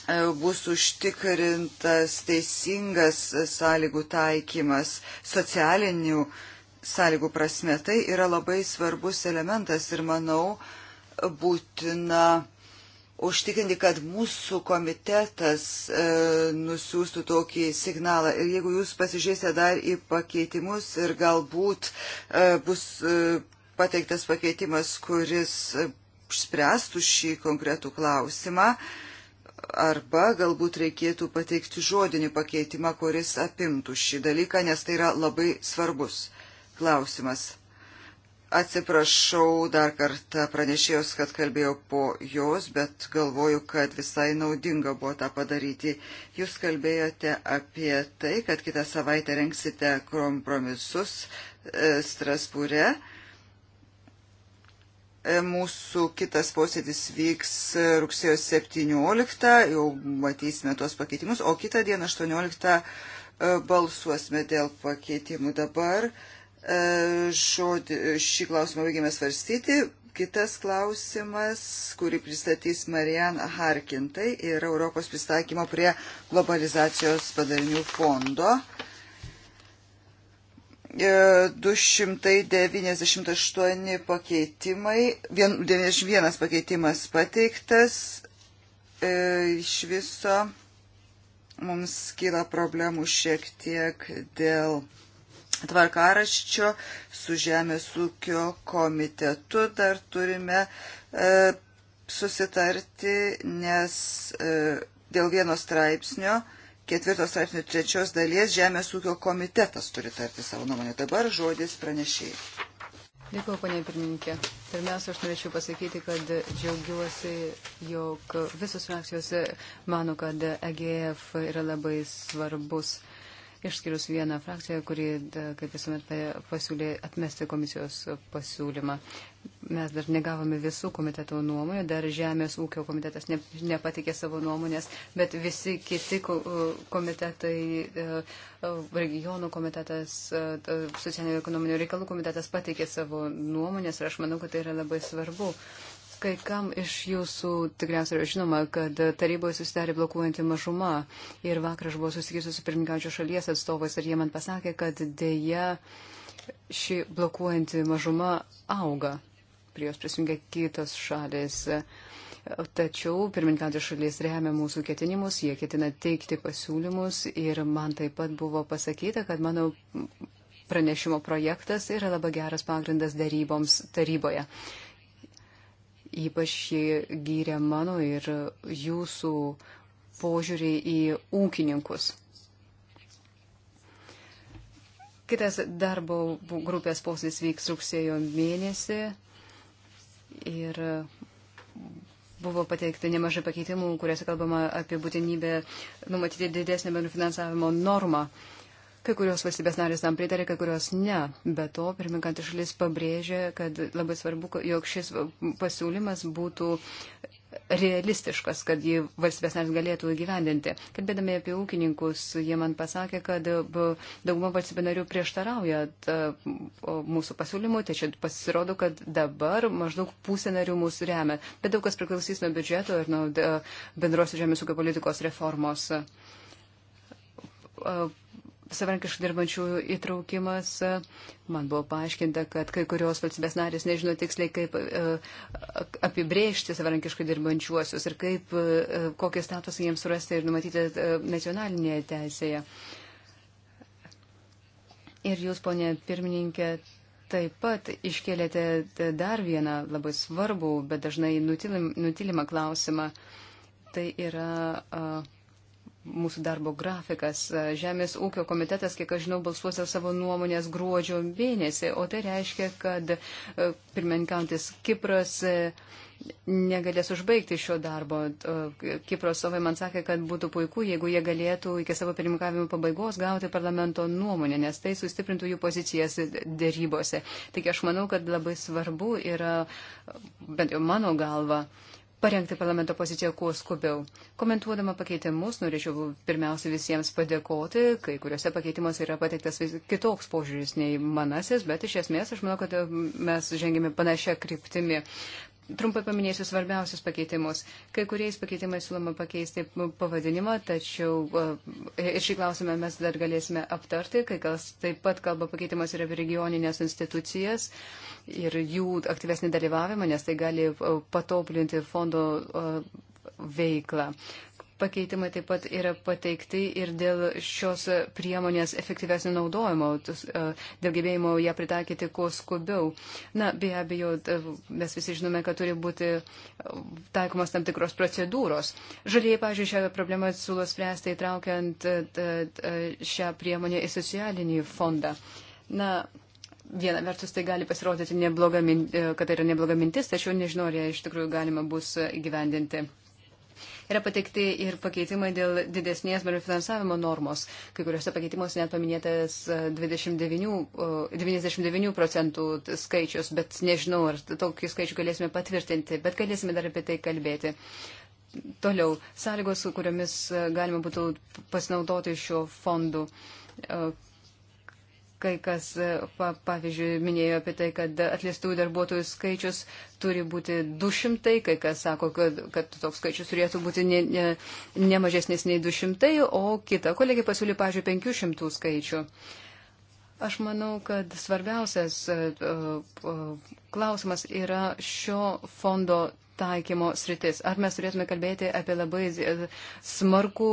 E, bus užtikrintas teisingas sąlygų taikymas socialinių sąlygų prasme. Tai yra labai svarbus elementas ir manau būtina užtikrinti, kad mūsų komitetas e, nusiųstų tokį signalą. Ir jeigu jūs pasižiūrėsite dar į pakeitimus ir galbūt e, bus e, pateiktas pakeitimas, kuris e, spręstų šį konkretų klausimą, e, arba galbūt reikėtų pateikti žodinį pakeitimą, kuris apimtų šį dalyką, nes tai yra labai svarbus klausimas. Atsiprašau dar kartą pranešėjos, kad kalbėjau po jos, bet galvoju, kad visai naudinga buvo tą padaryti. Jūs kalbėjote apie tai, kad kitą savaitę renksite kompromisus e, Strasbūre. E, Mūsų kitas posėdis vyks rugsėjo 17, jau matysime tuos pakeitimus, o kitą dieną 18 e, balsuosime dėl pakeitimų. Dabar e, žodį, šį klausimą baigėme svarstyti. Kitas klausimas, kurį pristatys Marian Harkintai, yra Europos pristatymo prie globalizacijos padarinių fondo. 298 e, pakeitimai, 91 pakeitimas pateiktas, e, iš viso mums kyla problemų šiek tiek dėl tvarkaraščio su Žemės ūkio komitetu dar turime e, susitarti, nes e, dėl vieno straipsnio e, ketvirtos straipsnių trečios dalies Žemės ūkio komitetas turi tarti savo nuomonę. Dabar žodis pranešėjai. Dėkuoju, ponė pirmininkė. Pirmiausia, aš norėčiau pasakyti, kad džiaugiuosi, jog visos frakcijos mano, kad EGF yra labai svarbus. Išskirius vieną frakciją, kuri, kaip visuomet, pasiūlė atmesti komisijos pasiūlymą. Mes dar negavome visų komiteto nuomonių, dar Žemės ūkio komitetas ne, nepatikė savo nuomonės, bet visi kiti e, komitetai, e, e, regionų komitetas, socialinio ir ekonominio reikalų komitetas patikė savo nuomonės ir aš manau, kad tai yra labai svarbu. Kai kam iš jūsų tikriausiai yra žinoma, kad taryboje susidarė blokuojanti mažuma ir vakar aš buvau susitikiusi su pirmininkaučio šalies atstovais ir jie man pasakė, kad dėja ši blokuojanti mažuma auga prie jos prisijungia kitos šalis. Tačiau pirmininkantys šalis remia mūsų ketinimus, jie ketina teikti pasiūlymus ir man taip pat buvo pasakyta, kad mano pranešimo projektas yra labai geras pagrindas daryboms taryboje. Ypač jie gyrė mano ir jūsų požiūrį į ūkininkus. Kitas darbo grupės posėdis vyks rugsėjo mėnesį Ir buvo pateikta nemažai pakeitimų, kuriuose kalbama apie būtinybę numatyti didesnį bendrų finansavimo normą. Kai kurios valstybės narės tam pritarė, kai kurios ne. Be to, pirmininkantys šalis pabrėžė, kad labai svarbu, jog šis pasiūlymas būtų realistiškas, kad jį valstybės narės galėtų įgyvendinti. Kalbėdami apie ūkininkus, jie man pasakė, kad dauguma valstybė narių prieštarauja mūsų pasiūlymui, tačiau pasirodo, kad dabar maždaug pusė narių mūsų remia. Bet daug kas priklausys nuo biudžeto ir nuo bendrosios žemės ūkio politikos reformos savarankiškai dirbančių įtraukimas. Man buvo paaiškinta, kad kai kurios valstybės narės nežino tiksliai, kaip e, apibrėžti savarankiškai dirbančiuosius ir kaip, e, kokią statusą jiems surasti ir numatyti e, nacionalinėje teisėje. Ir jūs, ponė pirmininkė, taip pat iškėlėte dar vieną labai svarbų, bet dažnai nutilimą klausimą. Tai yra. Uh, mūsų darbo grafikas. E, Žemės ūkio komitetas, kiek aš žinau, balsuos dėl savo nuomonės gruodžio mėnesį, o tai reiškia, kad e, pirmininkantis Kipras e, negalės užbaigti šio darbo. Kipros savai man sakė, kad būtų puiku, jeigu jie galėtų iki savo pirmininkavimo pabaigos gauti parlamento nuomonę, nes tai sustiprintų jų pozicijas dėrybose. Tik aš manau, kad labai svarbu yra, bent jau mano galva, parengti parlamento poziciją kuo skubiau. Komentuodama pakeitimus, norėčiau pirmiausia visiems padėkoti. Kai kuriuose pakeitimuose yra pateiktas kitoks požiūris nei manasis, bet iš esmės aš manau, kad mes žengėme panašią kryptimį. Trumpai paminėsiu svarbiausius pakeitimus. Kai kuriais pakeitimais siūloma pakeisti pavadinimą, tačiau e, ir šį klausimą mes dar galėsime aptarti, kai kas taip pat kalba pakeitimas ir apie regioninės institucijas ir jų aktyvesnį dalyvavimą, nes tai gali e, patobulinti fondo e, veiklą. Pakeitimai taip pat yra pateikti ir dėl šios priemonės efektyvesnio naudojimo, e, dėl gebėjimo ją pritaikyti kuo skubiau. Na, be abejo, mes visi žinome, kad turi būti e, taikomas tam tikros procedūros. Žalieji, pažiūrėjau, šią problemą siūlo spręsti įtraukiant e, šią priemonę į socialinį fondą. Na, viena vertus tai gali pasirodyti, nebloga, kad tai yra nebloga mintis, tačiau nežinau, ar ją iš tikrųjų galima bus įgyvendinti. Yra pateikti ir pakeitimai dėl didesnės bendro finansavimo normos. Kai kuriuose pakeitimuose net paminėtas 29, e, 99 procentų skaičius, bet nežinau, ar tokį skaičių galėsime patvirtinti, bet galėsime dar apie tai kalbėti. Toliau, sąlygos, kuriomis e, galima būtų pasinaudoti šiuo fondu e, Kai kas, e, pavyzdžiui, minėjo apie tai, kad atleistų darbuotojų skaičius turi būti 200, kai kas sako, kad, kad toks skaičius turėtų būti ne, ne, ne mažesnis nei 200, o kita kolegė pasiūlė, pavyzdžiui, 500 skaičių. Aš manau, kad svarbiausias e, e, klausimas yra šio fondo taikymo sritis. Ar mes turėtume kalbėti apie labai smarkų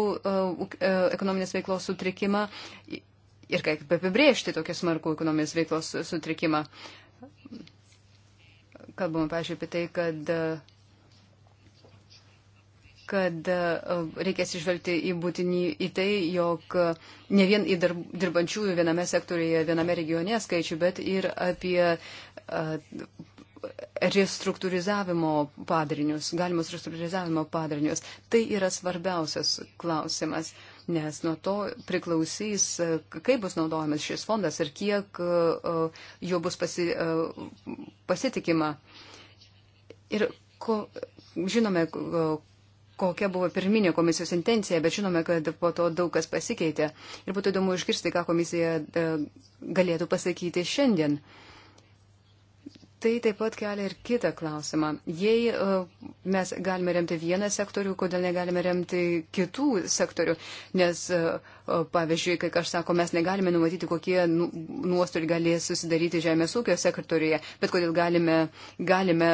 ekonominės veiklos sutrikimą ir kaip apibriežti tokį smarkų ekonomijos veiklos sutrikimą. Kalbame, pažiūrėjau, apie tai, kad, kad e, reikės išvelgti į būtinį į tai, jog ne vien į darb, dirbančiųjų viename sektoriuje, viename regione skaičių, bet ir apie e, restruktūrizavimo padarinius, galimus restruktūrizavimo padarinius. Tai yra svarbiausias klausimas. Uh, nes nuo to priklausys, kaip bus naudojamas šis fondas ir kiek e, jo bus pasi, e, pasitikima. Ir ko, žinome, e, kokia buvo pirminė komisijos intencija, bet žinome, kad po to daug kas pasikeitė. Ir būtų įdomu išgirsti, ką komisija galėtų pasakyti šiandien. Uh, tai taip pat kelia ir kitą klausimą. Jei e, mes galime remti vieną sektorių, kodėl negalime remti kitų sektorių? Nes, e, e, pavyzdžiui, kai kažkas sako, mes negalime numatyti, kokie nu, nuostoliai galės susidaryti žemės ūkio sektoriuje, bet kodėl galime, galime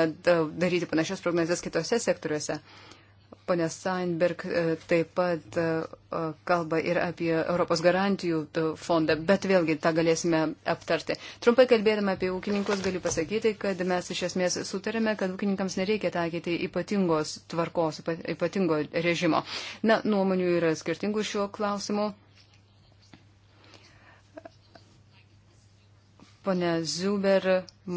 daryti panašias prognozes kitose sektoriuose. Uh, Pane Steinberg e, taip pat e, e, kalba ir apie Europos garantijų fondą, bet vėlgi tą galėsime aptarti. Trumpai kalbėdama apie ūkininkus, galiu pasakyti, kad mes iš esmės sutarėme, kad ūkininkams nereikia taikyti ypatingos tvarkos, ypatingo režimo. Na, nuomonių yra skirtingų šiuo klausimu. Pone Zuber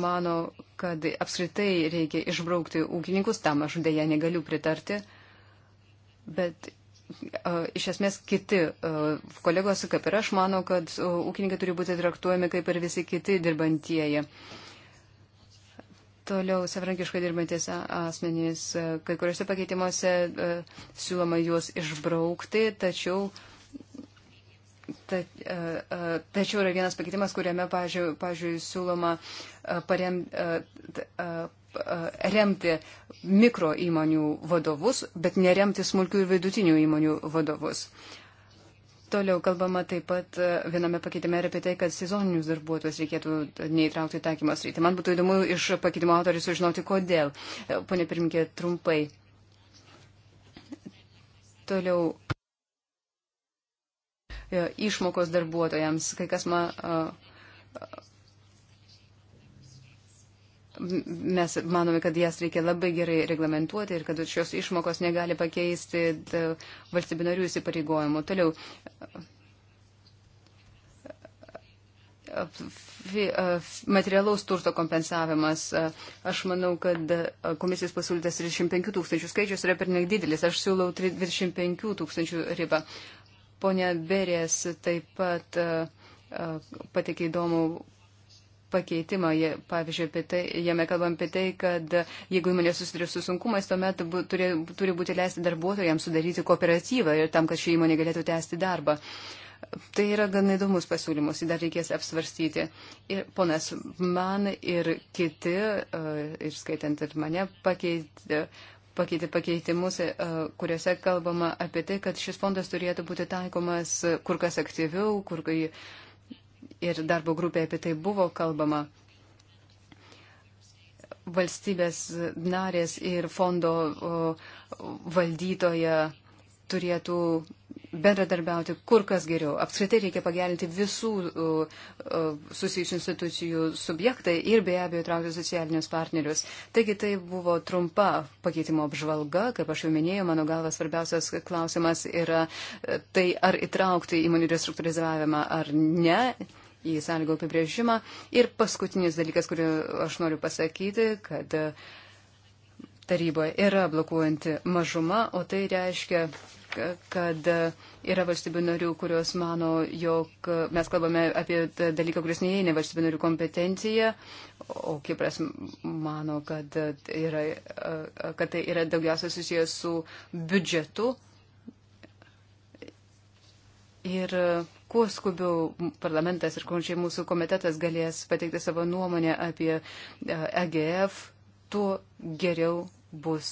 mano, kad apskritai reikia išbraukti ūkininkus, tam aš dėja negaliu pritarti. Bet iš esmės kiti kolegos, kaip ir aš, mano, kad ūkininkai turi būti traktuojami kaip ir visi kiti dirbantieji. Toliau savarankiškai dirbantis asmenys, kai kuriuose pakeitimuose siūloma juos išbraukti, tačiau, ta, tačiau yra vienas pakeitimas, kuriame, pažiūrėjau, siūloma parem, E, remti mikro įmonių vadovus, bet neremti smulkių ir vidutinių įmonių vadovus. Toliau kalbama taip pat e, viename pakeitime ir apie tai, kad sezoninius darbuotojus reikėtų neįtraukti į taikymą sritį. Man būtų įdomu iš pakeitimo autorių sužinoti, kodėl. E, pone pirmkė, trumpai. Toliau. Išmokos darbuotojams. Kai kas man mes manome, kad jas reikia labai gerai reglamentuoti ir kad šios išmokos negali pakeisti e, valstybinarių įsipareigojimų. Toliau, e, e, materialaus turto kompensavimas. Aš manau, kad komisijos pasiūlytas 35 tūkstančių skaičius yra per nek didelis. Aš siūlau 25 tūkstančių ribą. Pone Berės taip pat patikė įdomų pakeitimą. Pavyzdžiui, apie tai, jame kalbam apie tai, kad jeigu įmonė susiduria su sunkumais, tuomet turi, turi būti leisti darbuotojams sudaryti kooperatyvą ir tam, kad ši įmonė galėtų tęsti darbą. Tai yra gan įdomus pasiūlymus, jį dar reikės apsvarstyti. Ir ponas man ir kiti, e, ir skaitant ir mane, pakeitė, pakeitė pakeitimus, e, kuriuose kalbama apie tai, kad šis fondas turėtų būti taikomas kur kas aktyviau, kur kai. Uh, ir darbo grupė apie tai buvo kalbama. Valstybės narės ir fondo valdytoja turėtų bendradarbiauti kur kas geriau. Apskritai reikia pagerinti visų susijusių institucijų subjektai ir be abejo traukti socialinius partnerius. Taigi tai buvo trumpa pakeitimo apžvalga. Kaip aš jau minėjau, mano galva svarbiausias klausimas yra e, tai, ar įtraukti įmonių restruktūrizavimą ar ne į sąlygų apibrėžimą. Ir paskutinis dalykas, kurį aš noriu pasakyti, kad taryboje yra blokuojanti mažuma, o tai reiškia, kad yra valstybių narių, kurios mano, jog mes kalbame apie dalyką, kuris neįeina valstybių narių kompetencija, o Kipras mano, kad, yra, kad tai yra daugiausia susijęs su biudžetu Ir e, kuo skubiau parlamentas ir konkrečiai mūsų komitetas galės pateikti savo nuomonę apie EGF, e tuo geriau bus,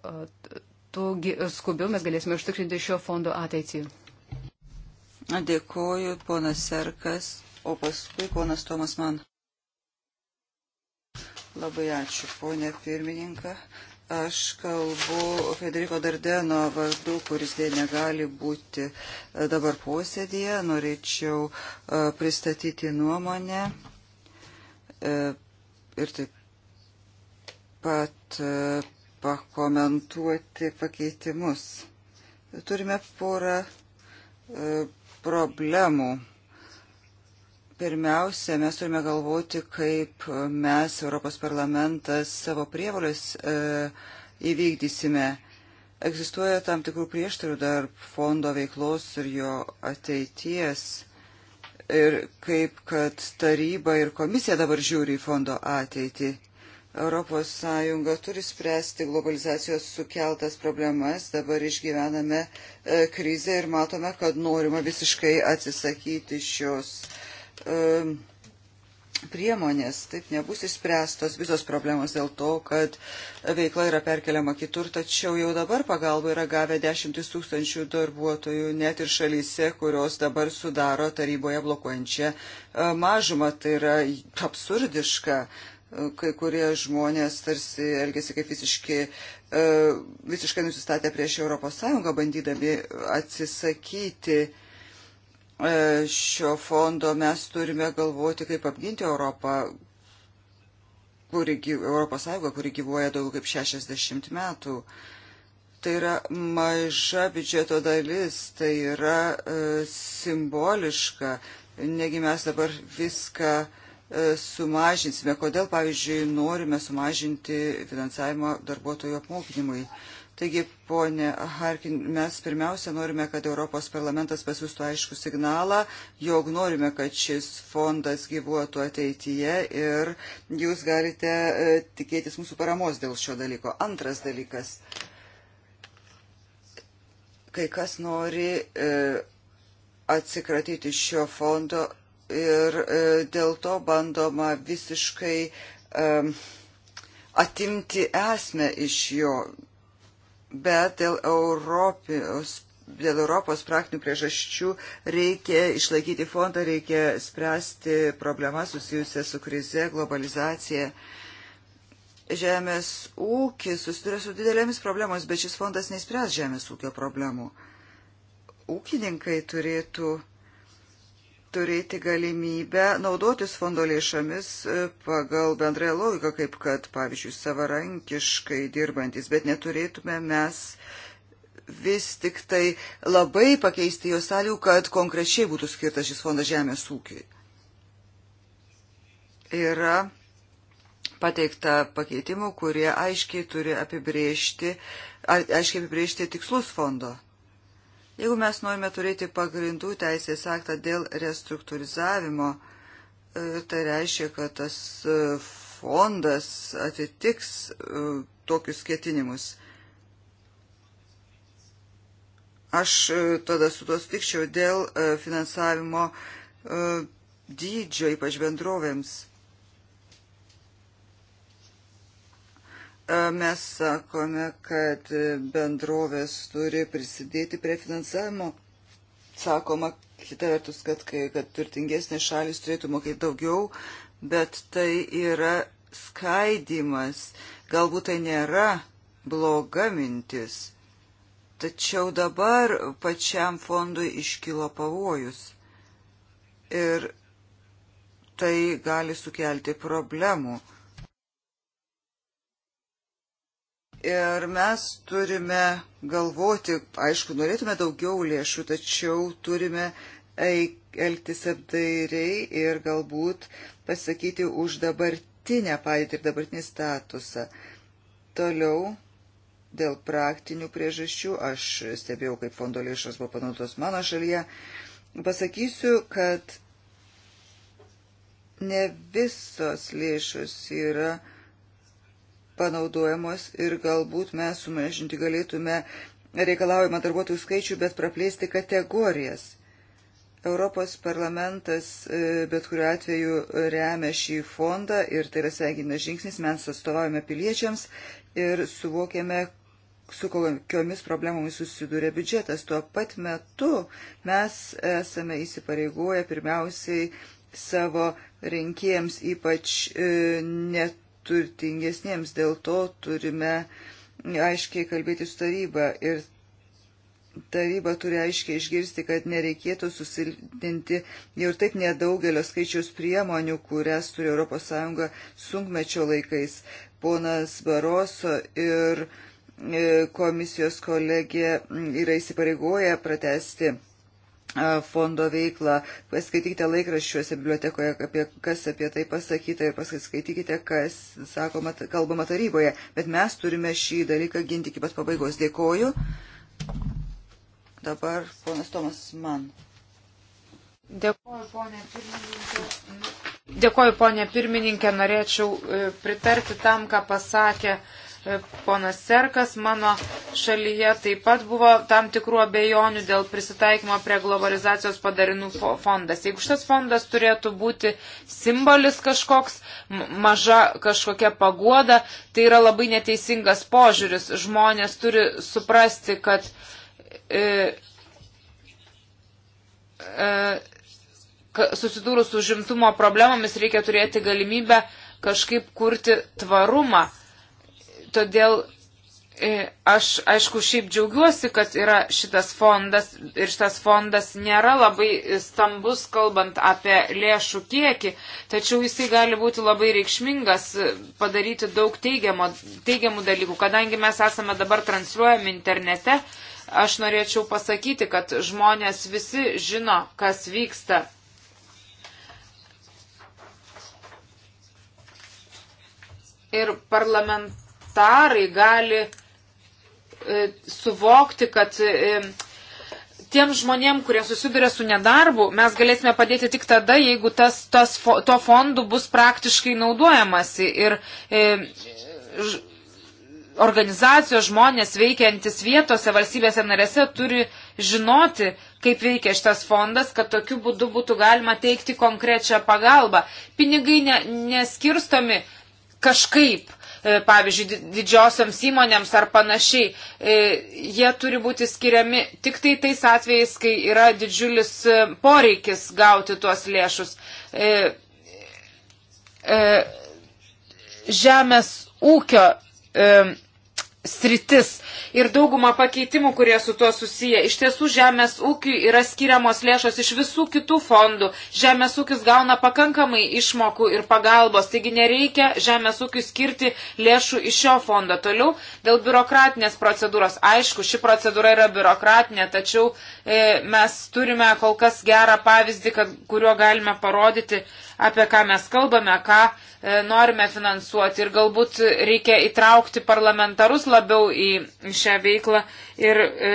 e, tuo skubiau mes galėsime užtikrinti šio fondo ateitį. Dėkuoju, ponas Serkas, o paskui ponas Tomas Man. Labai ačiū, ponė pirmininką. Aš kalbu Federiko Dardeno vardu, kuris dėl negali būti e, dabar posėdėje. Norėčiau e, pristatyti nuomonę e, ir taip pat pakomentuoti pakeitimus. Turime porą problemų Pirmiausia, mes turime galvoti, kaip mes, Europos parlamentas, savo prievalės e, įvykdysime. Egzistuoja tam tikrų prieštarų tarp fondo veiklos ir jo ateities. Ir kaip, kad taryba ir komisija dabar žiūri į fondo ateitį. Europos Sąjunga turi spręsti globalizacijos sukeltas problemas. Dabar išgyvename e, krizę ir matome, kad norima visiškai atsisakyti šios E, priemonės, taip nebus išspręstos visos problemos dėl to, kad veikla yra perkeliama kitur, tačiau jau dabar pagalba yra gavę dešimtis tūkstančių darbuotojų, net ir šalyse, kurios dabar sudaro taryboje blokuojančią e, mažumą. Tai yra absurdiška. E, kai kurie žmonės tarsi elgesi kaip visiškai, visiškai nusistatę prieš ES, bandydami atsisakyti uh, E, šio fondo mes turime galvoti, kaip apginti Europą, kuri, Europos Sąjungą, kuri gyvuoja daugiau kaip 60 metų. Tai yra maža biudžeto dalis, tai yra e, simboliška. Negi mes dabar viską e, sumažinsime. Kodėl, pavyzdžiui, norime sumažinti finansavimo darbuotojų apmokymui? E, Taigi, ponė Harkin, mes pirmiausia norime, kad Europos parlamentas pasiūstų aišku signalą, jog norime, kad šis fondas gyvuotų ateityje ir jūs galite e, tikėtis mūsų paramos dėl šio dalyko. Antras dalykas. Kai kas nori e, atsikratyti šio fondo ir e, dėl to bandoma visiškai atimti esmę iš jo bet dėl Europos, dėl Europos praktinių priežasčių reikia išlaikyti fondą, reikia spręsti problemas susijusią su krize, globalizacija. Žemės ūkis susiduria su didelėmis problemomis, bet šis fondas neįspręs žemės ūkio problemų. Ūkininkai turėtų turėti galimybę naudotis fondo lėšomis e, pagal bendrąją logiką, kaip kad, pavyzdžiui, savarankiškai dirbantis, bet neturėtume mes vis tik tai labai pakeisti jo sąlygų, kad konkrečiai būtų skirtas šis fondas žemės ūkiai. Yra pateikta pakeitimų, kurie aiškiai turi apibriežti, aiškiai apibriežti tikslus fondo Jeigu mes norime turėti pagrindų teisės aktą dėl restruktūrizavimo, e, tai reiškia, kad tas e, fondas atitiks e, tokius ketinimus. Aš tada su to sutikčiau dėl finansavimo dydžio, ypač bendrovėms. Mes sakome, kad bendrovės turi prisidėti prie finansavimo. Sakoma, kita vertus, kad, kai, kad turtingesnės šalis turėtų mokėti daugiau, bet tai yra skaidimas. Galbūt tai nėra bloga mintis. Tačiau dabar pačiam fondui iškilo pavojus. Ir tai gali sukelti problemų Ir mes turime galvoti, aišku, norėtume daugiau lėšų, tačiau turime elgtis apdairiai ir galbūt pasakyti už dabartinę padėtį ir dabartinį statusą. Toliau dėl praktinių priežasčių, aš stebėjau, kaip fondo lėšos buvo panaudotos mano šalyje, pasakysiu, kad ne visos lėšos yra panaudojamos ir galbūt mes sumažinti galėtume reikalaujamą darbuotojų skaičių, bet praplėsti kategorijas. Europos parlamentas e, bet kuriuo atveju remia šį fondą ir tai yra sveikinas žingsnis, mes atstovaujame piliečiams ir suvokiame, su kokiomis problemomis susiduria biudžetas. Tuo pat metu mes esame įsipareigoję pirmiausiai savo rinkėjams, ypač e, net turtingesniems. Dėl to turime aiškiai kalbėti su taryba ir taryba turi aiškiai išgirsti, kad nereikėtų susilpninti jau ir taip nedaugelio skaičiaus priemonių, kurias turi ES sunkmečio laikais. Ponas Baroso ir e, komisijos kolegė yra įsipareigoję pratesti fondo veiklą. Paskaitykite laikraščiuose bibliotekoje, apie, kas apie tai pasakyta ir paskaitykite, kas sakoma, kalbama taryboje. Bet mes turime šį dalyką ginti iki pat pabaigos. Dėkoju. Dabar ponas Tomas man. Dėkoju, ponė pirmininkė. Dėkoju, ponė pirmininkė. Norėčiau e, pritarti tam, ką pasakė E, ponas Serkas, mano šalyje taip pat buvo tam tikrų abejonių dėl prisitaikymo prie globalizacijos padarinų fondas. Jeigu šitas fondas turėtų būti simbolis kažkoks, maža kažkokia paguoda, tai yra labai neteisingas požiūris. Žmonės turi suprasti, kad. E, e, Susidūrus su žimtumo problemomis reikia turėti galimybę kažkaip kurti tvarumą. Todėl e, aš, aišku, šiaip džiaugiuosi, kad yra šitas fondas ir šitas fondas nėra labai stambus, kalbant apie lėšų kiekį, tačiau jisai gali būti labai reikšmingas, e, padaryti daug teigiamo, teigiamų dalykų, kadangi mes esame dabar transliuojami internete. Aš norėčiau pasakyti, kad žmonės visi žino, kas vyksta ir parlament, parlamentarai gali e, suvokti, kad e, tiem žmonėm, kurie susiduria su nedarbu, mes galėsime padėti tik tada, jeigu tas, tas, to fondu bus praktiškai naudojamasi. Ir e, ž, organizacijos žmonės veikiantis vietose valstybėse narėse turi žinoti, kaip veikia šitas fondas, kad tokiu būdu būtų galima teikti konkrečią pagalbą. Pinigai ne, neskirstomi kažkaip E, pavyzdžiui, didžiosioms įmonėms ar panašiai, e, jie turi būti skiriami tik tai tais atvejais, kai yra didžiulis e, poreikis gauti tuos lėšus. Žemės ūkio sritis. Ir dauguma pakeitimų, kurie su tuo susiję. Iš tiesų, žemės ūkiui yra skiriamos lėšos iš visų kitų fondų. Žemės ūkis gauna pakankamai išmokų ir pagalbos, taigi nereikia žemės ūkiui skirti lėšų iš šio fondo. Toliau, dėl biurokratinės procedūros. Aišku, ši procedūra yra biurokratinė, tačiau e, mes turime kol kas gerą pavyzdį, kad, kuriuo galime parodyti, apie ką mes kalbame, ką e, norime finansuoti. Ir galbūt reikia įtraukti parlamentarus labiau į šią veiklą ir e,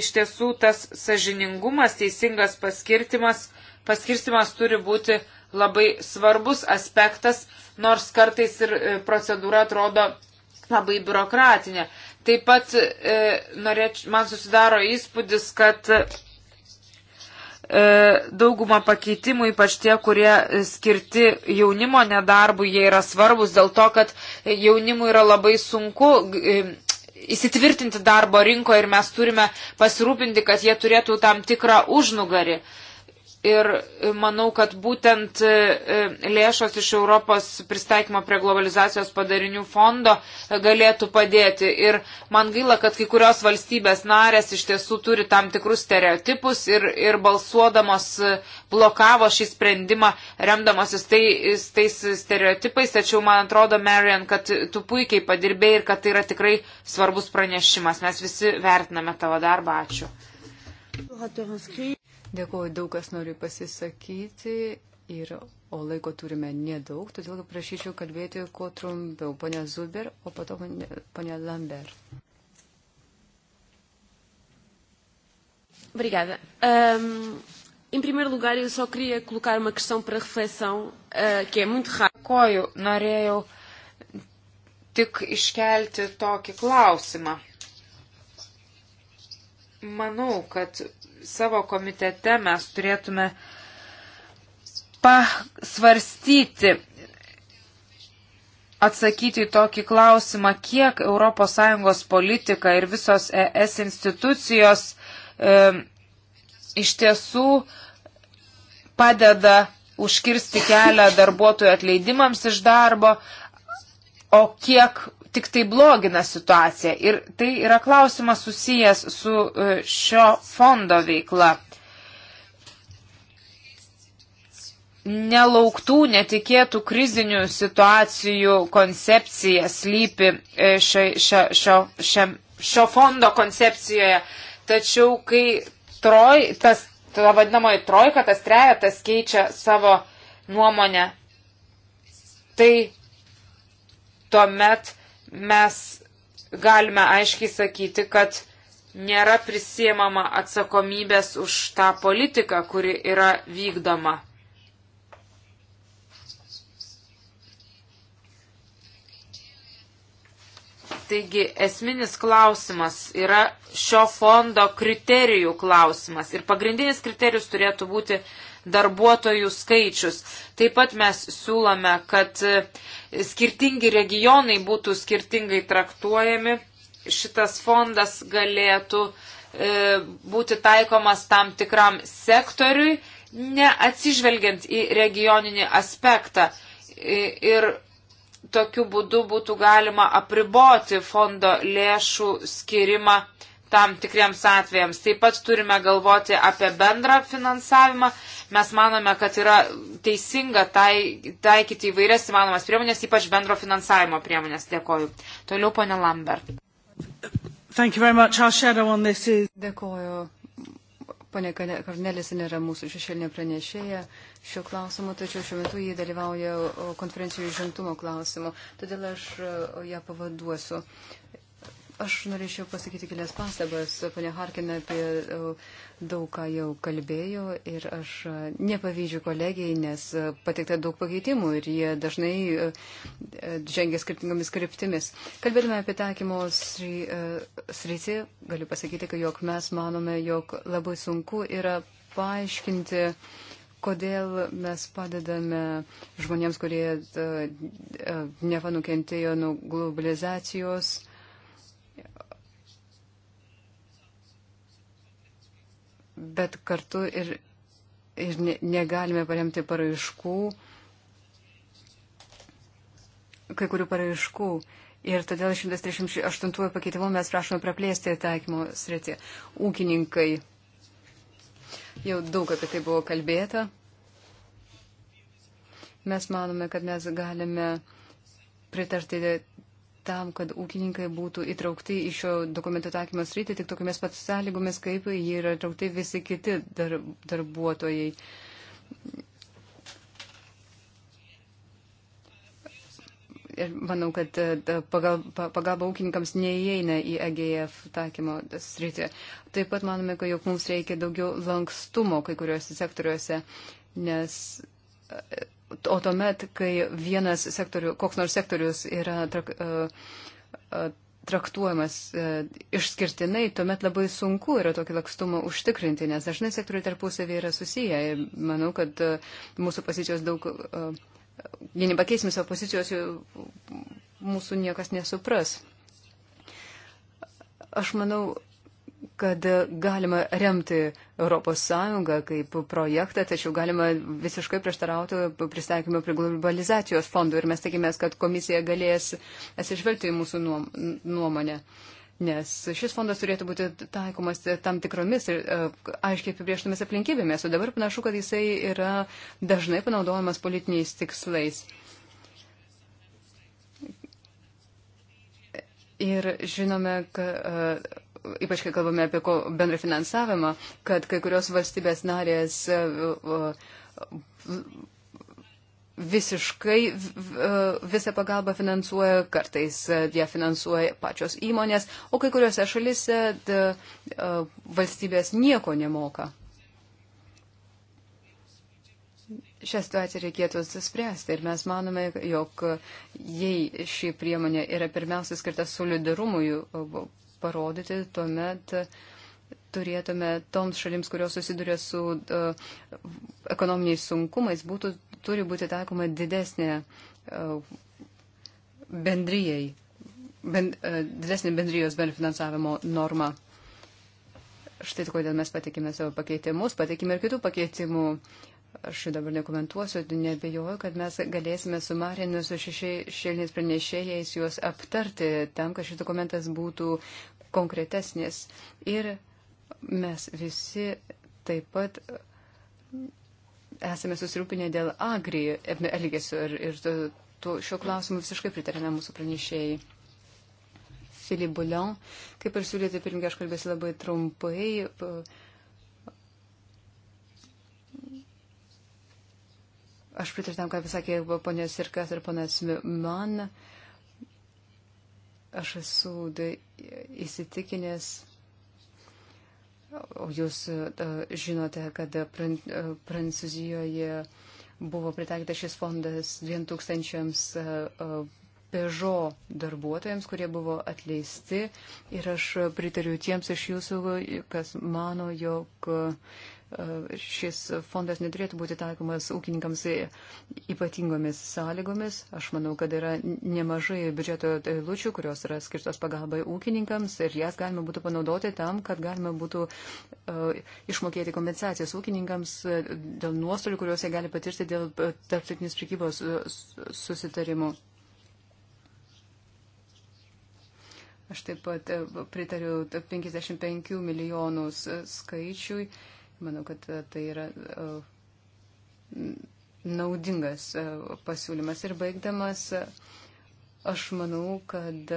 iš tiesų tas sažiningumas, teisingas paskirtimas, paskirstimas turi būti labai svarbus aspektas, nors kartais ir e, procedūra atrodo labai biurokratinė. Taip pat e, norėč, man susidaro įspūdis, kad E, daugumą pakeitimų, ypač tie, kurie skirti jaunimo nedarbų, jie yra svarbus dėl to, kad jaunimui yra labai sunku e, įsitvirtinti darbo rinkoje ir mes turime pasirūpinti, kad jie turėtų tam tikrą užnugarį. Ir e, manau, kad būtent e, e, lėšos iš Europos pristaikymo prie globalizacijos padarinių fondo galėtų padėti. Ir man gaila, kad kai kurios valstybės narės iš tiesų turi tam tikrus stereotipus ir, ir balsuodamos blokavo šį sprendimą remdamasis tai, tais stereotipais. Tačiau man atrodo, Marian, kad tu puikiai padirbėjai ir kad tai yra tikrai svarbus pranešimas. Mes visi vertiname tavo darbą. Ačiū. Dėkuoju, daug kas nori pasisakyti ir, o laiko turime nedaug, todėl prašyčiau kalbėti kuo trumpiau. Pone Zuber, o po to pone Lambert. Obrigada. Um, em primeiro lugar, eu só queria colocar uma questão para reflexão, uh, que é muito raro. Koju, norėjau tik iškelti tokį klausimą. Manau, kad savo komitete mes turėtume pasvarstyti, atsakyti į tokį klausimą, kiek ES politika ir visos ES institucijos e, iš tiesų padeda užkirsti kelią darbuotojų atleidimams iš darbo, o kiek tik tai blogina situaciją. Ir tai yra klausimas susijęs su e, šio fondo veikla. Nelauktų, netikėtų krizinių situacijų koncepcija slypi e, šio, šio, šio, šio fondo koncepcijoje. Tačiau, kai troj, tas, ta vadinamoji trojka, tas trejetas keičia savo nuomonę, tai tuomet mes galime aiškiai sakyti, kad nėra prisiemama atsakomybės už tą politiką, kuri yra vykdoma. Taigi esminis klausimas yra šio fondo kriterijų klausimas. Ir pagrindinis kriterijus turėtų būti uh, darbuotojų skaičius. Taip pat mes siūlome, kad e, skirtingi regionai būtų skirtingai traktuojami. Šitas fondas galėtų e, būti taikomas tam tikram sektoriui, neatsižvelgiant į regioninį aspektą. Ir tokiu būdu būtų galima apriboti fondo lėšų skirimą tam tikriems atvejams. Taip pat turime galvoti apie bendrą finansavimą Mes manome, kad yra teisinga tai, taikyti įvairias įmanomas priemonės, ypač bendro finansavimo priemonės. Dėkoju. Toliau, ponė Lambert. Is... Dėkoju. Pane Kornelisin yra mūsų šešėlinė pranešėja šiuo klausimu, tačiau šiuo metu jį dalyvauja konferencijų žimtumo klausimu, todėl aš e, ją pavaduosiu. Aš norėčiau pasakyti kelias pastabas. Pane Harkina apie e, daug ką jau kalbėjo ir aš e, nepavydžiu kolegijai, nes e, patikta daug pakeitimų ir jie dažnai žengia skirtingomis kryptimis. Kalbėdami apie taikymo sritį, galiu pasakyti, kad jog mes manome, jog labai sunku yra paaiškinti kodėl mes padedame žmonėms, kurie nepanukentėjo nuo globalizacijos bet kartu ir, ir negalime paremti paraiškų, kai kurių paraiškų. Ir todėl 138 pakeitimu mes prašome praplėsti taikymo sritį. Ūkininkai. Jau daug apie tai buvo kalbėta. Mes manome, kad mes galime pritarti tam, kad ūkininkai būtų įtraukti į šio dokumento takymo sritį tik tokiamis pats sąlygomis, kaip jie yra įtraukti visi kiti dar, darbuotojai. Ir manau, kad e, pagalba, pagalba ūkininkams neįeina į AGF e takymo sritį. Taip pat manome, kad jog mums reikia daugiau lankstumo kai kuriuose sektoriuose, nes e, O tuomet, kai vienas sektorius, koks nors sektorius yra trak, e, e, traktuojamas e, išskirtinai, tuomet labai sunku yra tokį lakstumą užtikrinti, nes dažnai sektoriai tarpusavį yra susiję ir manau, kad mūsų pozicijos daug, jei nepakeisim savo pozicijos, mūsų niekas nesupras. Aš manau, kad galima remti ES kaip projektą, tačiau galima visiškai prieštarauti pristaikymą prie globalizacijos fondų ir mes tikimės, kad komisija galės atsižvelgti į mūsų nuomonę. Nes šis fondas turėtų būti taikomas tam tikromis ir e, aiškiai apibrieštomis aplinkybėmis, o dabar panašu, kad jisai yra dažnai panaudojamas politiniais tikslais. Ir žinome, kad e, ypač kai kalbame apie bendrą finansavimą, kad kai kurios valstybės narės e, e, visiškai e, visą pagalbą finansuoja, kartais ją finansuoja pačios įmonės, o kai kuriuose šalise valstybės nieko nemoka. Šią situaciją reikėtų spręsti ir mes manome, jog jei ši priemonė yra pirmiausia skirta solidarumui parodyti, tuomet turėtume toms šalims, kurios susiduria su uh, ekonominiais sunkumais, būtų, turi būti taikoma didesnė uh, e, bendryjai, ben, uh, didesnė bendrijos benfinansavimo norma. Štai kodėl mes patikime savo pakeitimus, patikime ir kitų pakeitimų. Uh, Aš dabar nekomentuosiu, nebejoju, kad mes galėsime su Marinu, su šešėliniais pranešėjais juos aptarti tam, kad šis dokumentas būtų konkretesnis. Ir mes visi taip pat esame susirūpinę dėl agri elgesio ir, ir to, to, šio klausimu visiškai pritarėme mūsų pranešėjai. Filip Bulion, kaip ir siūlyti, pirmie aš kalbėsiu labai trumpai. Aš pritariu tam, ką pasakė ponės Sirkas ir ponas Man. Aš esu įsitikinęs, o jūs žinote, kad Prancūzijoje buvo pritaikytas šis fondas 2000 pežo darbuotojams, kurie buvo atleisti. Ir aš pritariu tiems iš jūsų, kas mano, jog šis fondas neturėtų būti taikomas ūkininkams ypatingomis sąlygomis. Aš manau, kad yra nemažai biudžeto eilučių, kurios yra skirtos pagalbai ūkininkams ir jas galima būtų panaudoti tam, kad galima būtų uh, išmokėti kompensacijas ūkininkams e, dėl nuostolių, kuriuos jie gali patirti dėl e, tarptautinės prekybos susitarimų. Aš taip pat pritariu 55 milijonus skaičiui. Uh, Manau, kad e, tai yra e, naudingas e, pasiūlymas. Ir baigdamas, aš manau, kad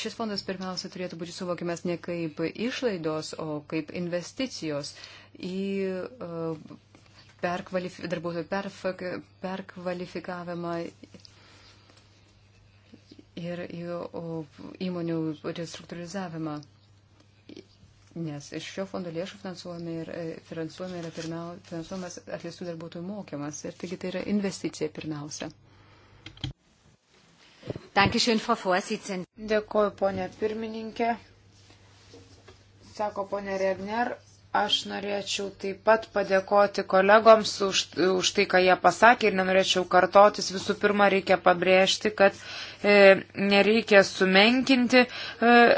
šis fondas pirmiausia turėtų būti suvokiamas ne kaip išlaidos, o kaip investicijos į perkvalif darbuotojų perfak, perkvalifikavimą ir į, o, įmonių restruktūrizavimą. Nes iš šio fondo lėšų finansuojame ir, e, finansuojame yra pirmiau, finansuojamas atleistų darbuotojų mokymas. Ir taigi tai yra investicija pirmiausia. Dėkuoju, ponė pirmininkė. Sako ponė Regner, Aš norėčiau taip pat padėkoti kolegoms už, už tai, ką jie pasakė ir nenorėčiau kartotis. Visų pirma, reikia pabrėžti, kad e, nereikia sumenkinti e,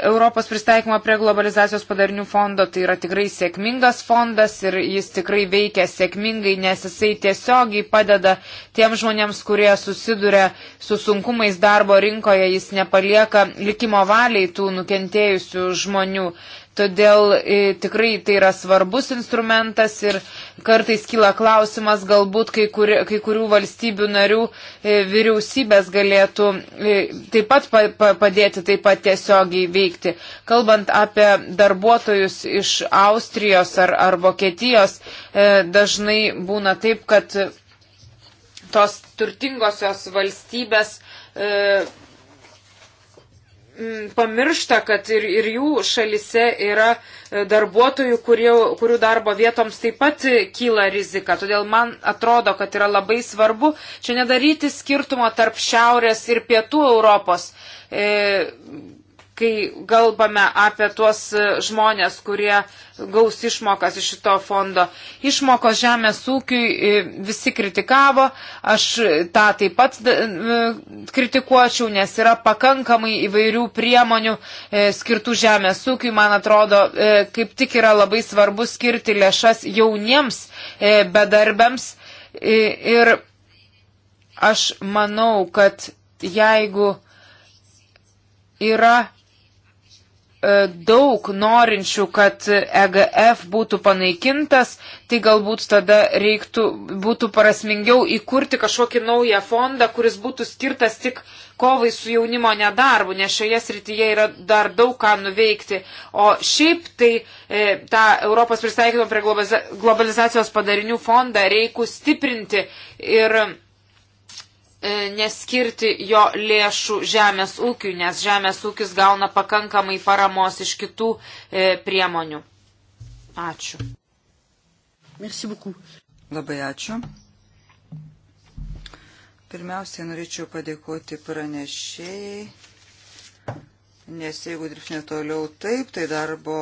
Europos pristaikymo prie globalizacijos padarinių fondo. Tai yra tikrai sėkmingas fondas ir jis tikrai veikia sėkmingai, nes jisai tiesiogiai padeda tiem žmonėms, kurie susiduria su sunkumais darbo rinkoje. Jis nepalieka likimo valiai tų nukentėjusių žmonių. Todėl e, tikrai tai yra svarbus instrumentas ir kartais kyla klausimas, galbūt kai, kur, kai kurių valstybių narių e, vyriausybės galėtų e, taip pat pa, pa, padėti taip pat tiesiogiai veikti. Kalbant apie darbuotojus iš Austrijos ar, ar Vokietijos, dažnai būna taip, kad tos turtingosios valstybės Mm, pamiršta, kad ir, ir jų šalise yra e, darbuotojų, kurie, kurių darbo vietoms taip pat e, kyla rizika. Todėl man atrodo, kad yra labai svarbu čia nedaryti skirtumo tarp šiaurės ir pietų Europos. E, kai galbame apie tuos žmonės, kurie gaus išmokas iš šito fondo. Išmokos žemės ūkiui e, visi kritikavo, aš tą taip pat e, kritikuočiau, nes yra pakankamai įvairių priemonių e, skirtų žemės ūkiui. Man atrodo, kaip tik yra labai svarbu skirti lėšas jauniems bedarbiams. Ir aš manau, kad jeigu yra E, daug norinčių, kad EGF būtų panaikintas, tai galbūt tada reiktų, būtų prasmingiau įkurti kažkokį naują fondą, kuris būtų skirtas tik kovai su jaunimo nedarbu, nes šioje srityje yra dar daug ką nuveikti. O šiaip tai e, tą Europos pristaikymo prie globalizacijos padarinių fondą reikų stiprinti ir E, neskirti jo lėšų žemės ūkiui, nes žemės ūkis gauna pakankamai paramos iš kitų e, priemonių. Ačiū. Merci beaucoup. Labai ačiū. Pirmiausiai norėčiau padėkoti pranešėjai, nes jeigu dirbsime toliau taip, tai darbo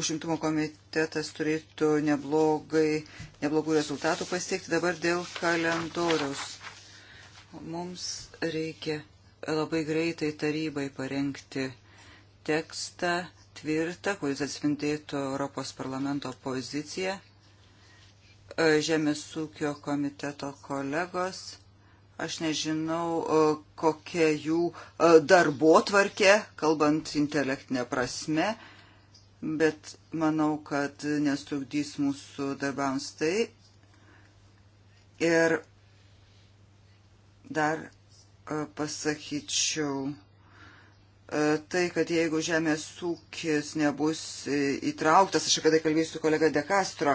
užimtumo komitetas turėtų neblogai, neblogų rezultatų pasiekti dabar dėl kalendoriaus Mums reikia labai greitai tarybai parengti tekstą tvirtą, kuris atspindėtų Europos parlamento poziciją. E, Žemės ūkio komiteto kolegos aš nežinau, e, kokia jų e, darbo tvarkė, kalbant intelektinę prasme, bet manau, kad nestrukdys mūsų darbams tai. Ir dar e, pasakyčiau e, tai, kad jeigu žemės ūkis nebus e, įtrauktas, aš apie tai kalbėsiu su kolega De Castro,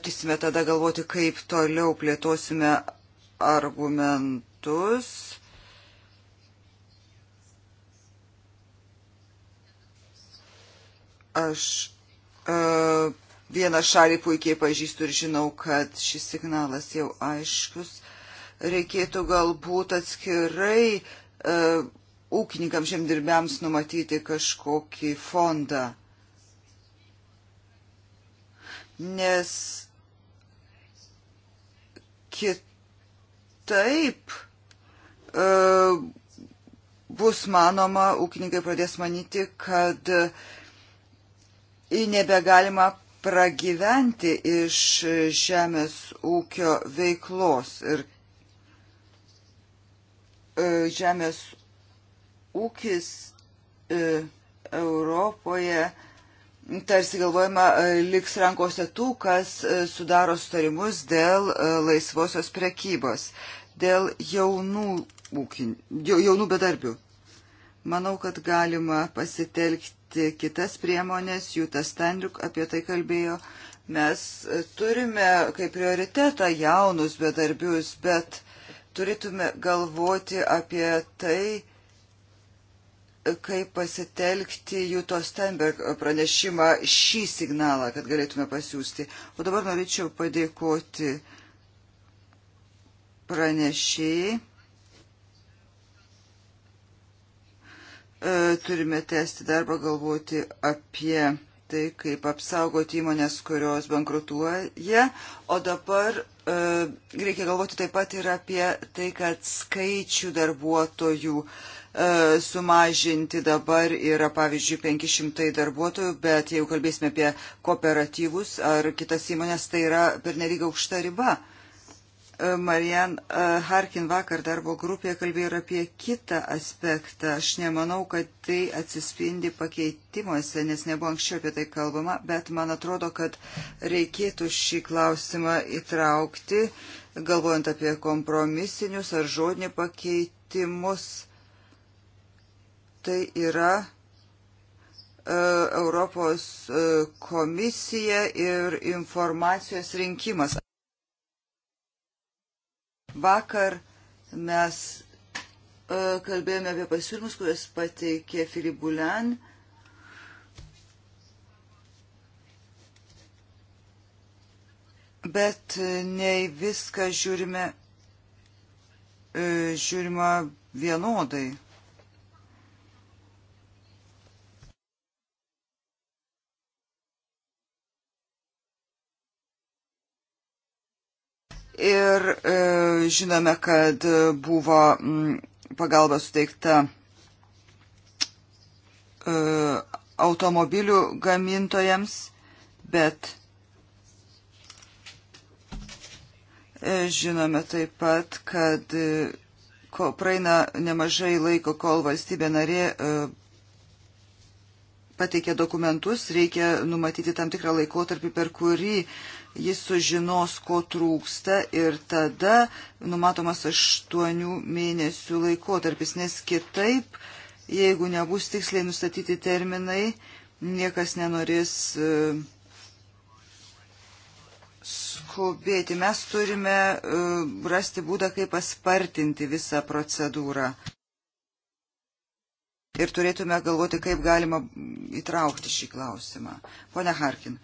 teisime tada galvoti, kaip toliau plėtosime argumentus. Aš vieną šalį puikiai pažįstu ir žinau, kad šis signalas jau aiškus reikėtų galbūt atskirai e, ūkininkams žemdirbiams numatyti kažkokį fondą. Nes kitaip e, bus manoma, ūkininkai pradės manyti, kad nebegalima pragyventi iš žemės ūkio veiklos ir E, žemės ūkis e, Europoje tarsi galvojama e, liks rankose tų, kas sudaro sutarimus dėl laisvosios prekybos, dėl jaunų, ūkin, jaunų bedarbių. Manau, kad galima pasitelkti kitas priemonės, Jūta Stendriuk apie tai kalbėjo. Mes turime kaip prioritetą jaunus bedarbius, bet uh, turėtume galvoti apie tai, kaip pasitelkti Juto Steinberg pranešimą šį signalą, kad galėtume pasiūsti. O dabar norėčiau padėkoti pranešėjai. E, turime tęsti darbą, galvoti apie tai, kaip apsaugoti įmonės, kurios bankrutuoja. O dabar E, reikia galvoti taip pat ir apie tai, kad skaičių darbuotojų e, sumažinti dabar yra, pavyzdžiui, 500 darbuotojų, bet jeigu kalbėsime apie kooperatyvus ar kitas įmonės, tai yra pernelyg aukšta riba. Marian e, Harkin vakar darbo grupėje kalbėjo ir apie kitą aspektą. Aš nemanau, kad tai atsispindi pakeitimuose, nes nebuvo anksčiau apie tai kalbama, bet man atrodo, kad reikėtų šį klausimą įtraukti, galvojant apie kompromisinius ar žodinį pakeitimus. Tai yra e, Europos e, komisija ir informacijos rinkimas. Vakar mes e, kalbėjome apie pasiūlymus, kuriuos pateikė Filip Bulen. Bet nei viską žiūrime, e, žiūrima vienodai. Ir e, žinome, kad buvo m, pagalba suteikta e, automobilių gamintojams, bet e, žinome taip pat, kad e, ko, praeina nemažai laiko, kol valstybė narė e, pateikia dokumentus, reikia numatyti tam tikrą laikotarpį, per kurį jis sužinos, ko trūksta ir tada numatomas aštuonių mėnesių laikotarpis, nes kitaip, jeigu nebus tiksliai nustatyti terminai, niekas nenorės e, skubėti. Mes turime e, rasti būdą, kaip paspartinti visą procedūrą ir turėtume galvoti, kaip galima įtraukti šį klausimą. Pone Harkin.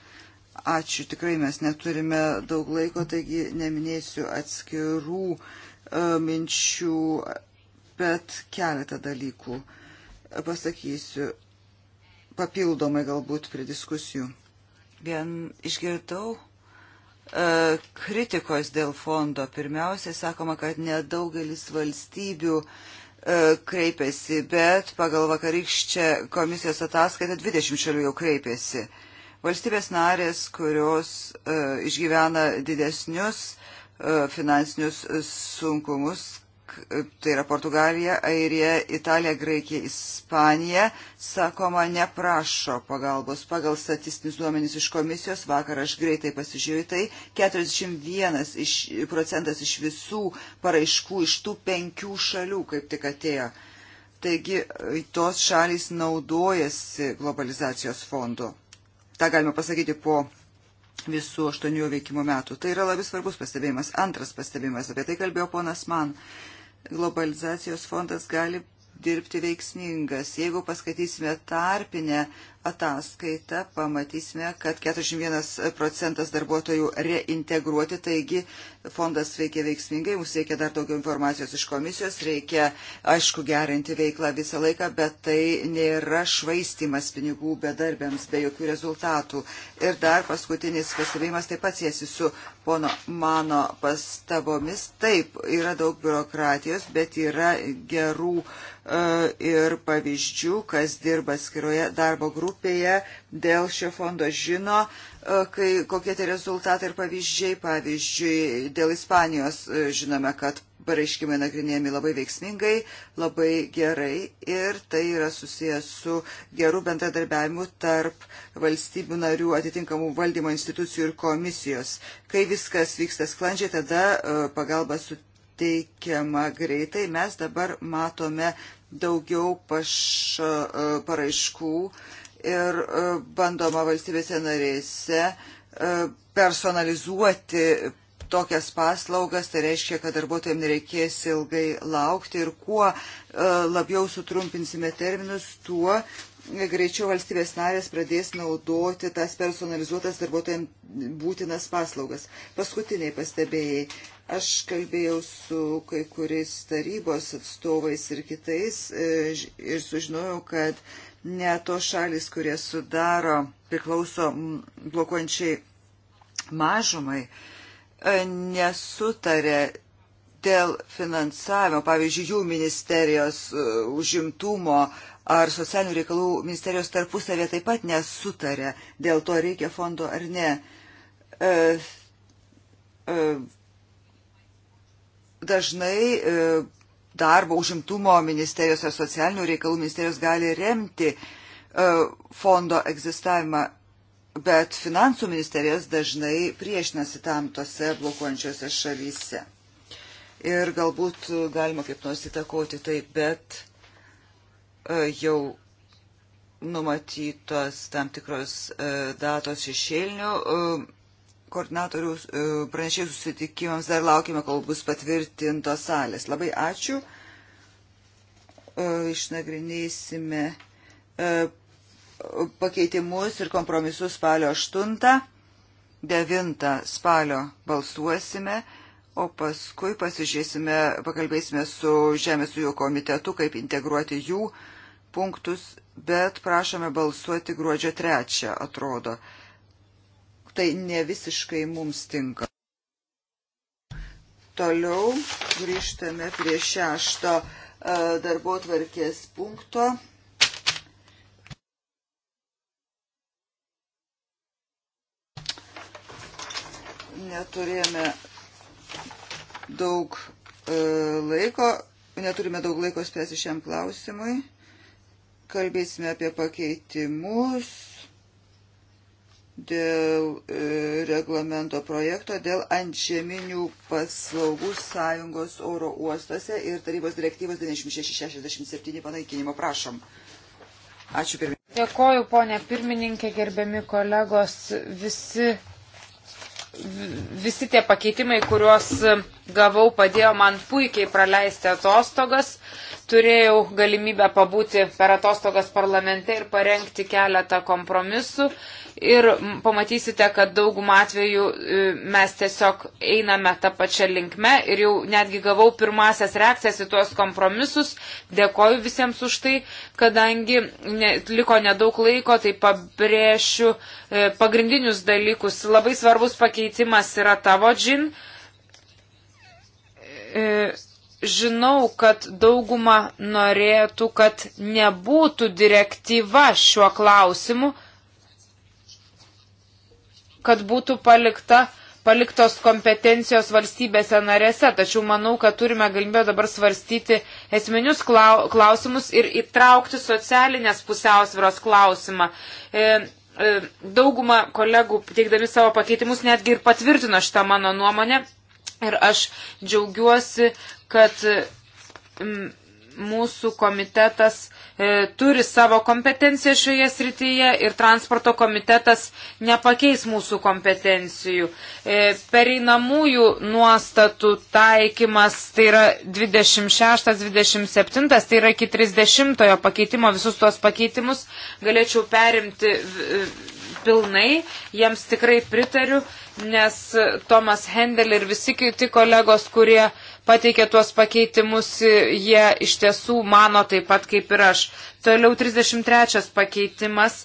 Ačiū, tikrai mes neturime daug laiko, taigi neminėsiu atskirų e, minčių, bet keletą dalykų pasakysiu papildomai galbūt prie diskusijų. Vien išgirdau e, kritikos dėl fondo. Pirmiausiai sakoma, kad nedaugelis valstybių e, kreipėsi, bet pagal vakarykščią komisijos ataskaitą 20 šalių jau kreipėsi. Uh, Valstybės narės, kurios e, išgyvena didesnius e, finansinius sunkumus, e, tai yra Portugalija, Airija, Italija, Graikija, Ispanija, sakoma, neprašo pagalbos. Pagal statistinius duomenys iš komisijos, vakar aš greitai pasižiūrėjau tai, 41 iš, procentas iš visų paraiškų iš tų penkių šalių kaip tik atėjo. Taigi tos šalys naudojasi globalizacijos fondu tą galima pasakyti po visų aštuonių veikimo metų. Tai yra labai svarbus pastebėjimas. Antras pastebėjimas, apie tai kalbėjo ponas man. Globalizacijos fondas gali dirbti veiksmingas. Jeigu paskatysime tarpinę ataskaitą pamatysime, kad 41 procentas darbuotojų reintegruoti, taigi fondas veikia veiksmingai, mums reikia dar daugiau informacijos iš komisijos, reikia, aišku, gerinti veiklą visą laiką, bet tai nėra švaistimas pinigų bedarbiams be jokių rezultatų. Ir dar paskutinis pastebėjimas taip pat siesi su pono mano pastabomis. Taip, yra daug biurokratijos, bet yra gerų uh, ir pavyzdžių, kas dirba skiroje darbo grupėje grupėje dėl šio fondo žino, e, kai, kokie tai rezultatai ir pavyzdžiai. Pavyzdžiui, dėl Ispanijos e, žinome, kad pareiškimai nagrinėjami labai veiksmingai, labai gerai ir tai yra susijęs su geru bendradarbiavimu tarp valstybių narių atitinkamų valdymo institucijų ir komisijos. Kai viskas vyksta sklandžiai, tada e, pagalba suteikiama greitai. Mes dabar matome daugiau paš, paraiškų ir e, bandoma valstybėse narėse e, personalizuoti tokias paslaugas, tai reiškia, kad darbuotojams nereikės ilgai laukti ir kuo e, labiau sutrumpinsime terminus, tuo greičiau valstybės narės pradės naudoti tas personalizuotas darbuotojams būtinas paslaugas. Paskutiniai pastebėjai. Aš kalbėjau su kai kuriais tarybos atstovais ir kitais ir sužinojau, kad ne to šalis, kurie sudaro, priklauso blokuojančiai mažumai, e, nesutarė dėl finansavimo, pavyzdžiui, jų ministerijos e, užimtumo ar socialinių reikalų ministerijos tarpusavė taip pat nesutarė, dėl to reikia fondo ar ne. E, dažnai darbo užimtumo ministerijos ar socialinių reikalų ministerijos gali remti e, fondo egzistavimą, bet finansų ministerijos dažnai priešinasi tam tose blokuojančiose šalyse. Ir galbūt galima kaip nors įtakoti tai, bet e, jau numatytos tam tikros e, datos šešėlinių koordinatorių e, pranešėjų susitikimams dar laukime, kol bus patvirtintos salės. Labai ačiū. E, išnagrinėsime e, pakeitimus ir kompromisus spalio 8, 9 spalio balsuosime, o paskui pasižiūrėsime, pakalbėsime su Žemės ūkio komitetu, kaip integruoti jų punktus, bet prašome balsuoti gruodžio 3, atrodo punktai ne visiškai mums tinka. Toliau grįžtame prie šešto e, darbo tvarkės punkto. Neturėjome daug e, laiko, neturime daug laiko spręsti šiam klausimui. Kalbėsime apie pakeitimus, dėl e, reglamento projekto dėl antžeminių paslaugų sąjungos oro uostose ir tarybos direktyvos 9667 panaikinimo. Prašom. Ačiū pirmininkė. Dėkoju, ponė pirmininkė, gerbiami kolegos, visi, visi tie pakeitimai, kuriuos gavau, padėjo man puikiai praleisti atostogas. Turėjau galimybę pabūti per atostogas parlamente ir parengti keletą kompromisų. Ir pamatysite, kad daugumą atvejų e, mes tiesiog einame tą pačią linkmę ir jau netgi gavau pirmasias reakcijas į tuos kompromisus. Dėkoju visiems už tai, kadangi ne, liko nedaug laiko, tai pabrėšiu e, pagrindinius dalykus. Labai svarbus pakeitimas yra tavo džin. E, E, žinau, kad dauguma norėtų, kad nebūtų direktyva šiuo klausimu, kad būtų palikta, paliktos kompetencijos valstybėse narėse. Tačiau manau, kad turime galimybę dabar svarstyti esminius klausimus ir įtraukti socialinės pusiausvėros klausimą. E, e, dauguma kolegų, teikdami savo pakeitimus, netgi ir patvirtino šitą mano nuomonę. Ir aš džiaugiuosi, kad mūsų komitetas e, turi savo kompetenciją šioje srityje ir transporto komitetas nepakeis mūsų kompetencijų. E, pereinamųjų nuostatų taikymas, tai yra 26-27, tai yra iki 30 pakeitimo, visus tuos pakeitimus galėčiau perimti pilnai, jiems tikrai pritariu. E, nes Tomas Hendel ir visi kiti kolegos, kurie pateikė tuos pakeitimus, jie iš tiesų mano taip pat kaip ir aš. Toliau 33 pakeitimas.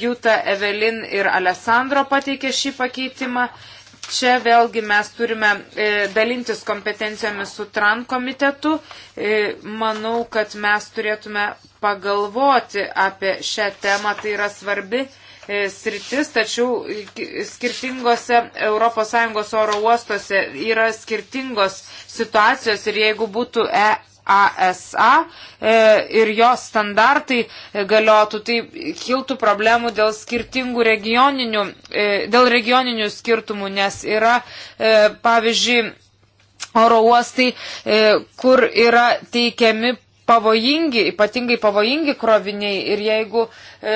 Juta, Evelin ir Alessandro pateikė šį pakeitimą. Čia vėlgi mes turime e, dalintis kompetencijomis su TRAN komitetu. E, manau, kad mes turėtume pagalvoti apie šią temą, tai yra svarbi E, sritis, tačiau skirtingose ES oro uostuose yra skirtingos situacijos ir jeigu būtų e ASA e, ir jos standartai galiotų, tai kiltų problemų dėl skirtingų regioninių, e, dėl regioninių skirtumų, nes yra, pavyzdžiui, oro uostai, kur yra teikiami pavojingi, ypatingai pavojingi kroviniai ir jeigu e,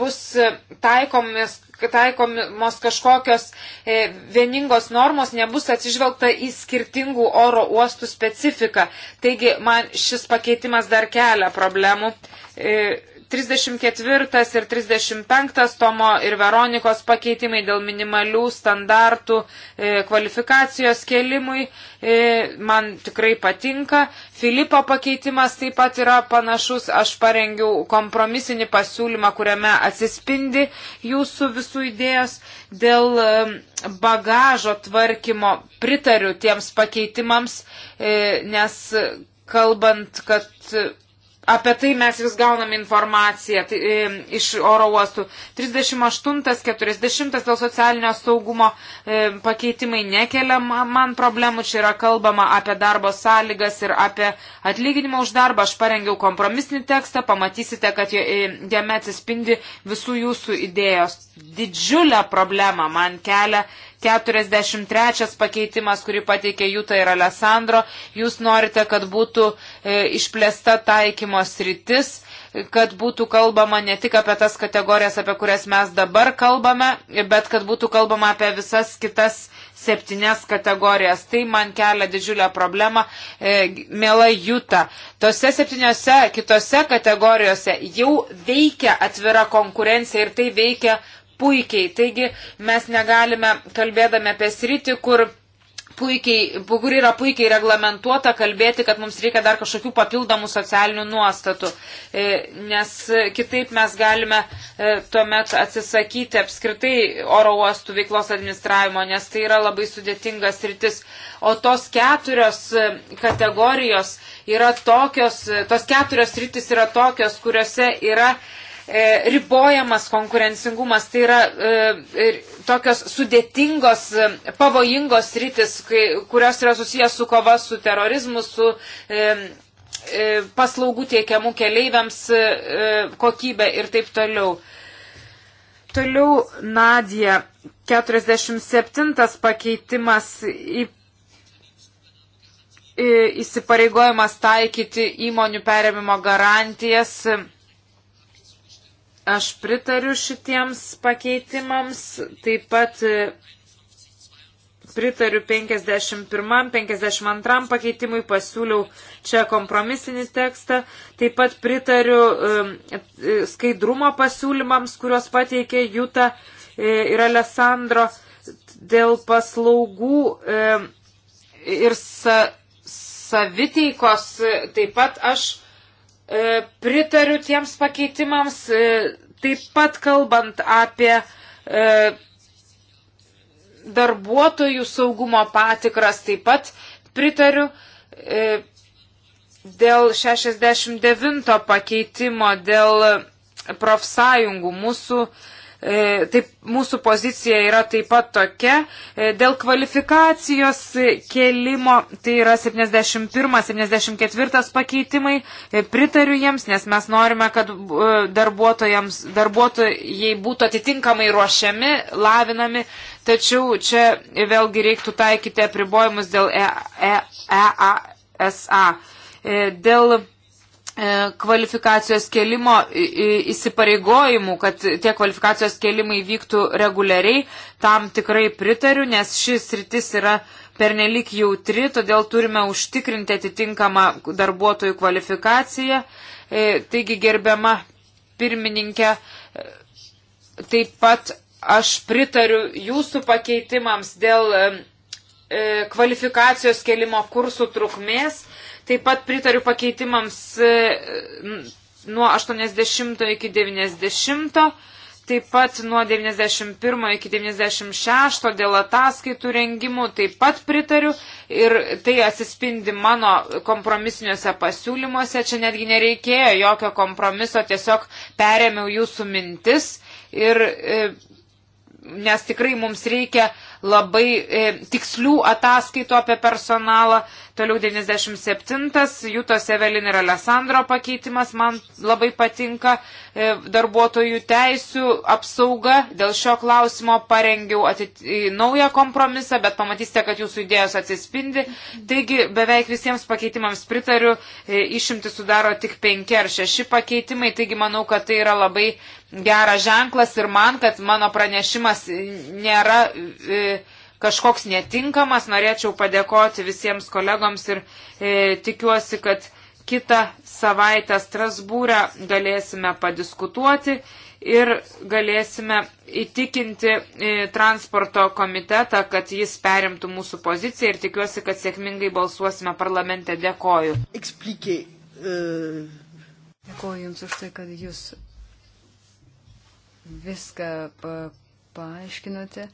bus taikomis, taikomos kažkokios e, vieningos normos, nebus atsižvelgta į skirtingų oro uostų specifiką. Taigi man šis pakeitimas dar kelia problemų. E, 34 ir 35 Tomo ir Veronikos pakeitimai dėl minimalių standartų e, kvalifikacijos kelimui e, man tikrai patinka. Filipo pakeitimas taip pat yra panašus. Aš parengiau kompromisinį pasiūlymą, kuriame atsispindi jūsų visų idėjos. Dėl e, bagažo tvarkymo pritariu tiems pakeitimams, nes kalbant, kad apie tai mes vis gaunam informaciją tai, e, iš oro uostų. 38-40 dėl socialinio saugumo e, pakeitimai nekelia man problemų. Čia yra kalbama apie darbo sąlygas ir apie atlyginimą už darbą. Aš parengiau kompromisinį tekstą, pamatysite, kad e, jame atsispindi visų jūsų idėjos. Didžiulę problemą man kelia 43 pakeitimas, kurį pateikė Jūta ir Alessandro. Jūs norite, kad būtų e, išplėsta taikymos rytis, kad būtų kalbama ne tik apie tas kategorijas, apie kurias mes dabar kalbame, bet kad būtų kalbama apie visas kitas septynes kategorijas. Tai man kelia didžiulę problemą, e, mėla Jūta. Tose septyniose kitose kategorijose jau veikia atvira konkurencija ir tai veikia puikiai. Taigi mes negalime, kalbėdami apie sritį, kur puikiai, kur yra puikiai reglamentuota kalbėti, kad mums reikia dar kažkokių papildomų socialinių nuostatų. E, nes kitaip mes galime e, tuomet atsisakyti apskritai oro uostų veiklos administravimo, nes tai yra labai sudėtingas rytis. O tos keturios e, kategorijos yra tokios, tos keturios rytis yra tokios, kuriuose yra E, ribojamas konkurencingumas, tai yra e, tokios sudėtingos, e, pavojingos rytis, kurios yra susijęs su kova su terorizmu, su paslaugų tiekiamų keleiviams kokybė ir taip toliau. Toliau Nadija 47 pakeitimas į įsipareigojimas taikyti įmonių perėmimo garantijas Aš pritariu šitiems pakeitimams, taip pat e, pritariu 51, 52 pakeitimui, pasiūliau čia kompromisinį tekstą, taip pat pritariu e, e, skaidrumo pasiūlymams, kuriuos pateikė Juta ir Alessandro dėl paslaugų ir saviteikos, taip pat aš E, pritariu tiems pakeitimams, e, taip pat kalbant apie e, darbuotojų saugumo patikras, taip pat pritariu dėl 69 pakeitimo, dėl profsąjungų mūsų uh, E, taip, mūsų pozicija yra taip pat tokia. E, dėl kvalifikacijos kelimo, tai yra 71-74 pakeitimai, e, pritariu jiems, nes mes norime, kad darbuotojai būtų atitinkamai ruošiami, lavinami, tačiau čia vėlgi reiktų taikyti apribojimus dėl EASA. E, e, e, e, e, e, e, e, dėl E, kvalifikacijos kelimo įsipareigojimų, kad tie kvalifikacijos kelimai vyktų reguliariai, tam tikrai pritariu, nes šis rytis yra pernelik jautri, todėl turime užtikrinti atitinkamą darbuotojų kvalifikaciją. E, taigi, gerbiama pirmininkė, e, taip pat aš pritariu jūsų pakeitimams dėl kvalifikacijos kelimo kursų trukmės Taip pat pritariu pakeitimams e, nuo 80 iki 90, taip pat nuo 91 iki 96 dėl ataskaitų rengimų taip pat pritariu ir tai atsispindi mano kompromisiniuose pasiūlymuose. Čia netgi nereikėjo jokio kompromiso, tiesiog perėmiau jūsų mintis ir e, nes tikrai mums reikia labai e, tikslių ataskaitų apie personalą. Toliau 97. Jutos Evelin ir Alessandro pakeitimas. Man labai patinka e, darbuotojų teisų apsauga. Dėl šio klausimo parengiau atit, e, naują kompromisą, bet pamatysite, kad jūsų idėjos atsispindi. Taigi beveik visiems pakeitimams pritariu. E, išimti sudaro tik 5 ar 6 pakeitimai. Taigi manau, kad tai yra labai geras ženklas ir man, kad mano pranešimas nėra. E, kažkoks netinkamas. Norėčiau padėkoti visiems kolegoms ir e, tikiuosi, kad kitą savaitę Strasbūrę galėsime padiskutuoti ir galėsime įtikinti e, transporto komitetą, kad jis perimtų mūsų poziciją ir tikiuosi, kad sėkmingai balsuosime parlamente. Dėkoju. Explique, uh... Dėkoju Jums už tai, kad Jūs viską pa paaiškinote.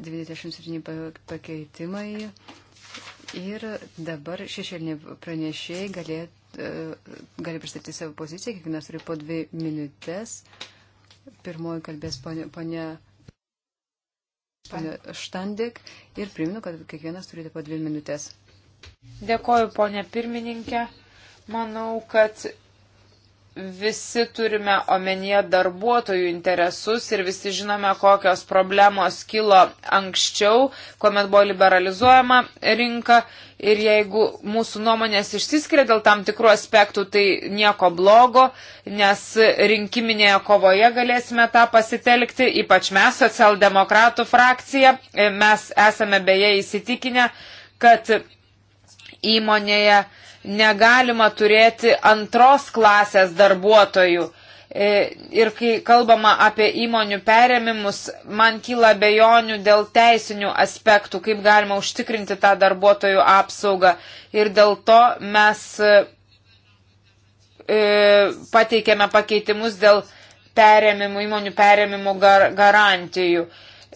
27 pakeitimai. Ir dabar šešėlinė pranešėjai gali, gali pristatyti savo poziciją, kiekvienas turi po dvi minutės. Pirmoji kalbės ponia, ponia, ponia Štandek ir priminu, kad kiekvienas turite po dvi minutės. Dėkoju, ponia pirmininkė. Manau, kad visi turime omenyje darbuotojų interesus ir visi žinome, kokios problemos kilo anksčiau, kuomet buvo liberalizuojama rinka. Ir jeigu mūsų nuomonės išsiskiria dėl tam tikrų aspektų, tai nieko blogo, nes rinkiminėje kovoje galėsime tą pasitelkti, ypač mes, socialdemokratų frakcija. Mes esame beje įsitikinę, kad įmonėje negalima turėti antros klasės darbuotojų. E, ir kai kalbama apie įmonių perėmimus, man kyla bejonių dėl teisinių aspektų, kaip galima užtikrinti tą darbuotojų apsaugą. Ir dėl to mes e, pateikėme pakeitimus dėl perėmimų, įmonių perėmimų gar garantijų.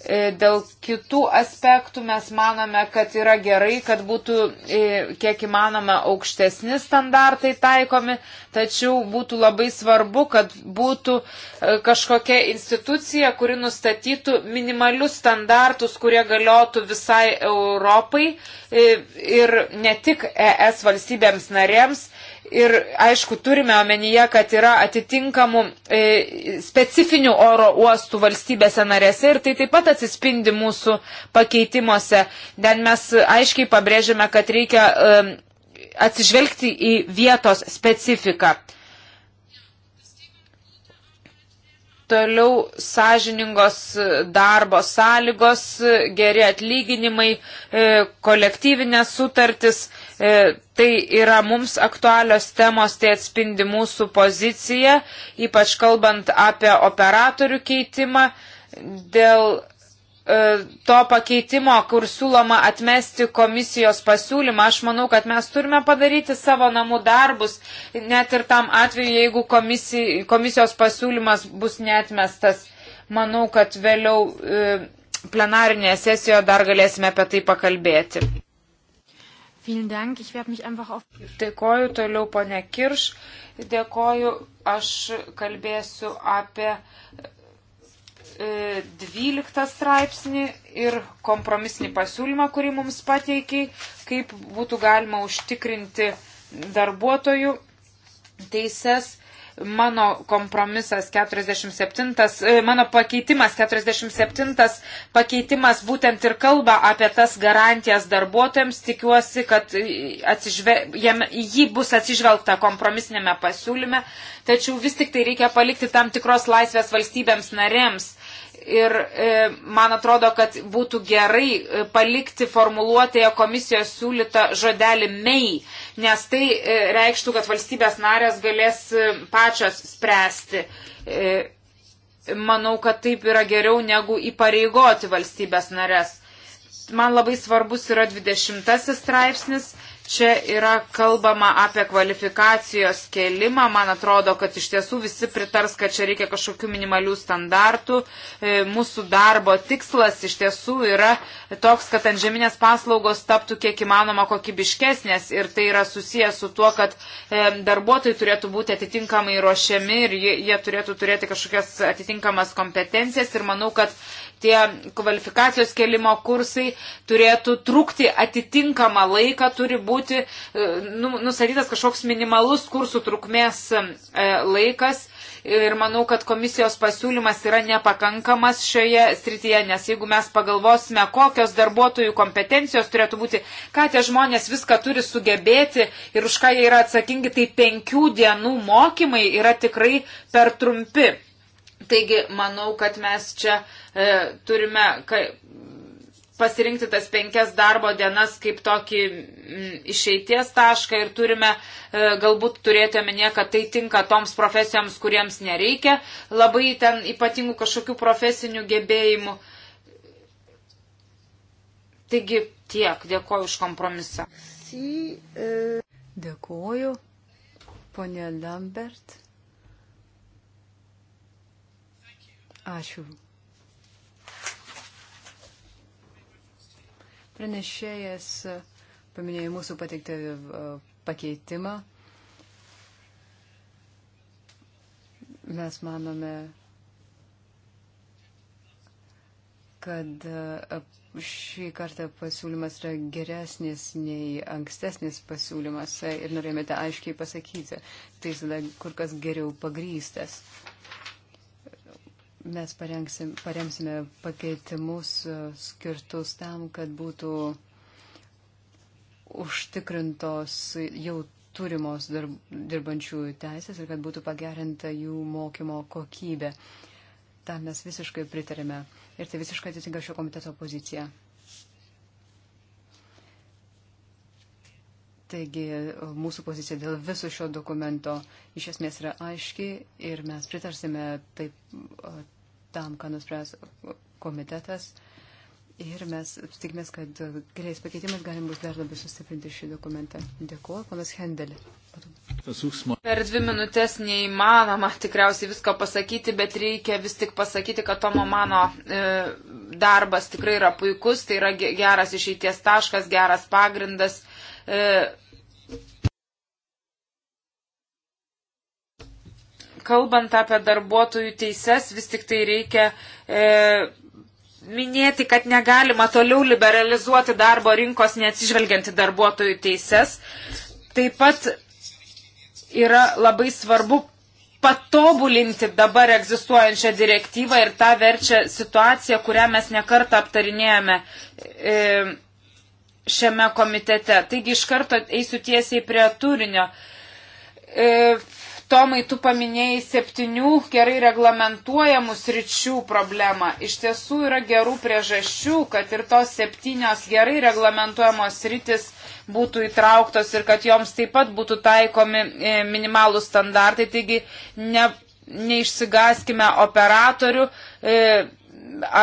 E, dėl kitų aspektų mes manome, kad yra gerai, kad būtų e, kiek įmanoma aukštesni standartai taikomi, tačiau būtų labai svarbu, kad būtų e, kažkokia institucija, kuri nustatytų minimalius standartus, kurie galiotų visai Europai ir ne tik ES valstybėms narėms, ir aišku, turime omenyje, kad yra atitinkamų e, specifinių oro uostų valstybėse narėse ir tai taip pat atsispindi mūsų pakeitimuose. Ten mes aiškiai pabrėžiame, kad reikia e, atsižvelgti į vietos specifiką. E, Toliau sąžiningos darbo sąlygos, geri atlyginimai, e, kolektyvinės sutartis. E, tai yra mums aktualios temos, tai atspindi mūsų poziciją, ypač kalbant apie operatorių keitimą. Dėl E, to pakeitimo, kur siūloma atmesti komisijos pasiūlymą, aš manau, kad mes turime padaryti savo namų darbus, net ir tam atveju, jeigu komisij, komisijos pasiūlymas bus netmestas. Manau, kad vėliau e, plenarinėje sesijoje dar galėsime apie tai pakalbėti. Dėkoju toliau, ponė Kirš. Dėkoju, aš kalbėsiu apie uh, 12 e, straipsnį ir kompromisinį pasiūlymą, kurį mums pateikiai, kaip būtų galima užtikrinti darbuotojų teises. Mano kompromisas 47, e, mano pakeitimas 47, pakeitimas būtent ir kalba apie tas garantijas darbuotojams. Tikiuosi, kad atsižve, jame, jį bus atsižvelgta kompromisinėme pasiūlyme, tačiau vis tik tai reikia palikti tam tikros laisvės valstybėms narėms Ir e, man atrodo, kad būtų gerai e, palikti formuluotėje komisijos siūlytą žodelį mei, nes tai e, reikštų, kad valstybės narės galės e, pačios spręsti. E, manau, kad taip yra geriau negu įpareigoti valstybės narės. Man labai svarbus yra 20 straipsnis, Čia yra kalbama apie kvalifikacijos kelimą. Man atrodo, kad iš tiesų visi pritars, kad čia reikia kažkokių minimalių standartų. E, mūsų darbo tikslas iš tiesų yra toks, kad antžeminės paslaugos taptų kiek įmanoma kokybiškesnės ir tai yra susijęs su tuo, kad e, darbuotojai turėtų būti atitinkamai ruošiami ir jie turėtų turėti kažkokias atitinkamas kompetencijas ir manau, kad tie kvalifikacijos kelimo kursai turėtų trukti atitinkamą laiką, turi būti e, nu, nusatytas kažkoks minimalus kursų trukmės e, laikas. Ir manau, kad komisijos pasiūlymas yra nepakankamas šioje srityje, nes jeigu mes pagalvosime, kokios darbuotojų kompetencijos turėtų būti, ką tie žmonės viską turi sugebėti ir už ką jie yra atsakingi, tai penkių dienų mokymai yra tikrai per trumpi. Taigi, manau, kad mes čia e, turime ka, pasirinkti tas penkias darbo dienas kaip tokį m, mm, išeities tašką ir turime e, galbūt turėti omenyje, kad tai tinka toms profesijoms, kuriems nereikia labai ten ypatingų kažkokių profesinių gebėjimų. Taigi tiek, dėkoju už kompromisą. Euh. Dėkoju, ponė Lambert. Ačiū. Pranešėjas paminėjo mūsų pateiktą e, pakeitimą. Mes manome, kad e, šį kartą pasiūlymas yra geresnis nei ankstesnis pasiūlymas ir norėjome tą aiškiai pasakyti. Tai jis tada kur kas geriau pagrystas. Mes paremsime pakeitimus e, skirtus tam, kad būtų užtikrintos jau turimos darb, dirbančiųjų teisės ir kad būtų pagerinta jų mokymo kokybė. Tam mes visiškai pritarėme ir tai visiškai atitinka šio komiteto poziciją. Taigi mūsų pozicija dėl viso šio dokumento iš esmės yra aiški ir mes pritarsime taip tam, ką nuspręs komitetas. Ir mes tikimės, kad keliais pakeitimais galim bus dar labiau sustiprinti šį dokumentą. Dėkuoju, panas Hendelė. Per dvi minutės neįmanoma tikriausiai visko pasakyti, bet reikia vis tik pasakyti, kad Tomo mano e, darbas tikrai yra puikus, tai yra geras išeities taškas, geras pagrindas. E, kalbant apie darbuotojų teises, vis tik tai reikia. E, minėti, kad negalima toliau liberalizuoti darbo rinkos neatsižvelgianti darbuotojų teises. Taip pat yra labai svarbu patobulinti dabar egzistuojančią direktyvą ir tą verčia situaciją, kurią mes nekartą aptarinėjome e, šiame komitete. Taigi iš karto eisiu tiesiai prie turinio e, Tomai, tu paminėjai septynių gerai reglamentuojamų sričių problemą. Iš tiesų yra gerų priežasčių, kad ir tos septynios gerai reglamentuojamos sritis būtų įtrauktos ir kad joms taip pat būtų taikomi e, minimalų standartai. Taigi ne, neišsigaskime operatorių. E,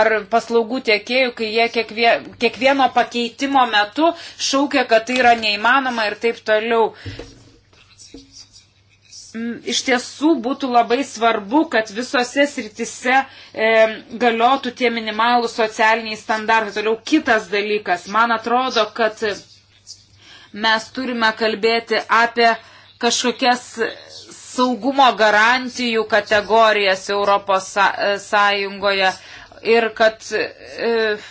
ar paslaugų tiekėjų, kai jie kiekvie, kiekvieno pakeitimo metu šaukia, kad tai yra neįmanoma ir taip toliau. Mm, iš tiesų būtų labai svarbu, kad visose sritise e, galiotų tie minimalų socialiniai standartai. Toliau kitas dalykas. Man atrodo, kad mes turime kalbėti apie kažkokias saugumo garantijų kategorijas Europos e, Sąjungoje ir kad e,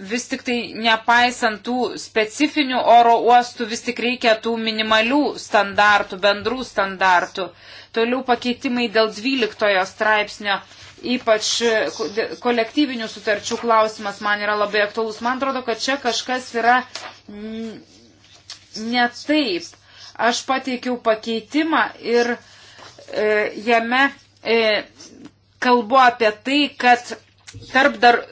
vis tik tai nepaisant tų specifinių oro uostų, vis tik reikia tų minimalių standartų, bendrų standartų. Toliau pakeitimai dėl 12 straipsnio, ypač e, kolektyvinių sutarčių klausimas man yra labai aktuolus. Man atrodo, kad čia kažkas yra ne taip. Aš pateikiau pakeitimą ir e, jame e, kalbu apie tai, kad tarp dar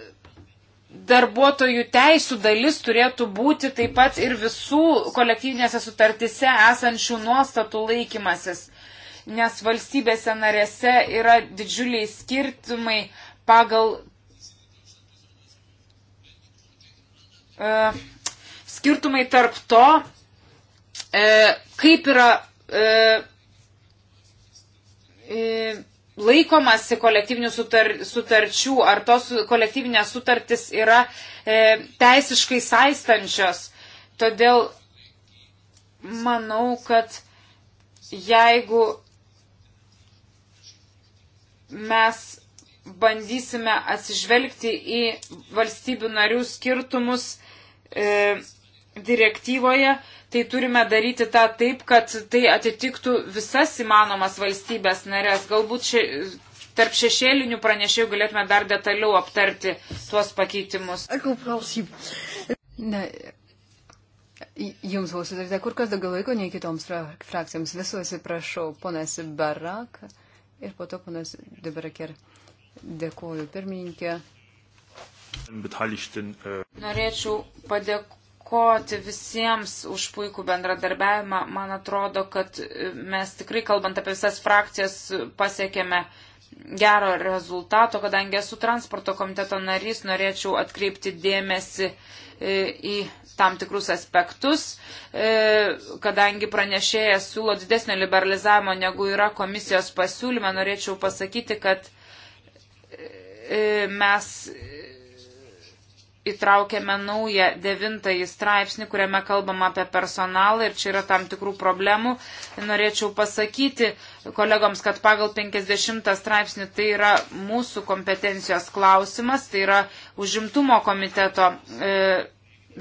darbuotojų teisų dalis turėtų būti taip pat ir visų kolektyvinėse sutartise esančių nuostatų laikymasis, nes valstybėse narėse yra didžiuliai skirtumai pagal e, skirtumai tarp to, e, kaip yra e, e, laikomasi kolektyvinių sutar, sutarčių, ar tos kolektyvinės sutartys yra e, teisiškai saistančios. Todėl manau, kad jeigu mes bandysime atsižvelgti į valstybių narių skirtumus e, direktyvoje, tai turime daryti tą taip, kad tai atitiktų visas įmanomas valstybės narės. Galbūt še, tarp šešėlinių pranešėjų galėtume dar detaliau aptarti tuos pakeitimus. Ne, jums buvo sutarta kur kas daugiau laiko nei kitoms frakcijoms. Visuosi prašau, ponas Barak ir po to ponas Debaraker. Dėkuoju, pirmininkė. Äh, Norėčiau padėkoti padėkoti visiems už puikų bendradarbiavimą. Man atrodo, kad mes tikrai, kalbant apie visas frakcijas, pasiekėme gero rezultato, kadangi esu transporto komiteto narys, norėčiau atkreipti dėmesį e, į tam tikrus aspektus, e, kadangi pranešėjas siūlo didesnio liberalizavimo negu yra komisijos pasiūlyme, norėčiau pasakyti, kad e, mes įtraukėme naują devintąjį straipsnį, kuriame kalbama apie personalą ir čia yra tam tikrų problemų. Norėčiau pasakyti kolegoms, kad pagal 50 straipsnį tai yra mūsų kompetencijos klausimas, tai yra užimtumo komiteto e,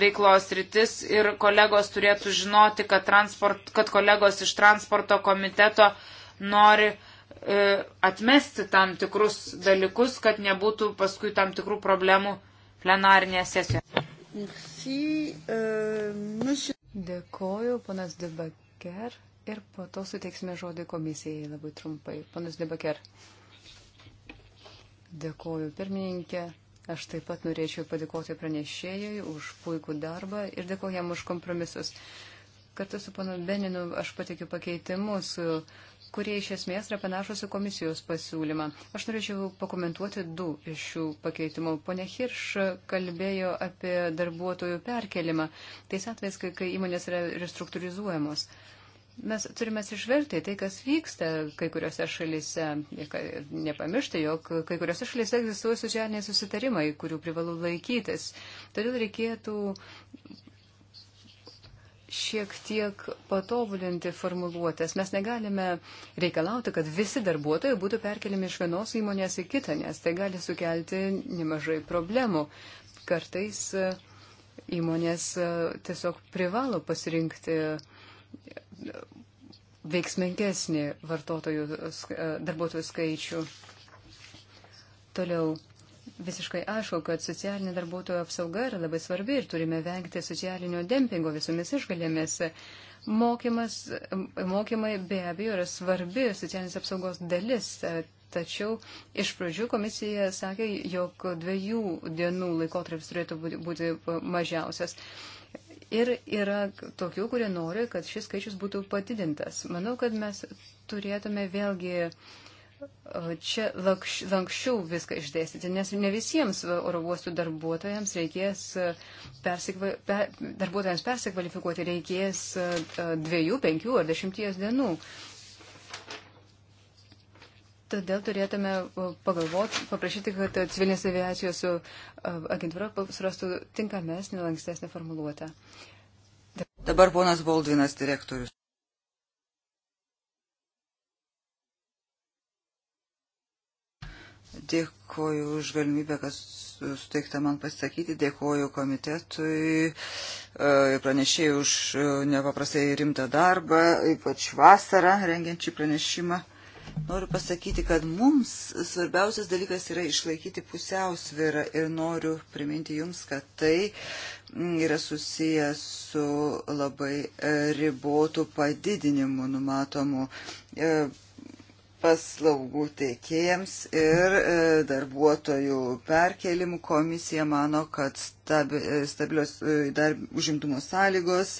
veiklos rytis ir kolegos turėtų žinoti, kad, transport, kad kolegos iš transporto komiteto nori e, atmesti tam tikrus dalykus, kad nebūtų paskui tam tikrų problemų plenarinėje sesijoje. Merci, uh, monsieur... Dėkoju, ponas Debaker. Ir po to suteiksime žodį komisijai labai trumpai. Ponas Debaker. Dėkoju, pirmininkė. Aš taip pat norėčiau padėkoti pranešėjai už puikų darbą ir dėkoju jam už kompromisus. Kartu su panu Beninu aš patikiu pakeitimus, kurie iš esmės yra panašus į komisijos pasiūlymą. Aš norėčiau pakomentuoti du iš šių pakeitimų. Pone Hirš kalbėjo apie darbuotojų perkelimą. Tais atvejais, kai, kai įmonės yra restruktūrizuojamos. Mes turime atsižvelgti tai, kas vyksta kai kuriuose šalyse. Nepamiršti, jog kai kuriuose šalyse egzistuoja socialiniai susitarimai, kurių privalu laikytis. Todėl reikėtų šiek tiek patobulinti formuluotės. Mes negalime reikalauti, kad visi darbuotojai būtų perkeliami iš vienos įmonės į kitą, nes tai gali sukelti nemažai problemų. Kartais e, įmonės e, tiesiog privalo pasirinkti e, veiksmingesnį vartotojų darbuotojų skaičių. Toliau visiškai aišku, kad socialinė darbuotojų apsauga yra labai svarbi ir turime vengti socialinio dempingo visomis išgalėmis. Mokymas, mokymai be abejo yra svarbi socialinės apsaugos dalis. Tačiau iš pradžių komisija sakė, jog dviejų dienų laikotarpis turėtų būti mažiausias. Ir yra tokių, kurie nori, kad šis skaičius būtų padidintas. Manau, kad mes turėtume vėlgi uh, čia lankš, lankščiau viską išdėstyti, nes ne visiems oro uostų darbuotojams reikės e, persikva, per, darbuotojams persikvalifikuoti reikės e, e, dviejų, penkių ar dešimties dienų. Todėl turėtume pagalvoti, paprašyti, kad civilinės aviacijos agentūra surastų tinkamesnį, lankstesnį formuluotę. Dabar ponas Boldvinas, direktorius. Dėkoju už galimybę, kas suteikta man pasisakyti. Dėkoju komitetui e, ir pranešėjai už e, nepaprastai rimtą darbą, ypač vasarą rengiančią pranešimą. Noriu pasakyti, kad mums svarbiausias dalykas yra išlaikyti pusiausvyrą ir noriu priminti jums, kad tai mm, yra susijęs su labai e, ribotų padidinimu numatomu paslaugų teikėjams ir e, darbuotojų perkelimų komisija mano, kad e, stabilios e, darb, užimtumo sąlygos,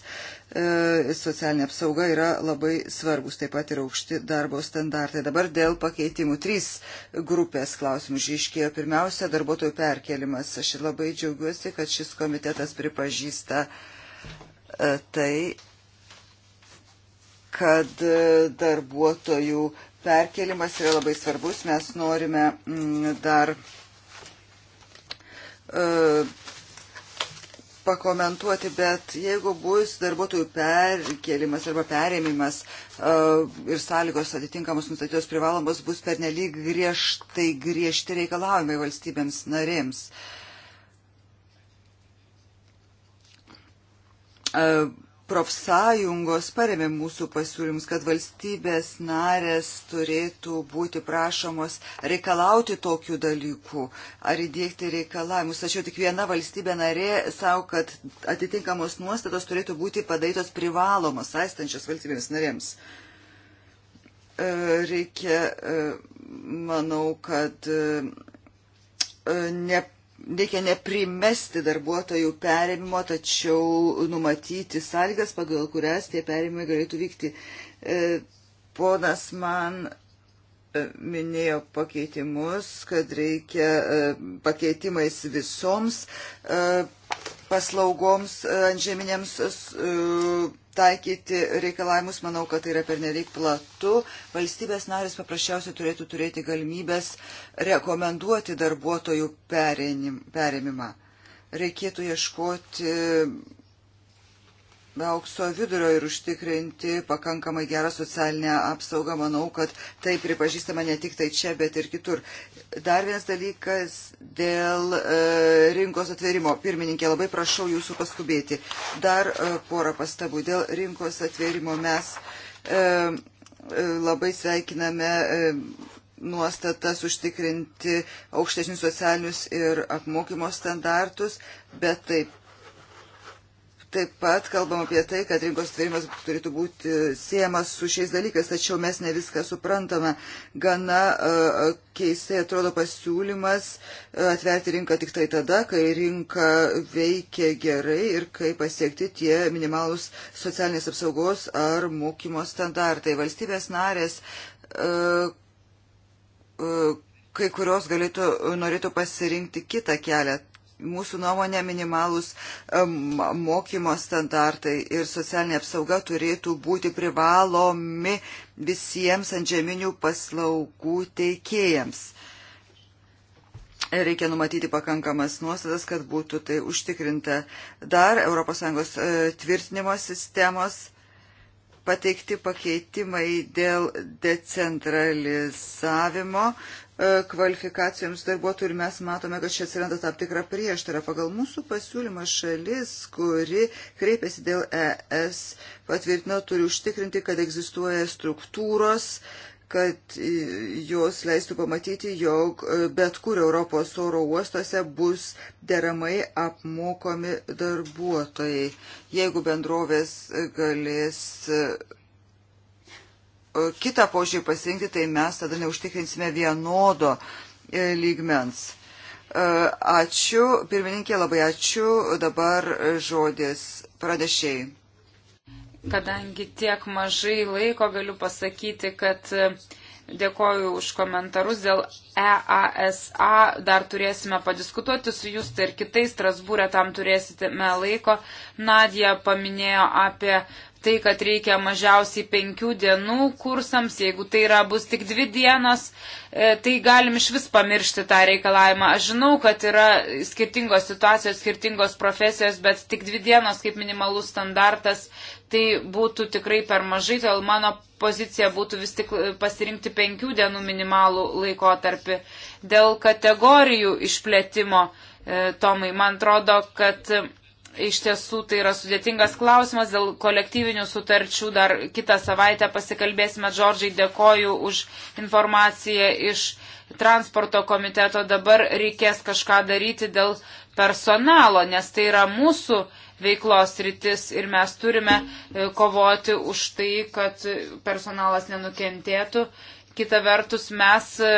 socialinė apsauga yra labai svarbus, taip pat ir aukšti darbo standartai. Dabar dėl pakeitimų trys grupės klausimų žiškėjo. Pirmiausia, darbuotojų perkelimas. Aš labai džiaugiuosi, kad šis komitetas pripažįsta tai kad darbuotojų perkelimas yra labai svarbus. Mes norime mm, dar e, pakomentuoti, bet jeigu bus darbuotojų perkelimas arba perėmimas e, ir sąlygos atitinkamos nustatytos privalomos, bus pernelyg griežtai griežti reikalavimai valstybėms narėms. E, profsąjungos paremė mūsų pasiūlymus, kad valstybės narės turėtų būti prašomos reikalauti tokių dalykų ar įdėkti reikalavimus. Tačiau tik viena valstybė narė savo, kad atitinkamos nuostatos turėtų būti padarytos privalomos, aistančios valstybėms narėms. E, reikia, e, manau, kad e, ne reikia neprimesti darbuotojų perėmimo, tačiau numatyti sąlygas, pagal kurias tie perėmimai galėtų vykti. E, ponas man e, minėjo pakeitimus, kad reikia e, pakeitimais visoms paslaugoms e, antžeminėms e, taikyti reikalavimus. Manau, kad tai yra pernelyg platu. Valstybės narės paprasčiausiai turėtų turėti galimybės rekomenduoti darbuotojų perėmimą. Reikėtų ieškoti aukso vidurio ir užtikrinti pakankamai gerą socialinę apsaugą. Manau, kad tai pripažįstama ne tik tai čia, bet ir kitur. Dar vienas dalykas dėl e, rinkos atvėrimo. Pirmininkė, labai prašau jūsų paskubėti. Dar e, porą pastabų. Dėl rinkos atvėrimo mes e, e labai sveikiname. E, nuostatas užtikrinti aukštesnius socialinius ir apmokymo standartus, bet taip Taip pat kalbam apie tai, kad rinkos tvėrimas turėtų būti siejamas su šiais dalykais, tačiau mes ne viską suprantame. Gana uh, keistai atrodo pasiūlymas e, atverti rinką tik tai tada, kai rinka veikia gerai ir kai pasiekti tie minimalus socialinės apsaugos ar mokymo standartai. Valstybės narės. Uh, uh, kai kurios galėtų, norėtų pasirinkti kitą kelią mūsų nuomonė minimalūs mokymo standartai ir socialinė apsauga turėtų būti privalomi visiems antžeminių paslaugų teikėjams. Reikia numatyti pakankamas nuostatas, kad būtų tai užtikrinta dar ES e, tvirtinimo sistemos pateikti pakeitimai dėl decentralizavimo E, kvalifikacijoms darbuotojų ir mes matome, kad čia atsiranda tam tikra prieštara. Pagal mūsų pasiūlymą šalis, kuri kreipiasi dėl ES, patvirtino, turi užtikrinti, kad egzistuoja struktūros, kad jos leistų pamatyti, jog e, bet kur Europos oro uostuose bus deramai apmokomi darbuotojai. Jeigu bendrovės galės e, kitą požiūrį pasirinkti, tai mes tada neužtikrinsime vienodo e, lygmens. E, ačiū, pirmininkė, labai ačiū. Dabar žodis pradėšiai. Kadangi tiek mažai laiko galiu pasakyti, kad e, dėkoju už komentarus dėl EASA. Dar turėsime padiskutuoti su jūs tai ir kitais. Strasbūrė tam turėsite laiko. Nadija paminėjo apie tai, kad reikia mažiausiai penkių dienų kursams, jeigu tai yra, bus tik dvi dienos, e, tai galim iš vis pamiršti tą reikalavimą. Aš žinau, kad yra skirtingos situacijos, skirtingos profesijos, bet tik dvi dienos kaip minimalus standartas, tai būtų tikrai per mažai, todėl mano pozicija būtų vis tik e, pasirinkti penkių dienų minimalų laikotarpį. Dėl kategorijų išplėtimo, e, Tomai, man atrodo, kad Iš tiesų tai yra sudėtingas klausimas dėl kolektyvinių sutarčių. Dar kitą savaitę pasikalbėsime. Džordžiai, dėkoju už informaciją iš transporto komiteto. Dabar reikės kažką daryti dėl personalo, nes tai yra mūsų veiklos rytis ir mes turime e, kovoti už tai, kad personalas nenukentėtų. Kita vertus, mes e,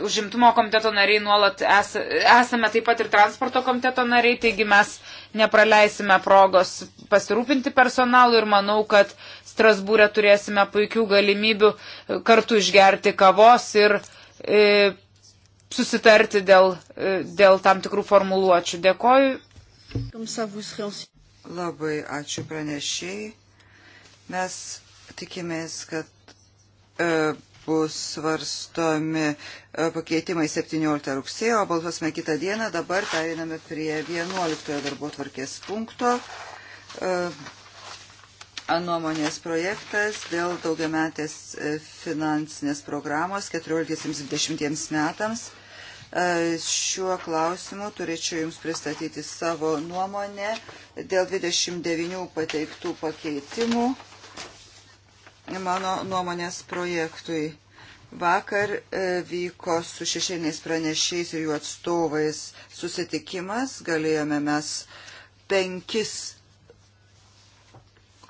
užimtumo komiteto nariai nuolat esame taip pat ir transporto komiteto nariai, taigi mes nepraleisime progos pasirūpinti personalu ir manau, kad Strasbūrė turėsime puikių galimybių e, kartu išgerti kavos ir e, susitarti dėl, e, dėl tam tikrų formuluočių. Dėkoju. Labai ačiū pranešiai. Mes tikimės, kad. E, bus svarstomi e, pakeitimai 17 rugsėjo, balsuosime kitą dieną, dabar pereiname prie 11 darbo tvarkės punkto. E, nuomonės projektas dėl daugiametės e, finansinės programos 14-20 metams. Šiuo klausimu turėčiau Jums pristatyti savo nuomonę dėl 29 pateiktų pakeitimų mano nuomonės projektui. Vakar e, vyko su šešėliniais pranešiais ir jų atstovais susitikimas. Galėjome mes penkis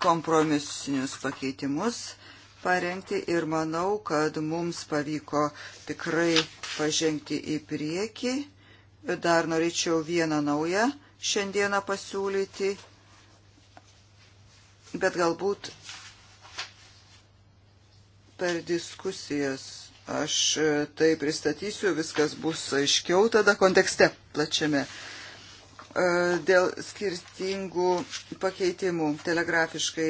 kompromisinius pakeitimus parengti ir manau, kad mums pavyko tikrai pažengti į priekį. Dar norėčiau vieną naują šiandieną pasiūlyti, bet galbūt per diskusijas. Aš e, tai pristatysiu, viskas bus aiškiau tada kontekste plačiame. E, dėl skirtingų pakeitimų telegrafiškai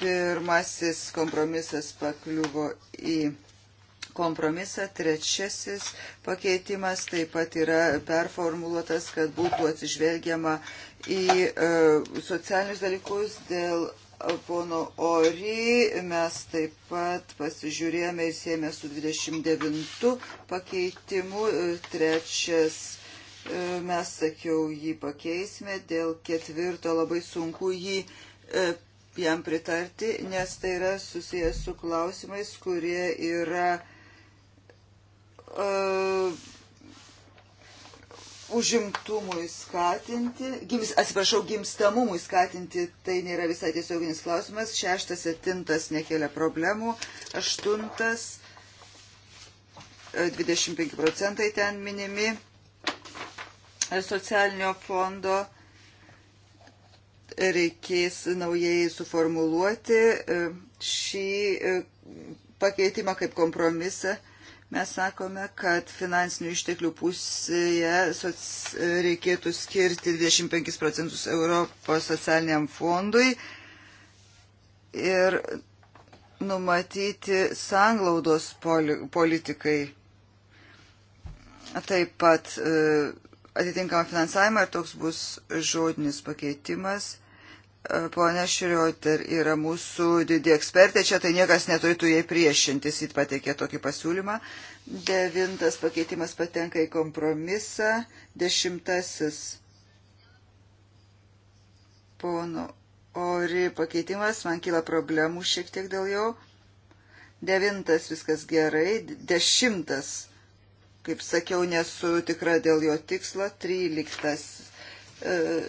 pirmasis kompromisas pakliuvo į kompromisą, trečiasis pakeitimas taip pat yra performuluotas, kad būtų atsižvelgiama į e, socialinius dalykus dėl pono Ori, mes taip pat pasižiūrėjome ir siejame su 29 pakeitimu. Trečias, e, mes sakiau, jį pakeisime, dėl ketvirto labai sunku jį e, jam pritarti, nes tai yra susijęs su klausimais, kurie yra. Uh, užimtumui skatinti, gims, atsiprašau, gimstamumui skatinti, tai nėra visai tiesioginis klausimas. Šeštas, septintas nekelia problemų. Aštuntas, 25 e, procentai ten minimi e, socialinio fondo reikės naujai suformuluoti e, šį pakeitimą kaip kompromisą Mes sakome, kad finansinių išteklių pusėje reikėtų skirti 25 procentus Europos socialiniam fondui ir numatyti sanglaudos politikai taip pat e, atitinkamą finansavimą ir toks bus žodinis pakeitimas Pone Šrioter yra mūsų didi ekspertė, čia tai niekas neturėtų jai priešintis, jis pateikė tokį pasiūlymą. Devintas pakeitimas patenka į kompromisą, dešimtasis pono ori pakeitimas, man kyla problemų šiek tiek dėl jo. Devintas viskas gerai, dešimtas, kaip sakiau, nesu tikra dėl jo tikslo, tryliktas e,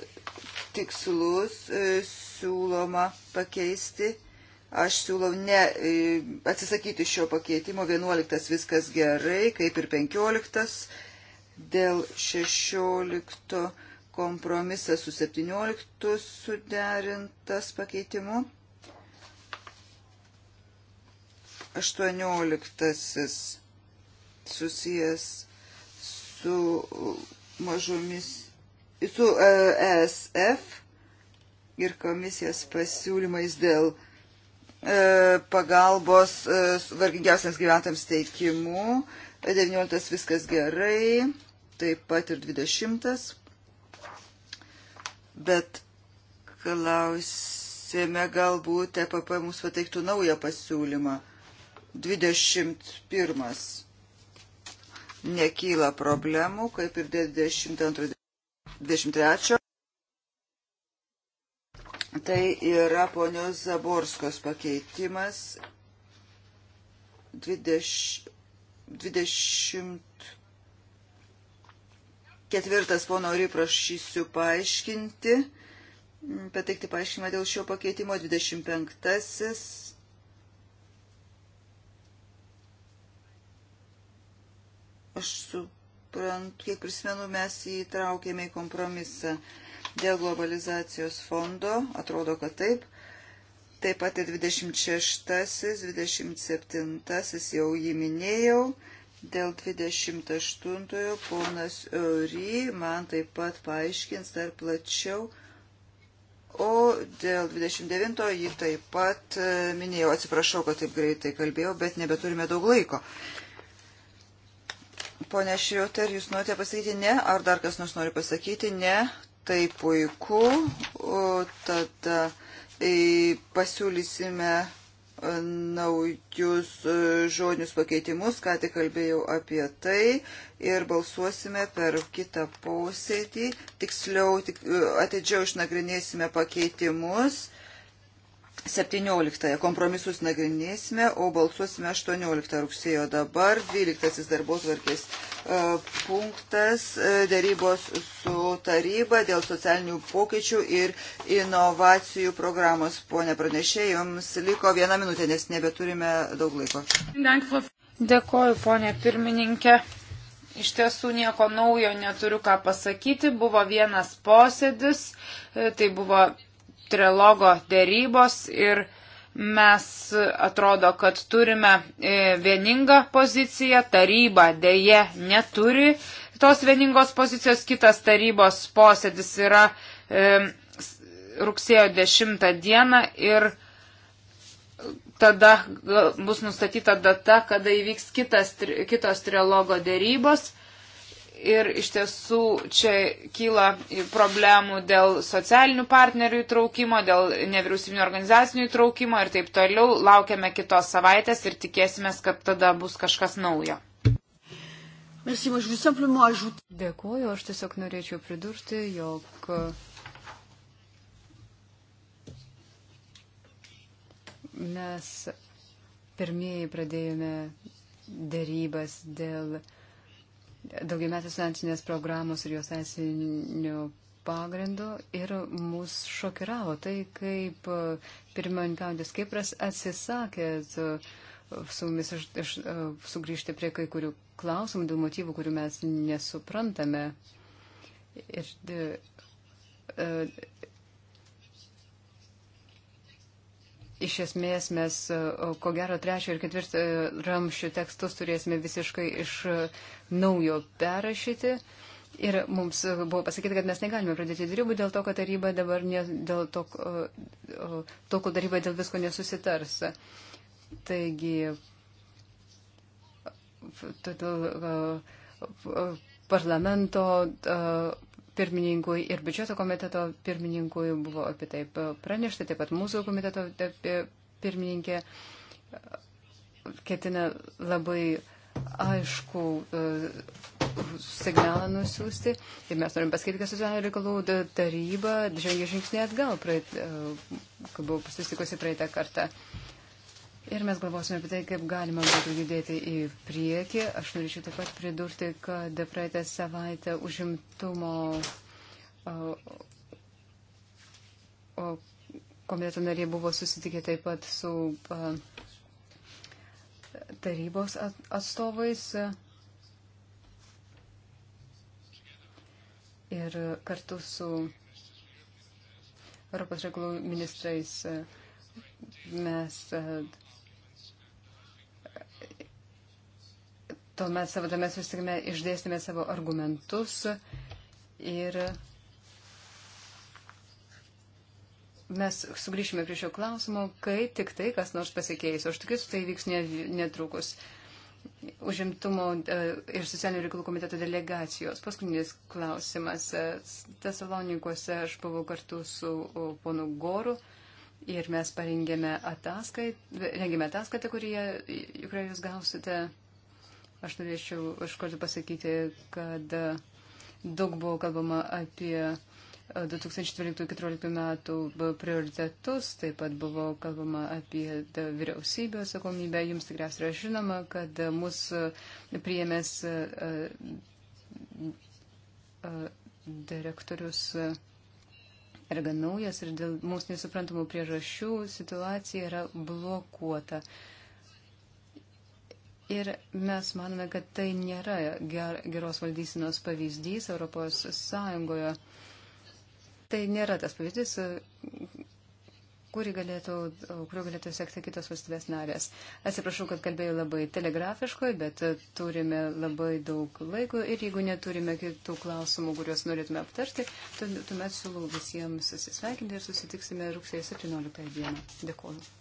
tikslus e, siūloma pakeisti. Aš siūlau ne e, atsisakyti šio pakeitimo. 11 viskas gerai, kaip ir 15. Dėl 16 kompromisas su 17 suderintas pakeitimu. 18 susijęs su mažomis su ESF e ir komisijos pasiūlymais dėl e, pagalbos e, vargingiausiams gyventams teikimu. 19 viskas gerai, taip pat ir 20. Bet klausėme galbūt EPP mums pateiktų naują pasiūlymą. 21. Nekyla problemų, kaip ir 22. 23. Tai yra ponios Zaborskos pakeitimas 20. 20 Ketvirtas pono Ori prašysiu paaiškinti, mm, pateikti paaiškinimą dėl šio pakeitimo 25. Aš su suprantu, kiek prisimenu, mes įtraukėme į kompromisą dėl globalizacijos fondo, atrodo, kad taip. Taip pat ir 26, 27 jau jį minėjau, dėl 28 ponas Eury man taip pat paaiškins dar plačiau, o dėl 29 jį taip pat e, minėjau, atsiprašau, kad taip greitai kalbėjau, bet nebeturime daug laiko. Pone Šrioter, jūs norite pasakyti ne, ar dar kas nors nori pasakyti ne? Tai puiku, o, tada e, pasiūlysime e, naujus e, žodinius pakeitimus, ką tik kalbėjau apie tai ir balsuosime per kitą posėdį. Tiksliau, tik, e, atidžiau išnagrinėsime pakeitimus 17 kompromisus nagrinėsime, o balsuosime 18 rugsėjo. Dabar 12 darbos varkės e, punktas e, darybos su taryba dėl socialinių pokyčių ir inovacijų programos. Pone pranešė, jums liko viena minutė, nes nebeturime daug laiko. Dėkoju, ponė pirmininkė. Iš tiesų nieko naujo neturiu ką pasakyti. Buvo vienas posėdis, e, tai buvo trilogo dėrybos ir mes atrodo, kad turime e, vieningą poziciją, taryba dėje neturi tos vieningos pozicijos, kitas tarybos posėdis yra e, rugsėjo 10 dieną ir tada bus nustatyta data, kada įvyks kitas, kitos trilogo dėrybos ir iš tiesų čia kyla problemų dėl socialinių partnerių įtraukimo, dėl nevyriausybinio organizacinių įtraukimo ir taip toliau. Laukiame kitos savaitės ir tikėsime, kad tada bus kažkas naujo. Dėkuoju, aš tiesiog norėčiau pridurti, jog mes pirmieji pradėjome dėrybas dėl daugiametės finansinės programos ir jos esinių pagrindu ir mus šokiravo tai, kaip e, pirmininkantis Kipras atsisakė e, su mumis iš, iš, e, sugrįžti prie kai kurių klausimų dėl motyvų, kurių mes nesuprantame. Ir, Iš esmės mes, e, ko gero, trečio ir ketvirtą e, ramščių tekstus turėsime visiškai iš e, naujo perrašyti. Ir mums buvo pasakyta, kad mes negalime pradėti dirybų dėl to, kad taryba dabar, ne, dėl to, to, kol taryba dėl visko nesusitars. Taigi, todėl parlamento pirmininkui ir biudžeto komiteto pirmininkui buvo apie tai pranešta, taip pat mūsų komiteto e, pirmininkė ketina labai aišku e, signalą nusiųsti. Ir mes norim pasakyti, kad socialinių reikalų taryba žengia žingsnį atgal, e, kai buvo susitikusi praeitą kartą. Ir mes galvosime apie tai, kaip galima būtų judėti į priekį. Aš norėčiau taip pat pridurti, kad praeitą savaitę užimtumo komiteto narė buvo susitikę taip pat su tarybos atstovais. Ir kartu su Europos reikalų ministrais mes. Uh, Tuomet savo tame susitikime išdėstėme savo argumentus ir mes sugrįšime prie šio klausimo, kai tik tai kas nors pasikeis. Aš tikiuosi, tai vyks netrukus. Užimtumo e, ir socialinių reikalų komiteto delegacijos. Paskutinis klausimas. E, Tesalonikuose aš buvau kartu su ponu Goru ir mes parengėme ataskaitą, rengėme ataskaitą, kurią, kurią jūs gausite Aš norėčiau iš karto pasakyti, kad e, daug buvo kalbama apie 2014-2014 e, metų e, prioritetus, taip pat buvo kalbama apie vyriausybę atsakomybę. Jums tikriausiai yra žinoma, kad mūsų priėmės direktorius yra naujas ir dėl mums nesuprantamų priežasčių situacija yra blokuota. Uh, Ir mes manome, kad tai nėra ger, geros valdysinos pavyzdys Europos Sąjungoje. Tai nėra tas pavyzdys, kurį galėtų, kurio galėtų sekti kitos valstybės narės. Atsiprašau, kad kalbėjau labai telegrafiškai, bet turime labai daug laiko ir jeigu neturime kitų klausimų, kuriuos norėtume aptarti, tuomet siūlau visiems susisveikinti ir susitiksime rugsėjo 17 dieną. Dėkuoju.